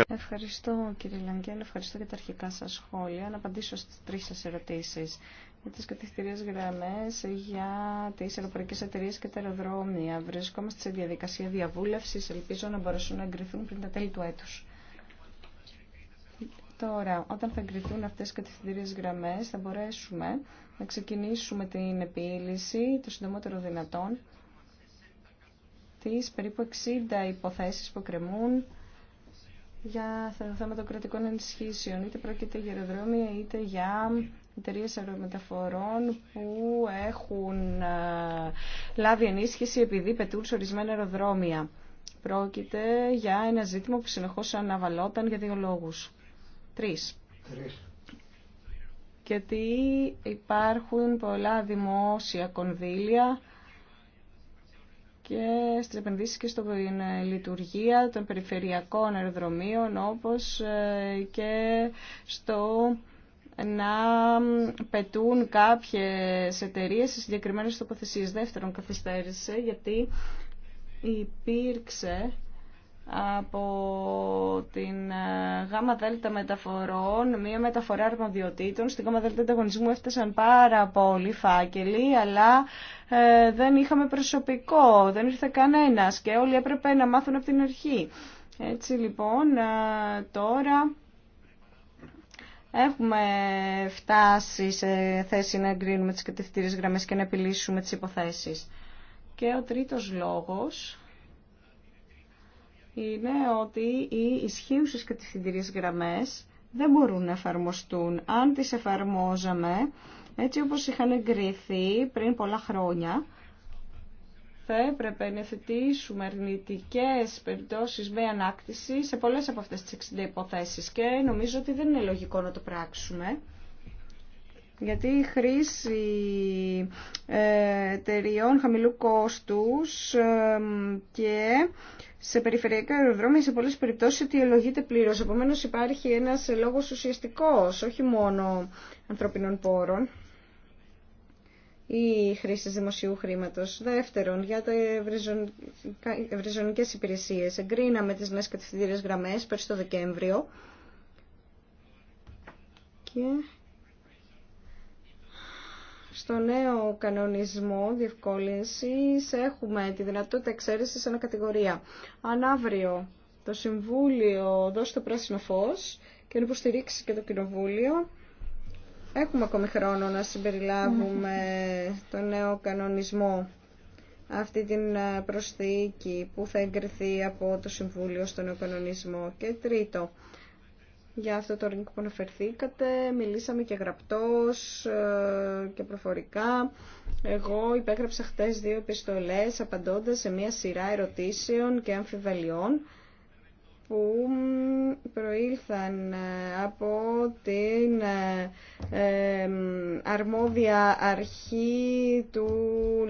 S3: Ευχαριστώ κύριε Λαγκέλ, ευχαριστώ για τα αρχικά σας σχόλια. Να απαντήσω στις τρεις σας ερωτήσεις για τις κατευθυντήριες γραμμές, για τις αεροπορικές εταιρείε και τα αεροδρόμια. Βρισκόμαστε σε διαδικασία διαβούλευσης, ελπίζω να μπορέσουν να εγκριθούν πριν τα τέλη του έτους. Τώρα, όταν θα εγκριθούν αυτές οι κατευθυντήριες γραμμές, θα μπορέσουμε να ξεκινήσουμε την επίλυση το συντομότερο δυνατόν στις περίπου 60 υποθέσεις που κρεμούν για θέματα κρατικών ενισχύσεων, είτε πρόκειται για αεροδρόμια, είτε για εταιρείε αερομεταφορών που έχουν λάβει ενίσχυση επειδή πετούν σε ορισμένα αεροδρόμια. Πρόκειται για ένα ζήτημα που συνεχώ αναβαλόταν για δύο λόγου. Τρει. Γιατί υπάρχουν πολλά δημόσια κονδύλια και στις επενδύσεις και στην λειτουργία των περιφερειακών αεροδρομίων όπως ε, και στο να πετούν κάποιες εταιρείες σε συγκεκριμένες τοποθεσίες. Δεύτερον, καθυστέρησε γιατί υπήρξε από την ε, γάμα δέλτα μεταφορών, μία μεταφορά αρμοδιοτήτων. Στην γάμα δέλτα ανταγωνισμού έφτασαν πάρα πολλοί φάκελοι, αλλά ε, δεν είχαμε προσωπικό, δεν ήρθε κανένας και όλοι έπρεπε να μάθουν από την αρχή. Έτσι λοιπόν, ε, τώρα... Έχουμε φτάσει σε θέση να εγκρίνουμε τις κατευθυντήριες γραμμές και να επιλύσουμε τις υποθέσεις. Και ο τρίτος λόγος είναι ότι οι ισχύουσες κατευθυντηρίες γραμμές δεν μπορούν να εφαρμοστούν. Αν τις εφαρμόζαμε, έτσι όπως είχαν εγκριθεί πριν πολλά χρόνια, θα έπρεπε να θετήσουμε αρνητικέ περιπτώσεις με ανάκτηση σε πολλές από αυτές τις 60 υποθέσεις και νομίζω ότι δεν είναι λογικό να το πράξουμε. Γιατί η χρήση ε, εταιριών χαμηλού κόστους ε, και σε περιφερειακά αεροδρόμια σε πολλές περιπτώσεις ότι ελογείται πλήρως. Επομένως υπάρχει ένας λόγος ουσιαστικός, όχι μόνο ανθρωπινών πόρων ή χρήση δημοσίου χρήματο. Δεύτερον, για τα ευρυζωνικέ υπηρεσίες. Εγκρίναμε τις νέες κατευθυντήριε γραμμές πέρσι το Δεκέμβριο και στο νέο κανονισμό διευκόλυνση έχουμε τη δυνατότητα εξαίρεση σε κατηγορία. Αν αύριο το Συμβούλιο δώσει το πράσινο φω και να υποστηρίξει και το Κοινοβούλιο, έχουμε ακόμη χρόνο να συμπεριλάβουμε το νέο κανονισμό αυτή την ε, προσθήκη που θα εγκριθεί από το Συμβούλιο στο νέο κανονισμό. Και τρίτο, για αυτό το ring που αναφερθήκατε. Μιλήσαμε και γραπτός ε, και προφορικά. Εγώ υπέγραψα χτες δύο επιστολές απαντώντας σε μια σειρά ερωτήσεων και αμφιβαλιών που προήλθαν ε, από την ε, αρμόδια αρχή του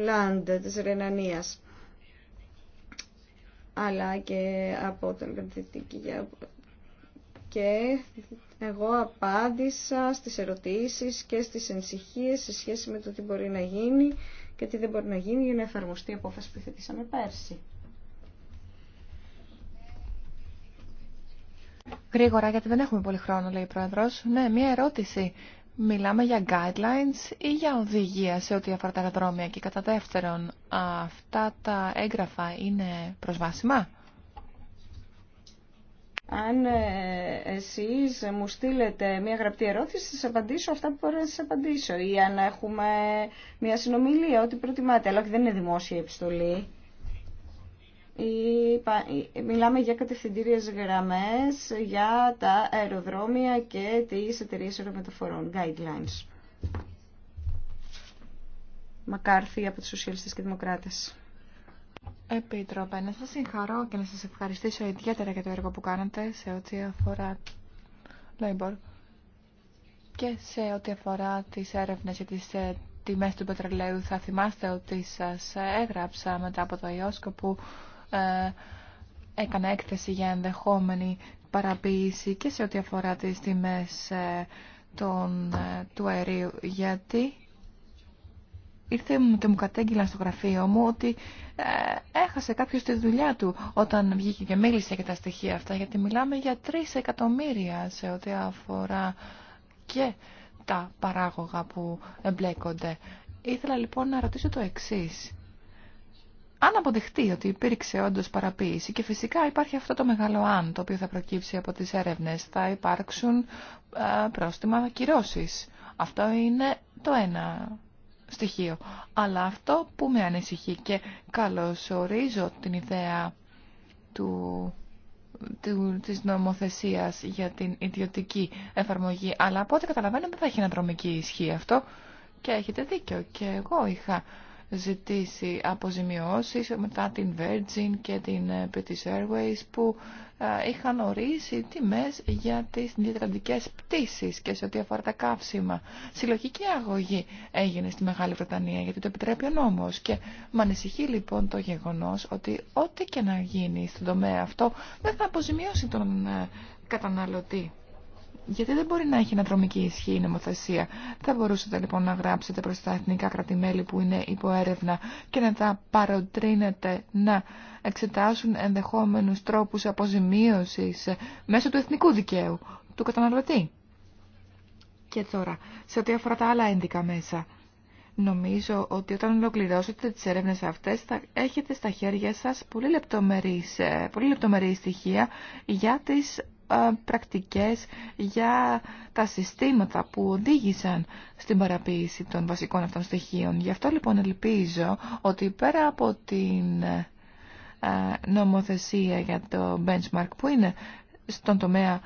S3: Λάντ της Ρενανίας αλλά και από τον επενδυτική και εγώ απάντησα στις ερωτήσεις και στις ενσυχίες σε σχέση με το τι μπορεί να γίνει και τι δεν μπορεί να γίνει για να εφαρμοστεί
S1: η απόφαση που θετήσαμε πέρσι. Γρήγορα, γιατί δεν έχουμε πολύ χρόνο, λέει η Πρόεδρος. Ναι, μία ερώτηση. Μιλάμε για guidelines ή για οδηγία σε ό,τι αφορά τα αεροδρόμια και κατά δεύτερον, αυτά τα έγγραφα είναι προσβάσιμα.
S3: Αν ε, εσείς μου στείλετε μια γραπτή ερώτηση, σας απαντήσω αυτά που μπορώ να σας απαντήσω. Ή αν έχουμε μια συνομιλία, ό,τι προτιμάτε. Αλλά δεν είναι δημόσια επιστολή. Μιλάμε για κατευθυντήριες γραμμές για τα αεροδρόμια και τις εταιρείε αερομεταφορών. Guidelines. Μακάρθη από τους Σοσιαλιστές και Δημοκράτες.
S1: Επίτροπε, να σας συγχαρώ και να σας ευχαριστήσω ιδιαίτερα για το έργο που κάνετε σε ό,τι αφορά labor και σε ό,τι αφορά τις έρευνες και τις ε, τιμές του πετρελαίου. Θα θυμάστε ότι σας έγραψα μετά από το ΙΟΣΚΟ που ε, έκανα έκθεση για ενδεχόμενη παραποίηση και σε ό,τι αφορά τις τιμές ε, των, ε, του αερίου. Γιατί ήρθε και μου κατέγγυλαν στο γραφείο μου ότι ε, έχασε κάποιο τη δουλειά του όταν βγήκε και μίλησε για τα στοιχεία αυτά, γιατί μιλάμε για 3 εκατομμύρια σε ό,τι αφορά και τα παράγωγα που εμπλέκονται. Ήθελα λοιπόν να ρωτήσω το εξή: Αν αποδεχτεί ότι υπήρξε όντω παραποίηση και φυσικά υπάρχει αυτό το μεγάλο αν το οποίο θα προκύψει από τις έρευνες, θα υπάρξουν ε, πρόστιμα κυρώσεις. Αυτό είναι το ένα στοιχείο. Αλλά αυτό που με ανησυχεί και ορίζω την ιδέα του, της νομοθεσίας για την ιδιωτική εφαρμογή. Αλλά από ό,τι καταλαβαίνω δεν θα έχει αναδρομική ισχύ αυτό. Και έχετε δίκιο. Και εγώ είχα ζητήσει αποζημιώσεις μετά την Virgin και την ε, British Airways που ε, είχαν ορίσει τιμές για τις διατραντικές πτήσεις και σε ό,τι αφορά τα καύσιμα. Συλλογική αγωγή έγινε στη Μεγάλη Βρετανία γιατί το επιτρέπει ο νόμος και με ανησυχεί λοιπόν το γεγονός ότι ό,τι και να γίνει στον τομέα αυτό δεν θα αποζημιώσει τον ε, καταναλωτή. Γιατί δεν μπορεί να έχει αναδρομική ισχύ η νομοθεσία. Θα μπορούσατε λοιπόν να γράψετε προς τα εθνικά κρατημέλη που είναι υπό έρευνα και να τα παροτρύνετε να εξετάσουν ενδεχόμενους τρόπους αποζημίωσης μέσω του εθνικού δικαίου του καταναλωτή. Και τώρα, σε ό,τι αφορά τα άλλα ένδικα μέσα. Νομίζω ότι όταν ολοκληρώσετε τις έρευνες αυτές θα έχετε στα χέρια σας πολύ λεπτομερή, ε, πολύ λεπτομερή στοιχεία για τις ε, πρακτικές για τα συστήματα που οδήγησαν στην παραποίηση των βασικών αυτών στοιχείων. Γι' αυτό λοιπόν ελπίζω ότι πέρα από την ε, νομοθεσία για το benchmark που είναι στον τομέα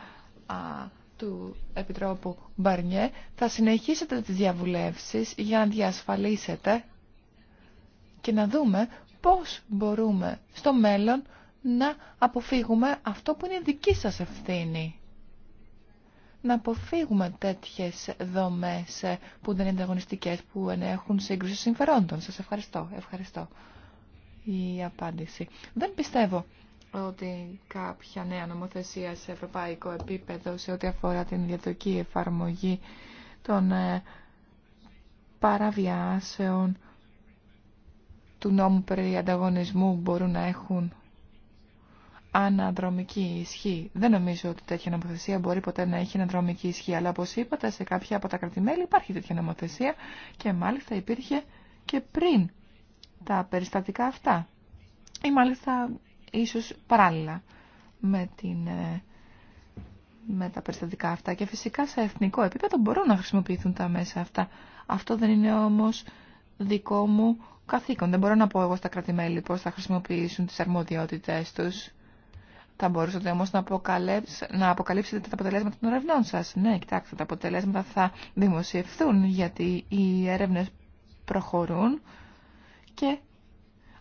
S1: του Επιτρόπου Μπαρνιέ θα συνεχίσετε τις διαβουλεύσεις για να διασφαλίσετε και να δούμε πώς μπορούμε στο μέλλον να αποφύγουμε αυτό που είναι δική σας ευθύνη. Να αποφύγουμε τέτοιες δομές που δεν είναι ανταγωνιστικές, που έχουν σύγκρουση συμφερόντων. Σας ευχαριστώ, ευχαριστώ η απάντηση. Δεν πιστεύω ότι κάποια νέα νομοθεσία σε ευρωπαϊκό επίπεδο σε ό,τι αφορά την διαδοκή εφαρμογή των ε, παραβιάσεων του νόμου περί ανταγωνισμού μπορούν να έχουν αναδρομική ισχύ. Δεν νομίζω ότι τέτοια νομοθεσία μπορεί ποτέ να έχει αναδρομική ισχύ, αλλά όπως είπατε σε κάποια από τα κρατημέλη υπάρχει τέτοια νομοθεσία και μάλιστα υπήρχε και πριν τα περιστατικά αυτά ή μάλιστα ίσως παράλληλα με, την, ε, με τα περιστατικά αυτά και φυσικά σε εθνικό επίπεδο μπορούν να χρησιμοποιηθούν τα μέσα αυτά. Αυτό δεν είναι όμως δικό μου καθήκον. Δεν μπορώ να πω εγώ στα κρατημέλη πώς θα χρησιμοποιήσουν τις αρμοδιότητες τους. Θα μπορούσατε όμως να, να αποκαλύψετε τα αποτελέσματα των ερευνών σας. Ναι, κοιτάξτε, τα αποτελέσματα θα δημοσιευθούν γιατί οι έρευνες προχωρούν και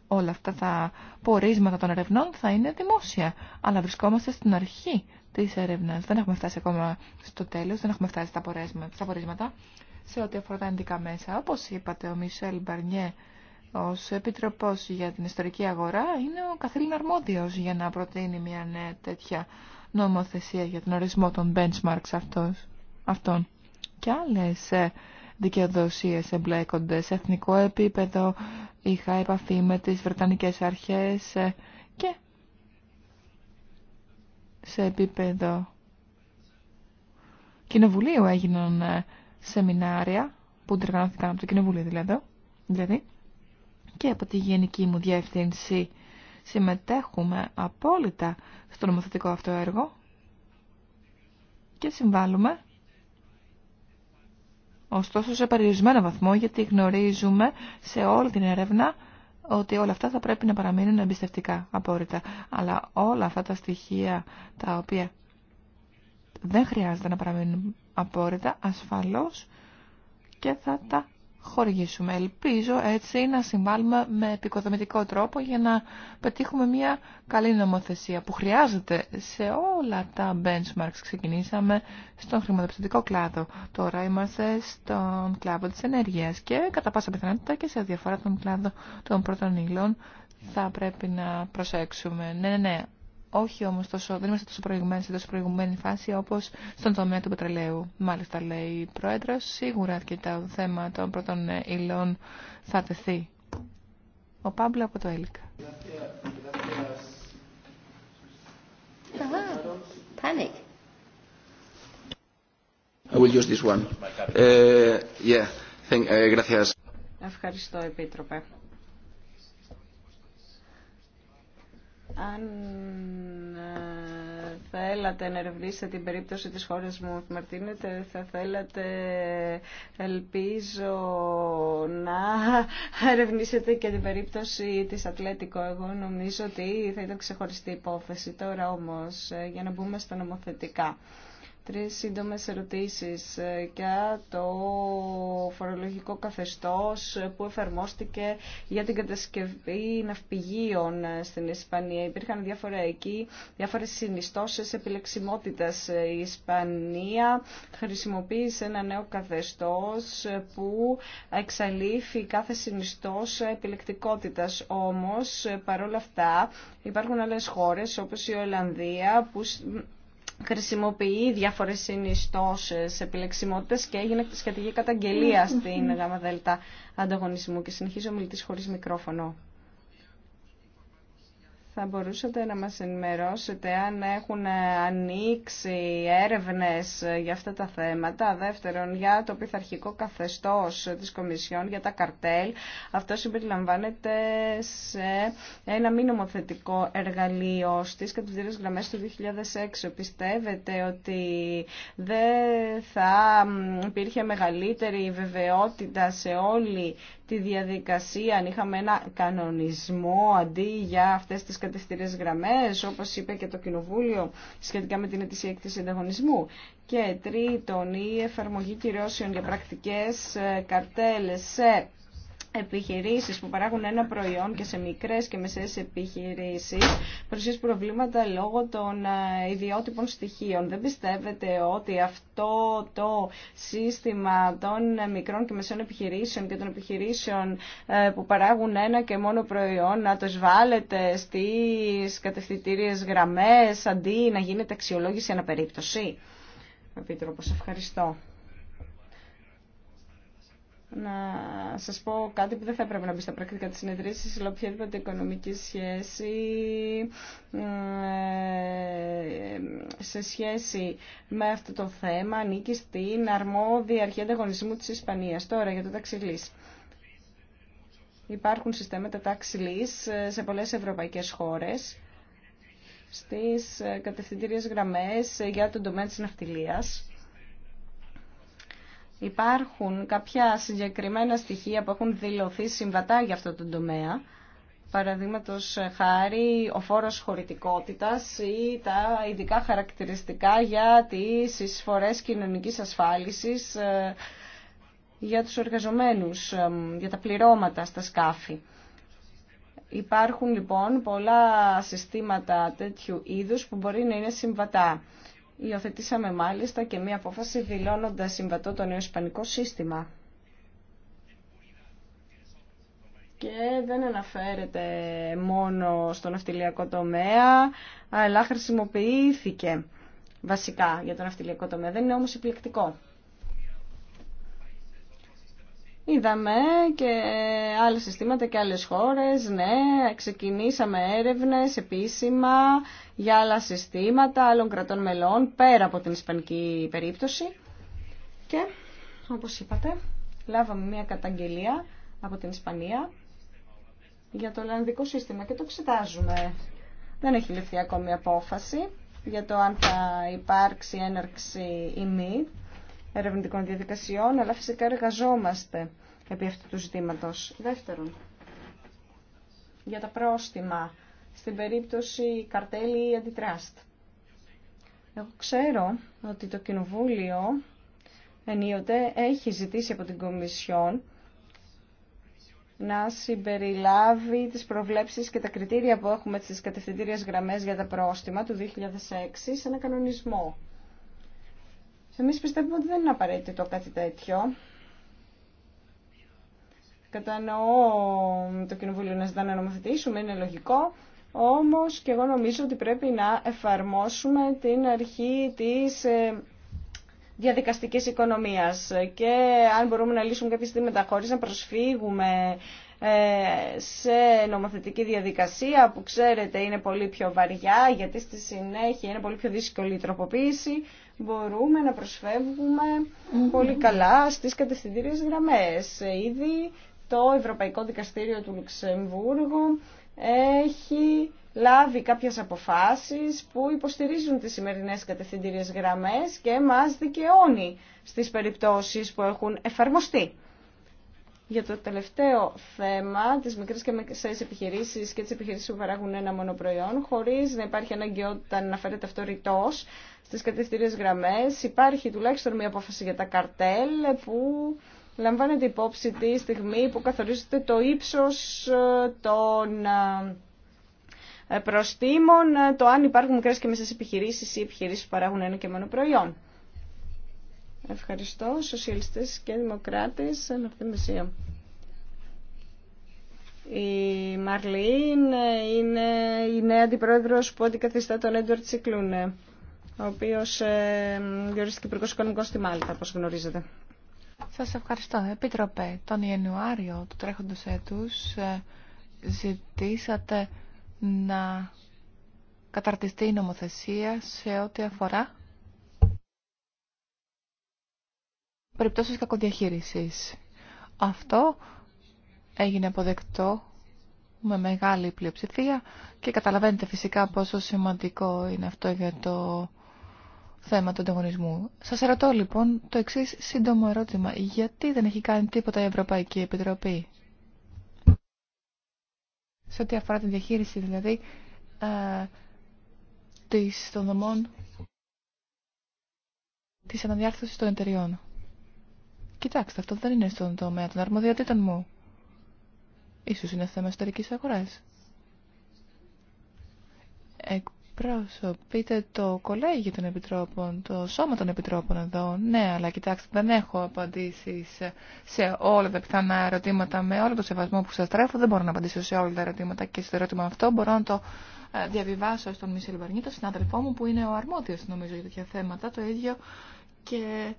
S1: όλα αυτά τα πορίσματα των ερευνών θα είναι δημόσια. Αλλά βρισκόμαστε στην αρχή της έρευνας. Δεν έχουμε φτάσει ακόμα στο τέλος, δεν έχουμε φτάσει στα πορίσματα. Σε ό,τι αφορά τα ενδικά μέσα, όπως είπατε, ο Μισελ Μπαρνιέ ως επίτροπο για την Ιστορική Αγορά είναι ο καθήλυνα αρμόδιος για να προτείνει μια νέα τέτοια νομοθεσία για τον ορισμό των benchmarks αυτός, αυτών. Και άλλες ε, δικαιοδοσίες εμπλέκονται σε εθνικό επίπεδο, είχα επαφή με τις Βρετανικές Αρχές ε, και σε επίπεδο κοινοβουλίου έγιναν ε, σεμινάρια που τριγανώθηκαν από το κοινοβουλίο δηλαδή. δηλαδή και από τη γενική μου διεύθυνση συμμετέχουμε απόλυτα στο νομοθετικό αυτό έργο και συμβάλλουμε ωστόσο σε περιορισμένο βαθμό γιατί γνωρίζουμε σε όλη την έρευνα ότι όλα αυτά θα πρέπει να παραμείνουν εμπιστευτικά απόρριτα. Αλλά όλα αυτά τα στοιχεία τα οποία δεν χρειάζεται να παραμείνουν απόρριτα ασφαλώς και θα τα χορηγήσουμε. Ελπίζω έτσι να συμβάλλουμε με επικοδομητικό τρόπο για να πετύχουμε μια καλή νομοθεσία που χρειάζεται σε όλα τα benchmarks. Ξεκινήσαμε στον χρηματοπιστωτικό κλάδο. Τώρα είμαστε στον κλάδο της ενέργειας και κατά πάσα πιθανότητα και σε διαφορά τον κλάδο των πρώτων υλών θα πρέπει να προσέξουμε. Ναι, ναι, ναι, όχι όμως τόσο, δεν είμαστε τόσο προηγουμένοι σε τόσο προηγουμένη φάση όπως στον τομέα του πετρελαίου. Μάλιστα λέει η Πρόεδρος, σίγουρα και το θέμα των πρώτων ε, υλών θα τεθεί. Ο Πάμπλο από το ΕΛΚΑ. Panic. I will use this one. Uh, uh,
S3: Ευχαριστώ, Επίτροπε. Αν ε, θέλατε να ερευνήσετε την περίπτωση της χώρας μου, Μαρτίνετε, θα θέλατε, ελπίζω, να <laughs> ερευνήσετε και την περίπτωση της Ατλέτικο. Εγώ νομίζω ότι θα ήταν ξεχωριστή υπόθεση. Τώρα όμως, ε, για να μπούμε στα νομοθετικά. Τρεις σύντομες ερωτήσεις ε, για το φορολογικό καθεστώς που εφαρμόστηκε για την κατασκευή ναυπηγείων ε, στην Ισπανία. Υπήρχαν διάφορα εκεί, διάφορες συνιστώσεις επιλεξιμότητας. Ε, η Ισπανία χρησιμοποίησε ένα νέο καθεστώς που εξαλείφει κάθε συνιστώς επιλεκτικότητας. Όμως, παρόλα αυτά, υπάρχουν άλλες χώρες όπως η Ολλανδία που χρησιμοποιεί διάφορες συνιστώσει, επιλεξιμότητε και έγινε σχετική καταγγελία στην ΓΔ ανταγωνισμού και συνεχίζω, ο μιλητής χωρίς μικρόφωνο. Θα μπορούσατε να μας ενημερώσετε αν έχουν ανοίξει έρευνες για αυτά τα θέματα. Δεύτερον, για το πειθαρχικό καθεστώς της Κομισιόν για τα καρτέλ. Αυτό συμπεριλαμβάνεται σε ένα μη νομοθετικό εργαλείο στις κατευθύνες γραμμές του 2006. Πιστεύετε ότι δεν θα υπήρχε μεγαλύτερη βεβαιότητα σε όλη τη διαδικασία, αν είχαμε ένα κανονισμό αντί για αυτές τις κατευθυντήρες γραμμές, όπως είπε και το Κοινοβούλιο σχετικά με την εκ της ανταγωνισμού. Και τρίτον, η εφαρμογή κυρώσεων για πρακτικές ε, καρτέλες επιχειρήσεις που παράγουν ένα προϊόν και σε μικρές και μεσαίες επιχειρήσεις προσφέρει προβλήματα λόγω των ε, ιδιότυπων στοιχείων. Δεν πιστεύετε ότι αυτό το σύστημα των μικρών και μεσαίων επιχειρήσεων και των επιχειρήσεων ε, που παράγουν ένα και μόνο προϊόν να το εισβάλλεται στις κατευθυντήριες γραμμές αντί να γίνεται αξιολόγηση αναπερίπτωση. Επίτροπος, ευχαριστώ να σας πω κάτι που δεν θα έπρεπε να μπει στα πρακτικά της συνεδρίασης, αλλά οποιαδήποτε οικονομική σχέση ε, σε σχέση με αυτό το θέμα ανήκει στην αρμόδια αρχή ανταγωνισμού της Ισπανίας. Τώρα για το ταξιλής. Υπάρχουν συστήματα ταξιλής ε, σε πολλές ευρωπαϊκές χώρες στις ε, κατευθυντήριες γραμμές για τον τομέα της ναυτιλίας Υπάρχουν κάποια συγκεκριμένα στοιχεία που έχουν δηλωθεί συμβατά για αυτό το τομέα. Παραδείγματο ε, χάρη ο φόρο χωρητικότητας ή τα ειδικά χαρακτηριστικά για τις εισφορές κοινωνικής ασφάλισης ε, για τους εργαζομένους, ε, για τα πληρώματα στα σκάφη. Υπάρχουν λοιπόν πολλά συστήματα τέτοιου είδους που μπορεί να είναι συμβατά. Υιοθετήσαμε μάλιστα και μία απόφαση δηλώνοντας συμβατό το νέο ισπανικό σύστημα. και δεν αναφέρεται μόνο στον ναυτιλιακό τομέα, αλλά χρησιμοποιήθηκε βασικά για τον ναυτιλιακό τομέα. Δεν είναι όμως επιλεκτικό. Είδαμε και άλλες συστήματα και άλλες χώρες, ναι, ξεκινήσαμε έρευνες επίσημα για άλλα συστήματα άλλων κρατών μελών πέρα από την ισπανική περίπτωση και όπως είπατε λάβαμε μια καταγγελία από την Ισπανία για το Ολλανδικό σύστημα και το εξετάζουμε. Δεν έχει ληφθεί ακόμη απόφαση για το αν θα υπάρξει έναρξη ή μη ερευνητικών διαδικασιών, αλλά φυσικά εργαζόμαστε επί αυτού του ζητήματος. Δεύτερον, για τα πρόστιμα στην περίπτωση καρτέλη ή αντιτράστ. Εγώ ξέρω ότι το Κοινοβούλιο ενίοτε έχει ζητήσει από την Κομισιόν να συμπεριλάβει τις προβλέψεις και τα κριτήρια που έχουμε στις κατευθυντήριες γραμμές για τα πρόστιμα του 2006 σε ένα κανονισμό. Εμεί πιστεύουμε ότι δεν είναι απαραίτητο κάτι τέτοιο. Κατανοώ το Κοινοβούλιο να ζητά να νομοθετήσουμε, είναι λογικό. Όμως και εγώ νομίζω ότι πρέπει να εφαρμόσουμε την αρχή της ε, διαδικαστικής οικονομίας και αν μπορούμε να λύσουμε κάποια στιγμή χωρίς να προσφύγουμε ε, σε νομοθετική διαδικασία που ξέρετε είναι πολύ πιο βαριά γιατί στη συνέχεια είναι πολύ πιο δύσκολη η τροποποίηση μπορούμε να προσφεύγουμε πολύ καλά στις κατευθυντήριες γραμμές. Ήδη το Ευρωπαϊκό Δικαστήριο του Λουξεμβούργου έχει λάβει κάποιες αποφάσεις που υποστηρίζουν τις σημερινές κατευθυντήριες γραμμές και μας δικαιώνει στις περιπτώσεις που έχουν εφαρμοστεί. Για το τελευταίο θέμα, τις μικρές και μεσαίες επιχειρήσεις και τις επιχειρήσεις που παράγουν ένα μόνο προϊόν, χωρίς να υπάρχει αναγκαιότητα να αναφέρεται αυτό ρητός στις κατευθυντήριες γραμμές, υπάρχει τουλάχιστον μια απόφαση για τα καρτέλ που λαμβάνεται υπόψη τη στιγμή που καθορίζεται το ύψος ε, των ε, προστήμων, ε, το αν υπάρχουν μικρές και μεσαίες επιχειρήσεις ή επιχειρήσεις που παράγουν ένα και μόνο προϊόν. Ευχαριστώ. Σοσιαλιστές και Δημοκράτες, Αναπτυμεσία. Η Μαρλίν είναι η νέα αντιπρόεδρος που αντικαθιστά τον Έντουαρτ Σικλούνε, ο οποίος ε, διορίστηκε υπουργός οικονομικός στη Μάλτα, όπως γνωρίζετε.
S1: Σας ευχαριστώ. Επίτροπε, τον Ιανουάριο του τρέχοντος έτους ε, ζητήσατε να καταρτιστεί η νομοθεσία σε ό,τι αφορά περιπτώσεις κακοδιαχείρισης. Αυτό έγινε αποδεκτό με μεγάλη πλειοψηφία και καταλαβαίνετε φυσικά πόσο σημαντικό είναι αυτό για το θέμα του ανταγωνισμού. Σας ερωτώ λοιπόν το εξή σύντομο ερώτημα. Γιατί δεν έχει κάνει τίποτα η Ευρωπαϊκή Επιτροπή σε ό,τι αφορά τη διαχείριση δηλαδή ε, της, των δομών της αναδιάρθρωσης των εταιριών. Κοιτάξτε, αυτό δεν είναι στον τομέα των αρμοδιοτήτων μου. Ίσως είναι θέμα εσωτερική αγοράς. Εκπροσωπείτε το κολέγιο των επιτρόπων, το σώμα των επιτρόπων εδώ. Ναι, αλλά κοιτάξτε, δεν έχω απαντήσει σε όλα τα πιθανά ερωτήματα με όλο το σεβασμό που σα τρέφω. Δεν μπορώ να απαντήσω σε όλα τα ερωτήματα και στο ερώτημα αυτό μπορώ να το ε, διαβιβάσω στον Μισελ Βαρνί, τον συνάδελφό μου που είναι ο αρμόδιο νομίζω για τέτοια θέματα. Το ίδιο και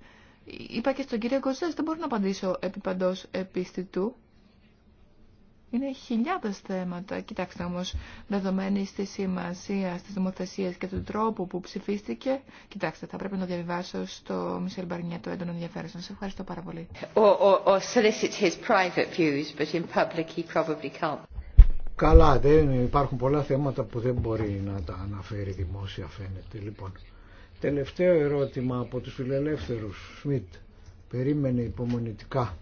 S1: Είπα και στον κύριο Κοζές, δεν μπορώ να απαντήσω επί παντός επίστητου. Είναι χιλιάδες θέματα. Κοιτάξτε όμως, δεδομένη στη σημασία στις νομοθεσίας και του τρόπου που ψηφίστηκε, κοιτάξτε, θα πρέπει να διαβιβάσω στο Μισελ Μπαρνιέ το έντονο ενδιαφέρον. Σας ευχαριστώ πάρα πολύ. Καλά,
S2: δεν υπάρχουν πολλά θέματα που δεν μπορεί να τα αναφέρει δημόσια φαίνεται. Λοιπόν, Τελευταίο ερώτημα από τους φιλελεύθερους Σμιτ. Περίμενε υπομονητικά.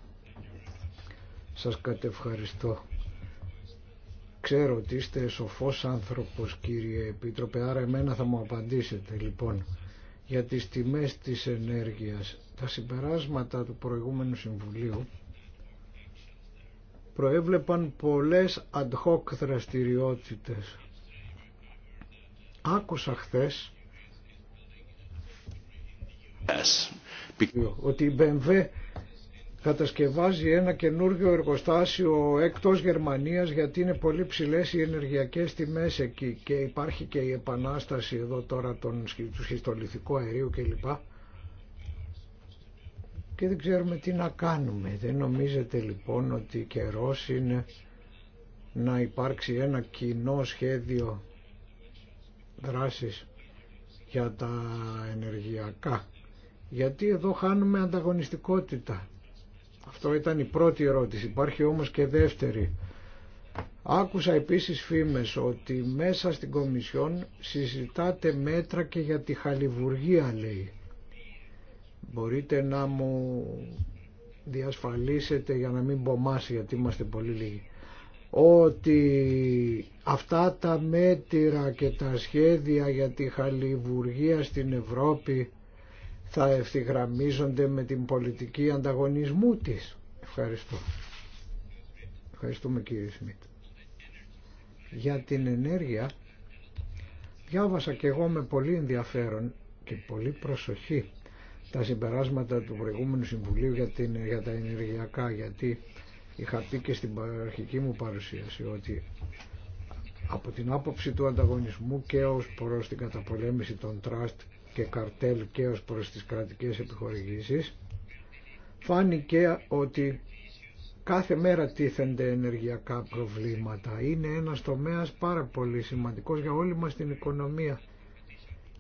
S2: Σας κατευχαριστώ. Ξέρω ότι είστε σοφός άνθρωπος κύριε Επίτροπε, άρα εμένα θα μου απαντήσετε λοιπόν για τις τιμές της ενέργειας. Τα συμπεράσματα του προηγούμενου Συμβουλίου προέβλεπαν πολλές ad hoc δραστηριότητες. Άκουσα χθες ότι η BMW κατασκευάζει ένα καινούργιο εργοστάσιο εκτός Γερμανίας γιατί είναι πολύ ψηλές οι ενεργειακές τιμές εκεί και υπάρχει και η επανάσταση εδώ τώρα των, του σχιστολιθικού αερίου κλπ. Και δεν ξέρουμε τι να κάνουμε. Δεν νομίζετε λοιπόν ότι καιρό είναι να υπάρξει ένα κοινό σχέδιο δράσης για τα ενεργειακά γιατί εδώ χάνουμε ανταγωνιστικότητα. Αυτό ήταν η πρώτη ερώτηση. Υπάρχει όμως και δεύτερη. Άκουσα επίσης φήμες ότι μέσα στην Κομισιόν συζητάτε μέτρα και για τη χαλιβουργία λέει. Μπορείτε να μου διασφαλίσετε για να μην μπομάσει γιατί είμαστε πολύ λίγοι ότι αυτά τα μέτρα και τα σχέδια για τη χαλιβουργία στην Ευρώπη θα ευθυγραμμίζονται με την πολιτική ανταγωνισμού της. Ευχαριστώ. Ευχαριστούμε κύριε Σμίτ. Για την ενέργεια διάβασα και εγώ με πολύ ενδιαφέρον και πολύ προσοχή τα συμπεράσματα του προηγούμενου Συμβουλίου για, την, για τα ενεργειακά γιατί είχα πει και στην αρχική μου παρουσίαση ότι από την άποψη του ανταγωνισμού και ως προς την καταπολέμηση των τραστ και καρτέλ και ως προς τις κρατικές επιχορηγήσεις φάνηκε ότι κάθε μέρα τίθενται ενεργειακά προβλήματα. Είναι ένας τομέας πάρα πολύ σημαντικός για όλη μας την οικονομία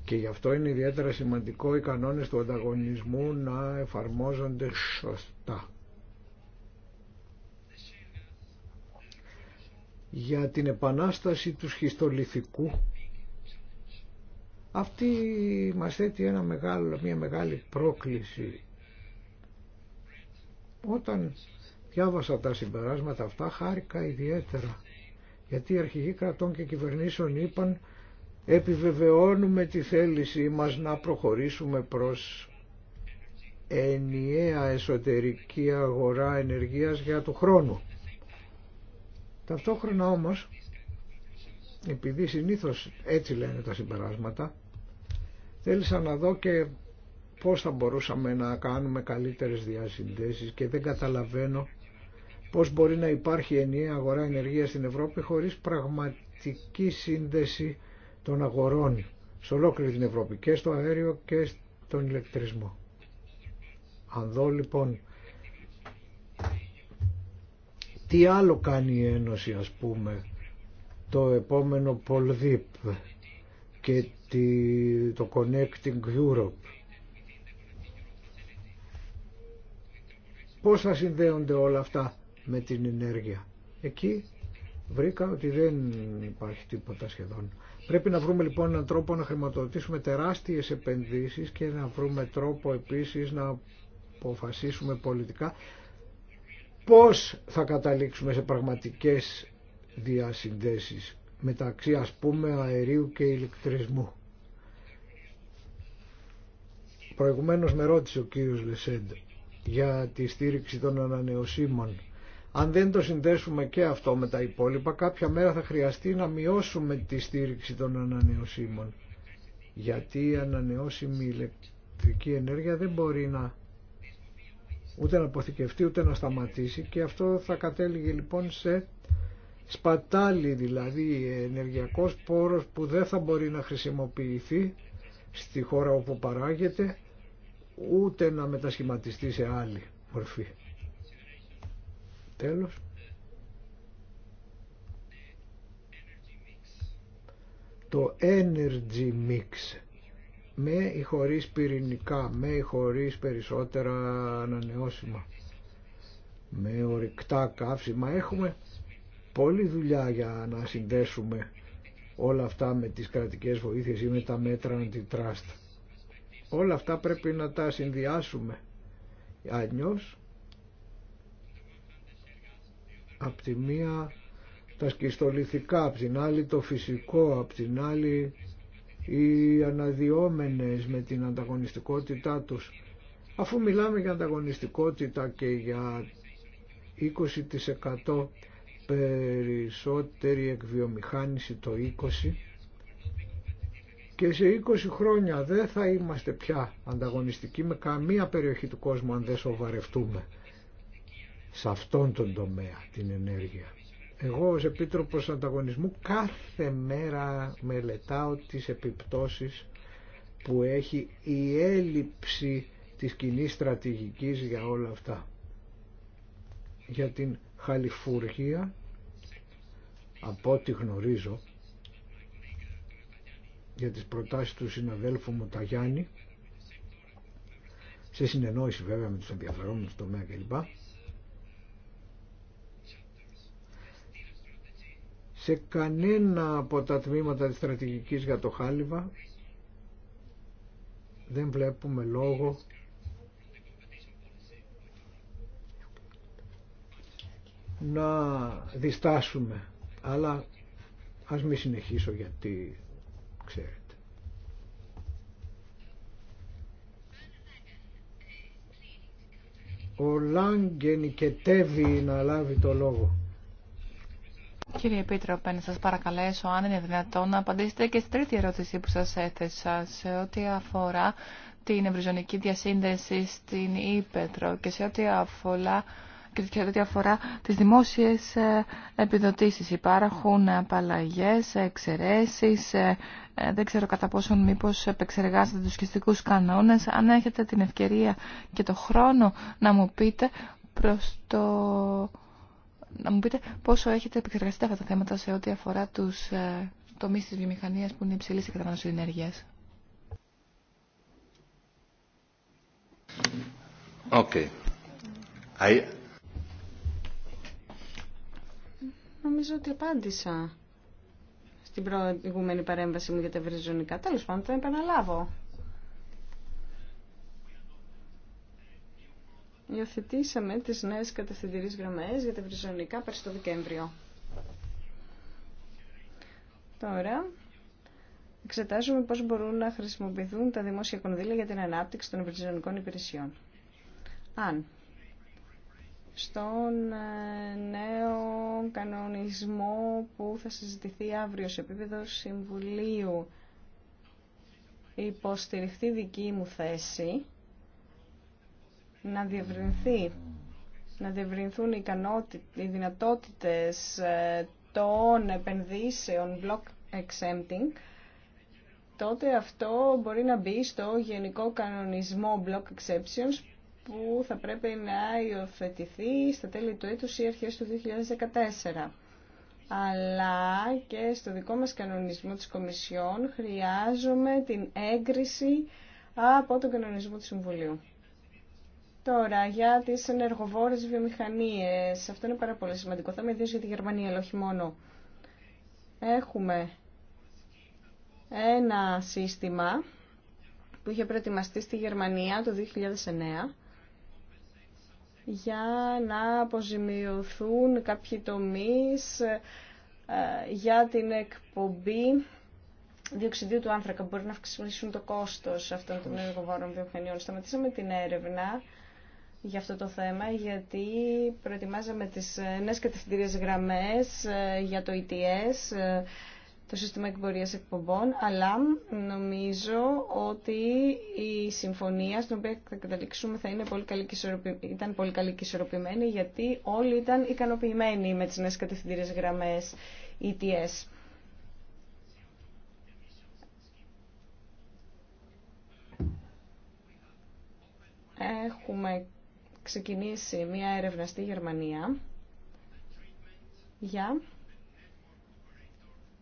S2: και γι' αυτό είναι ιδιαίτερα σημαντικό οι κανόνες του ανταγωνισμού να εφαρμόζονται σωστά. Για την επανάσταση του σχιστολιθικού αυτή μας θέτει ένα μεγάλο, μια μεγάλη πρόκληση. Όταν διάβασα τα συμπεράσματα αυτά χάρηκα ιδιαίτερα γιατί οι αρχηγοί κρατών και κυβερνήσεων είπαν επιβεβαιώνουμε τη θέλησή μας να προχωρήσουμε προς ενιαία εσωτερική αγορά ενεργείας για του χρόνου. Ταυτόχρονα όμως, επειδή συνήθως έτσι λένε τα συμπεράσματα, Θέλησα να δω και πώς θα μπορούσαμε να κάνουμε καλύτερες διασυνδέσεις και δεν καταλαβαίνω πώς μπορεί να υπάρχει ενιαία αγορά ενεργείας στην Ευρώπη χωρίς πραγματική σύνδεση των αγορών σε ολόκληρη την Ευρώπη και στο αέριο και στον ηλεκτρισμό. Αν δω λοιπόν τι άλλο κάνει η Ένωση ας πούμε το επόμενο Πολδίπ και το Connecting Europe. Πώς θα συνδέονται όλα αυτά με την ενέργεια. Εκεί βρήκα ότι δεν υπάρχει τίποτα σχεδόν. Πρέπει να βρούμε λοιπόν έναν τρόπο να χρηματοδοτήσουμε τεράστιες επενδύσεις και να βρούμε τρόπο επίσης να αποφασίσουμε πολιτικά πώς θα καταλήξουμε σε πραγματικές διασυνδέσεις μεταξύ ας πούμε αερίου και ηλεκτρισμού. Προηγουμένως με ρώτησε ο κύριος Λεσέντ για τη στήριξη των ανανεωσίμων. Αν δεν το συνδέσουμε και αυτό με τα υπόλοιπα, κάποια μέρα θα χρειαστεί να μειώσουμε τη στήριξη των ανανεωσίμων. Γιατί η ανανεώσιμη ηλεκτρική ενέργεια δεν μπορεί να ούτε να αποθηκευτεί ούτε να σταματήσει και αυτό θα κατέληγε λοιπόν σε σπατάλη δηλαδή ενεργειακός πόρος που δεν θα μπορεί να χρησιμοποιηθεί στη χώρα όπου παράγεται ούτε να μετασχηματιστεί σε άλλη μορφή. Τέλος. Το energy mix με ή χωρίς πυρηνικά, με ή χωρίς περισσότερα ανανεώσιμα, με ορυκτά καύσιμα έχουμε πολλή δουλειά για να συνδέσουμε όλα αυτά με τις κρατικές βοήθειες ή με τα μέτρα αντιτράστ. Όλα αυτά πρέπει να τα συνδυάσουμε. Αλλιώς, από τη μία τα σκιστολιθικά, από την άλλη το φυσικό, από την άλλη οι αναδιόμενες με την ανταγωνιστικότητά τους. Αφού μιλάμε για ανταγωνιστικότητα και για 20% περισσότερη εκβιομηχάνηση το 20 και σε 20 χρόνια δεν θα είμαστε πια ανταγωνιστικοί με καμία περιοχή του κόσμου αν δεν σοβαρευτούμε σε αυτόν τον τομέα την ενέργεια. Εγώ ως Επίτροπος Ανταγωνισμού κάθε μέρα μελετάω τις επιπτώσεις που έχει η έλλειψη της κοινή στρατηγικής για όλα αυτά. Για την Χαλιφούργια, από ό,τι γνωρίζω, για τις προτάσεις του συναδέλφου μου Ταγιάννη, σε συνεννόηση βέβαια με τους ενδιαφερόμενους τομέα κλπ. Σε κανένα από τα τμήματα της στρατηγικής για το Χάλιβα δεν βλέπουμε λόγο να διστάσουμε. Αλλά ας μην συνεχίσω γιατί ξέρετε. Ο Λάγκεν νικετεύει να λάβει το λόγο.
S1: Κύριε Επίτροπε, να σας παρακαλέσω αν είναι δυνατόν να απαντήσετε και στη τρίτη ερώτηση που σας έθεσα σε ό,τι αφορά την ευρυζωνική διασύνδεση στην Ήπετρο και σε ό,τι αφορά και ό,τι αφορά τις δημόσιες ε, επιδοτήσεις. Υπάρχουν απαλλαγές, εξαιρεσει. Ε, ε, δεν ξέρω κατά πόσον μήπως επεξεργάζεται τους σχετικούς κανόνες. Αν έχετε την ευκαιρία και το χρόνο να μου πείτε προς το... Να μου πείτε πόσο έχετε επεξεργαστεί αυτά τα θέματα σε ό,τι αφορά τους τομεί τη βιομηχανία που είναι υψηλή σε κατανάλωση ενέργειας.
S4: Okay.
S3: Νομίζω ότι απάντησα στην προηγούμενη παρέμβαση μου για τα ευρυζωνικά. Τέλος πάντων, θα επαναλάβω. Υιοθετήσαμε τις νέες κατευθυντηρίες γραμμές για τα ευρυζωνικά πέρσι το Δεκέμβριο. Τώρα, εξετάζουμε πώς μπορούν να χρησιμοποιηθούν τα δημόσια κονδύλια για την ανάπτυξη των ευρυζωνικών υπηρεσιών. Αν στον ε, νέο κανονισμό που θα συζητηθεί αύριο σε επίπεδο Συμβουλίου. Υποστηριχτεί δική μου θέση να διευρυνθεί να διευρυνθούν οι, δυνατότητες ε, των επενδύσεων block exempting, τότε αυτό μπορεί να μπει στο γενικό κανονισμό block exceptions που θα πρέπει να υιοθετηθεί στα τέλη του έτους ή αρχές του 2014 αλλά και στο δικό μας κανονισμό της Κομισιόν χρειάζομαι την έγκριση από τον κανονισμό του Συμβουλίου. Τώρα, για τις ενεργοβόρες βιομηχανίες, αυτό είναι πάρα πολύ σημαντικό θέμα, ιδίως για τη Γερμανία, αλλά όχι μόνο. Έχουμε ένα σύστημα που είχε προετοιμαστεί στη Γερμανία το 2009, για να αποζημιωθούν κάποιοι τομείς ε, για την εκπομπή διοξιδίου του άνθρακα μπορεί να αυξήσουν το κόστος αυτών των εργοβόρων βιομηχανιών. Σταματήσαμε την έρευνα για αυτό το θέμα, γιατί προετοιμάζαμε τις νέες κατευθυντήριες γραμμές ε, για το ETS, ε, το σύστημα εκπορίας εκπομπών, αλλά νομίζω ότι η συμφωνία στην οποία θα καταληξούμε θα είναι πολύ καλή και ήταν πολύ καλή και ισορροπημένη, γιατί όλοι ήταν ικανοποιημένοι με τις νέες κατευθυντήριες γραμμές ETS. Έχουμε ξεκινήσει μία έρευνα στη Γερμανία για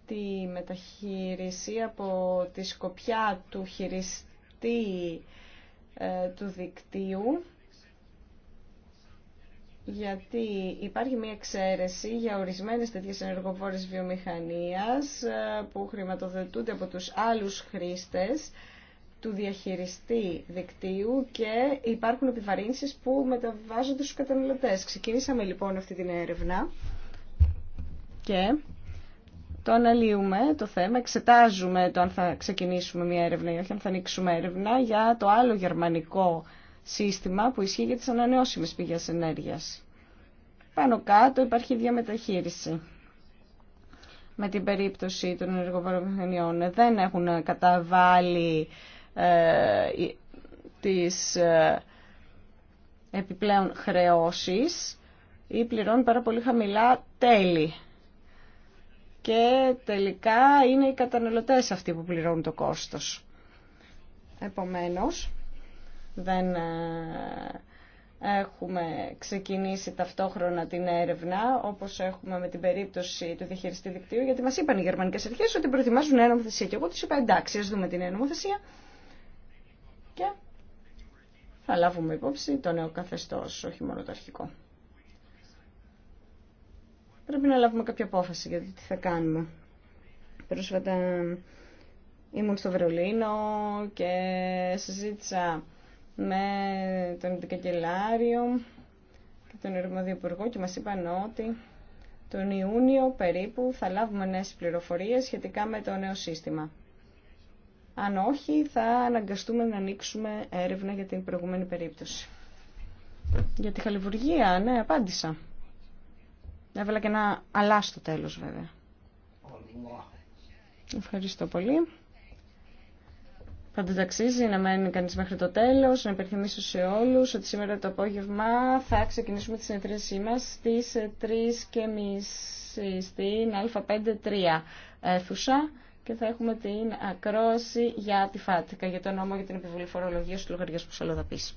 S3: τη μεταχείριση από τη σκοπιά του χειριστή ε, του δικτύου γιατί υπάρχει μια εξαίρεση για ορισμένες τέτοιες ενεργοφόρες βιομηχανίας ε, που χρηματοδοτούνται από τους άλλους χρήστες του διαχειριστή δικτύου και υπάρχουν επιβαρύνσεις που μεταβάζονται στους καταναλωτές. Ξεκινήσαμε λοιπόν αυτή την έρευνα και το αναλύουμε το θέμα, εξετάζουμε το αν θα ξεκινήσουμε μια έρευνα ή όχι, αν θα ανοίξουμε έρευνα για το άλλο γερμανικό σύστημα που ισχύει για τις ανανεώσιμες πηγές ενέργειας. Πάνω κάτω υπάρχει διαμεταχείριση. Με την περίπτωση των ενεργοβαρομηχανιών δεν έχουν καταβάλει ε, τις ε, επιπλέον χρεώσεις ή πληρώνουν πάρα πολύ χαμηλά τέλη και τελικά είναι οι καταναλωτές αυτοί που πληρώνουν το κόστος. Επομένως, δεν ε, έχουμε ξεκινήσει ταυτόχρονα την έρευνα, όπως έχουμε με την περίπτωση του διαχειριστή δικτύου, γιατί μας είπαν οι γερμανικές αρχές ότι προετοιμάζουν ένα νομοθεσία. Και εγώ τους είπα, εντάξει, ας δούμε την νέα νομοθεσία και θα λάβουμε υπόψη το νέο καθεστώς, όχι μόνο το αρχικό πρέπει να λάβουμε κάποια απόφαση για το τι θα κάνουμε. Πρόσφατα ήμουν στο Βερολίνο και συζήτησα με τον Δικακελάριο και τον Υπουργό. και μας είπαν ότι τον Ιούνιο περίπου θα λάβουμε νέες πληροφορίες σχετικά με το νέο σύστημα. Αν όχι, θα αναγκαστούμε να ανοίξουμε έρευνα για την προηγούμενη περίπτωση. Για τη χαλιβουργία, ναι, απάντησα. Έβαλα και ένα αλλά στο τέλος βέβαια. Ευχαριστώ πολύ. Θα ταξίζει να μένει κανεί μέχρι το τέλο, να υπενθυμίσω σε όλου, ότι σήμερα το απόγευμα θα ξεκινήσουμε τη συνεδρίασή μας στις 3.30 στην Α53 αίθουσα και θα έχουμε την ακρόαση για τη ΦΑΤΚΑ, για το νόμο για την επιβολή φορολογία του λογαριασμού αλλοδαπής.